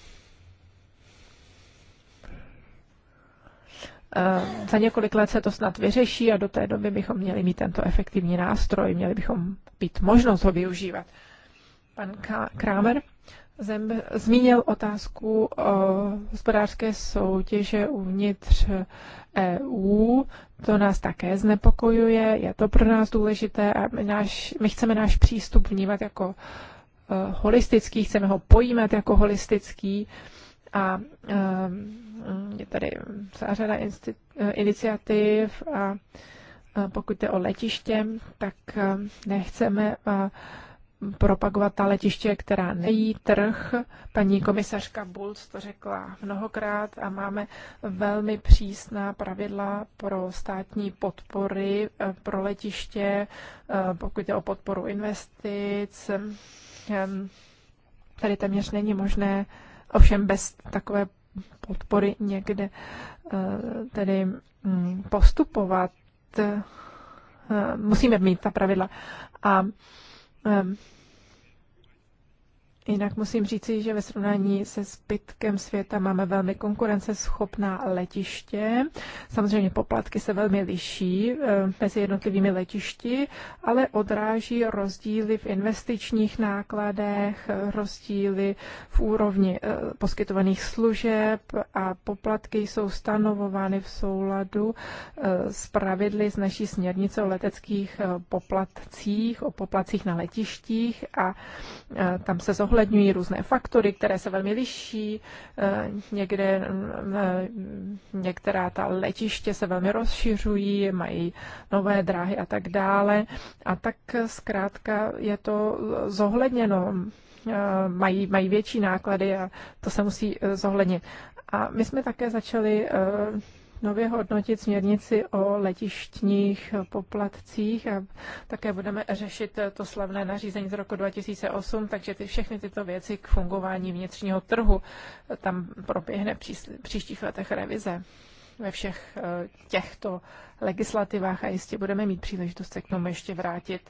eh, za několik let se to snad vyřeší a do té doby bychom měli mít tento efektivní nástroj, měli bychom být možnost ho využívat. Pan Kramer zem, zmínil otázku o hospodářské soutěže uvnitř EU. To nás také znepokojuje, je to pro nás důležité a my, náš, my chceme náš přístup vnímat jako Eh, holistický, chceme ho pojímat jako holistický a eh, je tady celá řada eh, iniciativ a pokud jde o letiště, tak nechceme propagovat ta letiště, která nejí trh. Paní komisařka Bulc to řekla mnohokrát a máme velmi přísná pravidla pro státní podpory pro letiště, pokud jde o podporu investic, Ehm, tady téměř není možné, ovšem bez takové podpory někde eh, tedy mm, postupovat. Eh, musíme mít ta pravidla. A ehm, Jinak musím říci, že ve srovnání se zbytkem světa máme velmi konkurenceschopná letiště. Samozřejmě poplatky se velmi liší eh, mezi jednotlivými letišti, ale odráží rozdíly v investičních nákladech, rozdíly v úrovni eh, poskytovaných služeb a poplatky jsou stanovovány v souladu eh, s pravidly z naší směrnice o leteckých poplatcích, o poplatcích na letištích a tam se zohledňují zohledňují různé faktory, které se velmi liší. Eh, někde, eh, některá ta letiště se velmi rozšiřují, mají nové dráhy a tak dále. A tak zkrátka je to zohledněno. Eh, mají, mají větší náklady a to se musí zohlednit. A my jsme také začali nově hodnotit směrnici o letištních poplatcích a také budeme řešit to slavné nařízení z roku 2008, takže ty, všechny tyto věci k fungování vnitřního trhu tam proběhne pří, příštích letech revize ve všech eh, těchto legislativách a jistě budeme mít příležitost se k tomu ještě vrátit.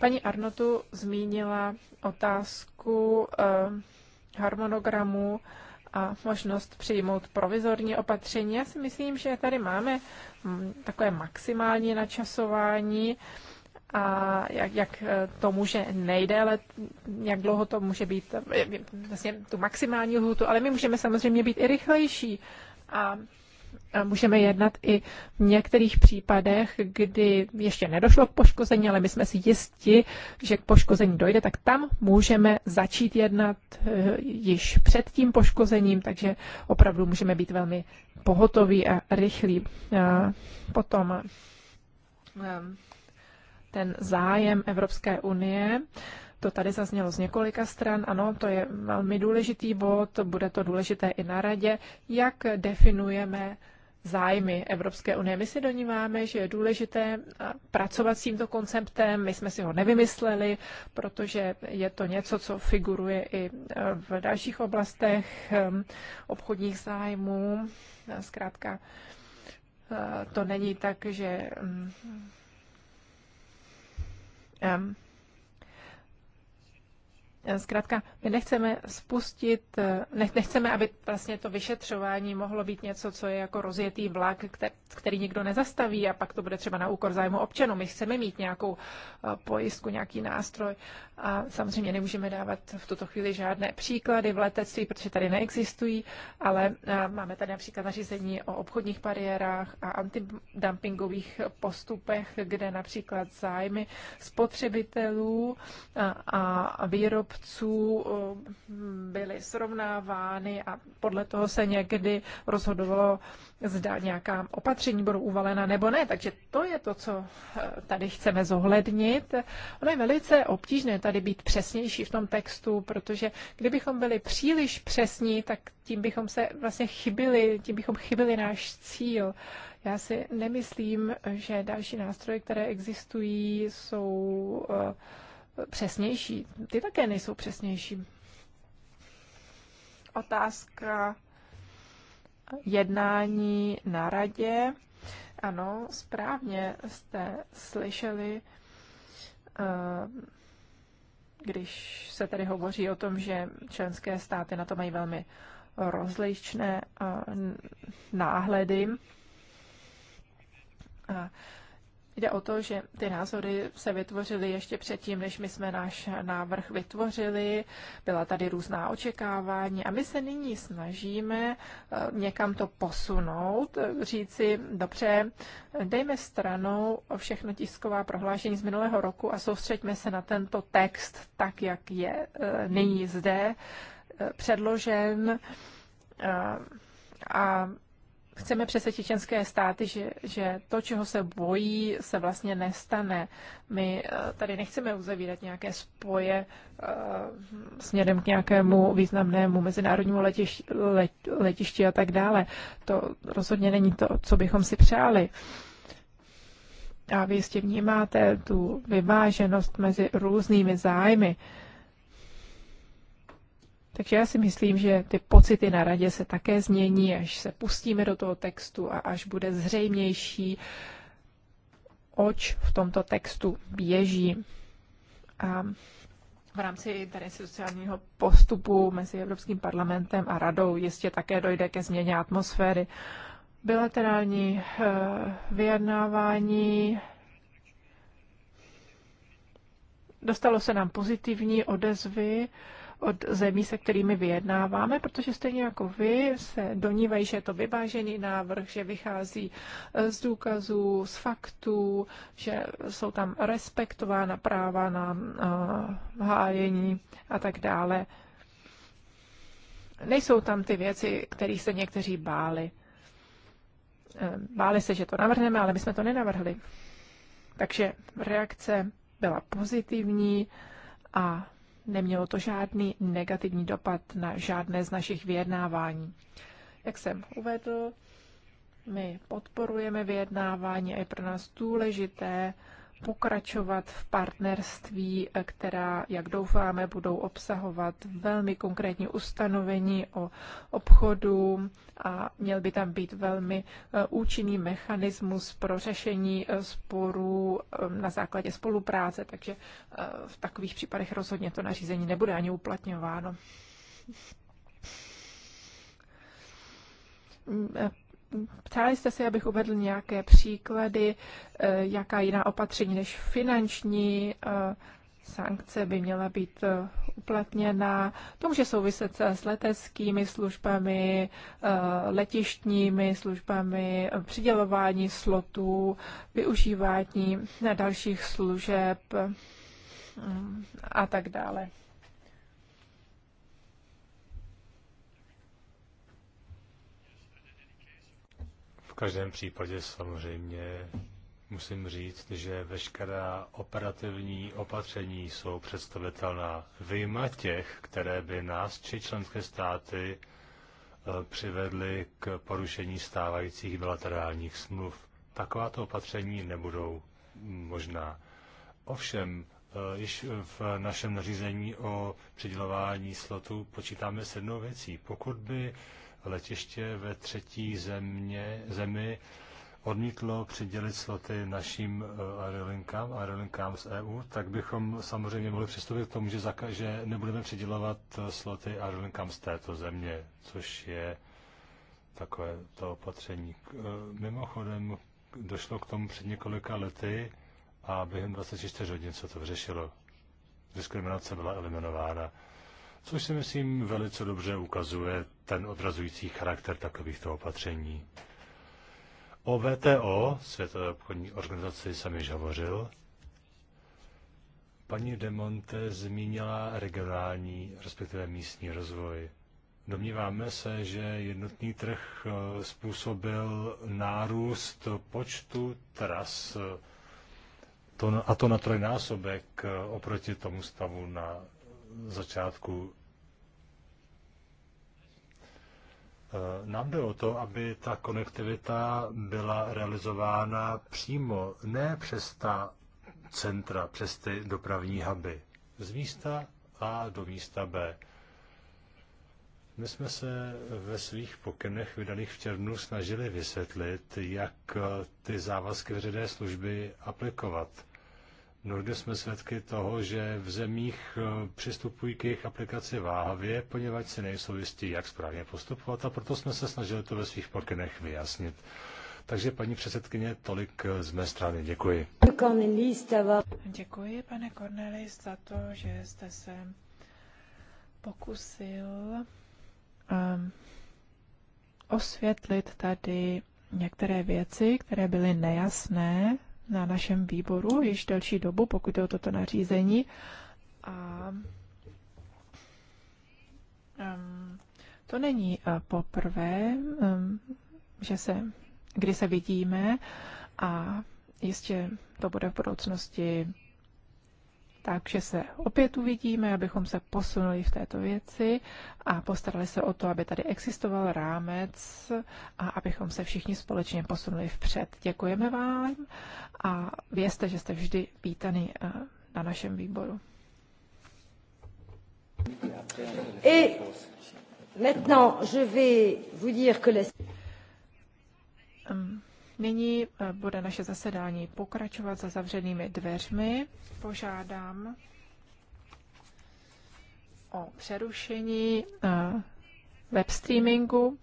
Paní Arnotu zmínila otázku eh, harmonogramu a možnost přijmout provizorní opatření. Já si myslím, že tady máme mm, takové maximální načasování a jak, jak eh, to může nejdéle, jak dlouho to může být, eh, vlastně tu maximální lhutu, ale my můžeme samozřejmě být i rychlejší a můžeme jednat i v některých případech, kdy ještě nedošlo k poškození, ale my jsme si jisti, že k poškození dojde, tak tam můžeme začít jednat eh, již před tím poškozením, takže opravdu můžeme být velmi pohotoví a rychlí. Potom eh, ten zájem Evropské unie to tady zaznělo z několika stran. Ano, to je velmi důležitý bod, bude to důležité i na radě. Jak definujeme zájmy Evropské unie. My si do ní máme, že je důležité pracovat s tímto konceptem. My jsme si ho nevymysleli, protože je to něco, co figuruje i e, v dalších oblastech um, obchodních zájmů. Zkrátka, e, to není tak, že mm, um, Eh, zkrátka, my nechceme spustit, eh, nechceme, aby vlastně to vyšetřování mohlo být něco, co je jako rozjetý vlak, který nikdo nezastaví a pak to bude třeba na úkor zájmu občanů. My chceme mít nějakou eh, pojistku, nějaký nástroj a samozřejmě nemůžeme dávat v tuto chvíli žádné příklady v letectví, protože tady neexistují, ale máme tady například nařízení o obchodních bariérách a antidumpingových postupech, kde například zájmy spotřebitelů a výrobců výrobců eh, byly srovnávány a podle toho se někdy rozhodovalo, zda nějaká opatření budou uvalena nebo ne. Takže to je to, co eh, tady chceme zohlednit. Ono je velice obtížné tady být přesnější v tom textu, protože kdybychom byli příliš přesní, tak tím bychom se vlastně chybili, tím bychom chybili náš cíl. Já si nemyslím, že další nástroje, které existují, jsou uh, přesnější. Ty také nejsou přesnější. Otázka jednání na radě. Ano, správně jste slyšeli, eh, když se tady hovoří o tom, že členské státy na to mají velmi rozličné eh, náhledy. Jde o to, že ty názory se vytvořily ještě předtím, než my jsme náš návrh vytvořili. Byla tady různá očekávání a my se nyní snažíme eh, někam to posunout, eh, říci, dobře, dejme stranou všechno tisková prohlášení z minulého roku a soustřeďme se na tento text tak, jak je eh, nyní zde předložen a chceme přesvědčit členské státy, že, že to, čeho se bojí, se vlastně nestane. My eh, tady nechceme uzavírat nějaké spoje uh, směrem k nějakému významnému mezinárodnímu letiš, let, letišti a tak dále. To rozhodně není to, co bychom si přáli. A vy jistě vnímáte tu vyváženost mezi různými zájmy. Uh, takže já si myslím, že ty pocity na radě se také změní, až se pustíme do toho textu a až bude zřejmější, oč v tomto textu běží. A v rámci sociálního postupu mezi Evropským parlamentem a radou jistě také dojde ke změně atmosféry. Bilaterální eh, vyjednávání dostalo se nám pozitivní odezvy od zemí, se kterými vyjednáváme, protože stejně jako vy se donívají, že je to vyvážený návrh, že vychází eh, z důkazů, z faktů, že jsou tam respektována práva na uh, hájení a tak dále. Nejsou tam ty věci, kterých se někteří báli. Eh, báli se, že to navrhneme, ale my jsme to nenavrhli. Takže reakce byla pozitivní a Nemělo to žádný negativní dopad na žádné z našich vyjednávání. Jak jsem uvedl, my podporujeme vyjednávání a je pro nás důležité, pokračovat v partnerství, která, jak doufáme, budou obsahovat velmi konkrétní ustanovení o obchodu a měl by tam být velmi eh, účinný mechanismus pro řešení eh, sporů eh, na základě spolupráce, takže v takových případech rozhodně to nařízení nebude ani uplatňováno mm, Ptali jste se, abych uvedl nějaké příklady, eh, jaká jiná opatření než finanční eh, sankce by měla být eh, uplatněna. To může souviset s leteckými službami, letištními službami, přidělování slotů, využívání dalších služeb mm, a tak dále. každém případě samozřejmě musím říct, že veškerá operativní opatření jsou představitelná vyjma těch, které by nás či členské státy e, přivedly k porušení stávajících bilaterálních smluv. Takováto opatření nebudou možná. Ovšem, e, již v našem nařízení o přidělování slotu počítáme s jednou věcí. Pokud by letiště ve třetí země, zemi odmítlo přidělit sloty našim eh, aerolinkám, aerolinkám z EU, tak bychom samozřejmě mohli přistoupit k tomu, že, zaka- že nebudeme přidělovat eh, sloty aerolinkám z této země, což je takové to opatření. Eh, mimochodem, došlo k tomu před několika lety a během 24 hodin se to vyřešilo. Diskriminace byla eliminována což si myslím velice dobře ukazuje ten odrazující charakter takovýchto opatření. O VTO, Světové obchodní organizaci, jsem již hovořil. Paní Demonte zmínila regionální, respektive místní rozvoj. Domníváme se, že jednotný trh eh, způsobil nárůst počtu tras, eh, a to na trojnásobek eh, oproti tomu stavu na začátku. Nám jde o to, aby ta konektivita byla realizována přímo, ne přes ta centra, přes ty dopravní huby. Z místa A do místa B. My jsme se ve svých pokynech vydaných v červnu snažili vysvětlit, jak ty závazky veřejné služby aplikovat. Mnohdy jsme svědky toho, že v zemích eh, přistupují k jejich aplikaci váhavě, poněvadž si nejsou jistí, jak správně postupovat a proto jsme se snažili to ve svých pokynech vyjasnit. Takže paní předsedkyně, tolik eh, z mé strany. Děkuji. Děkuji, pane Cornelis, za to, že jste se pokusil um, osvětlit tady některé věci, které byly nejasné na našem výboru již delší dobu, pokud je o toto nařízení. A um, to není eh, poprvé, um, že se, kdy se vidíme a jistě to bude v budoucnosti takže se opět uvidíme, abychom se posunuli v této věci a postarali se o to, aby tady existoval rámec a abychom se všichni společně posunuli vpřed. Děkujeme vám a vězte, že jste vždy vítaný eh, na našem výboru. Et maintenant, je vais vous dire que la... Um, Nyní eh, bude naše zasedání pokračovat za zavřenými dveřmi. Požádám o přerušení eh, web streamingu.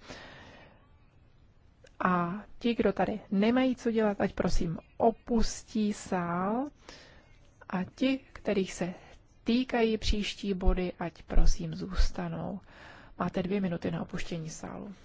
A ti, kdo tady nemají co dělat, ať prosím opustí sál. A ti, kterých se týkají příští body, ať prosím zůstanou. Máte dvě minuty na opuštění sálu.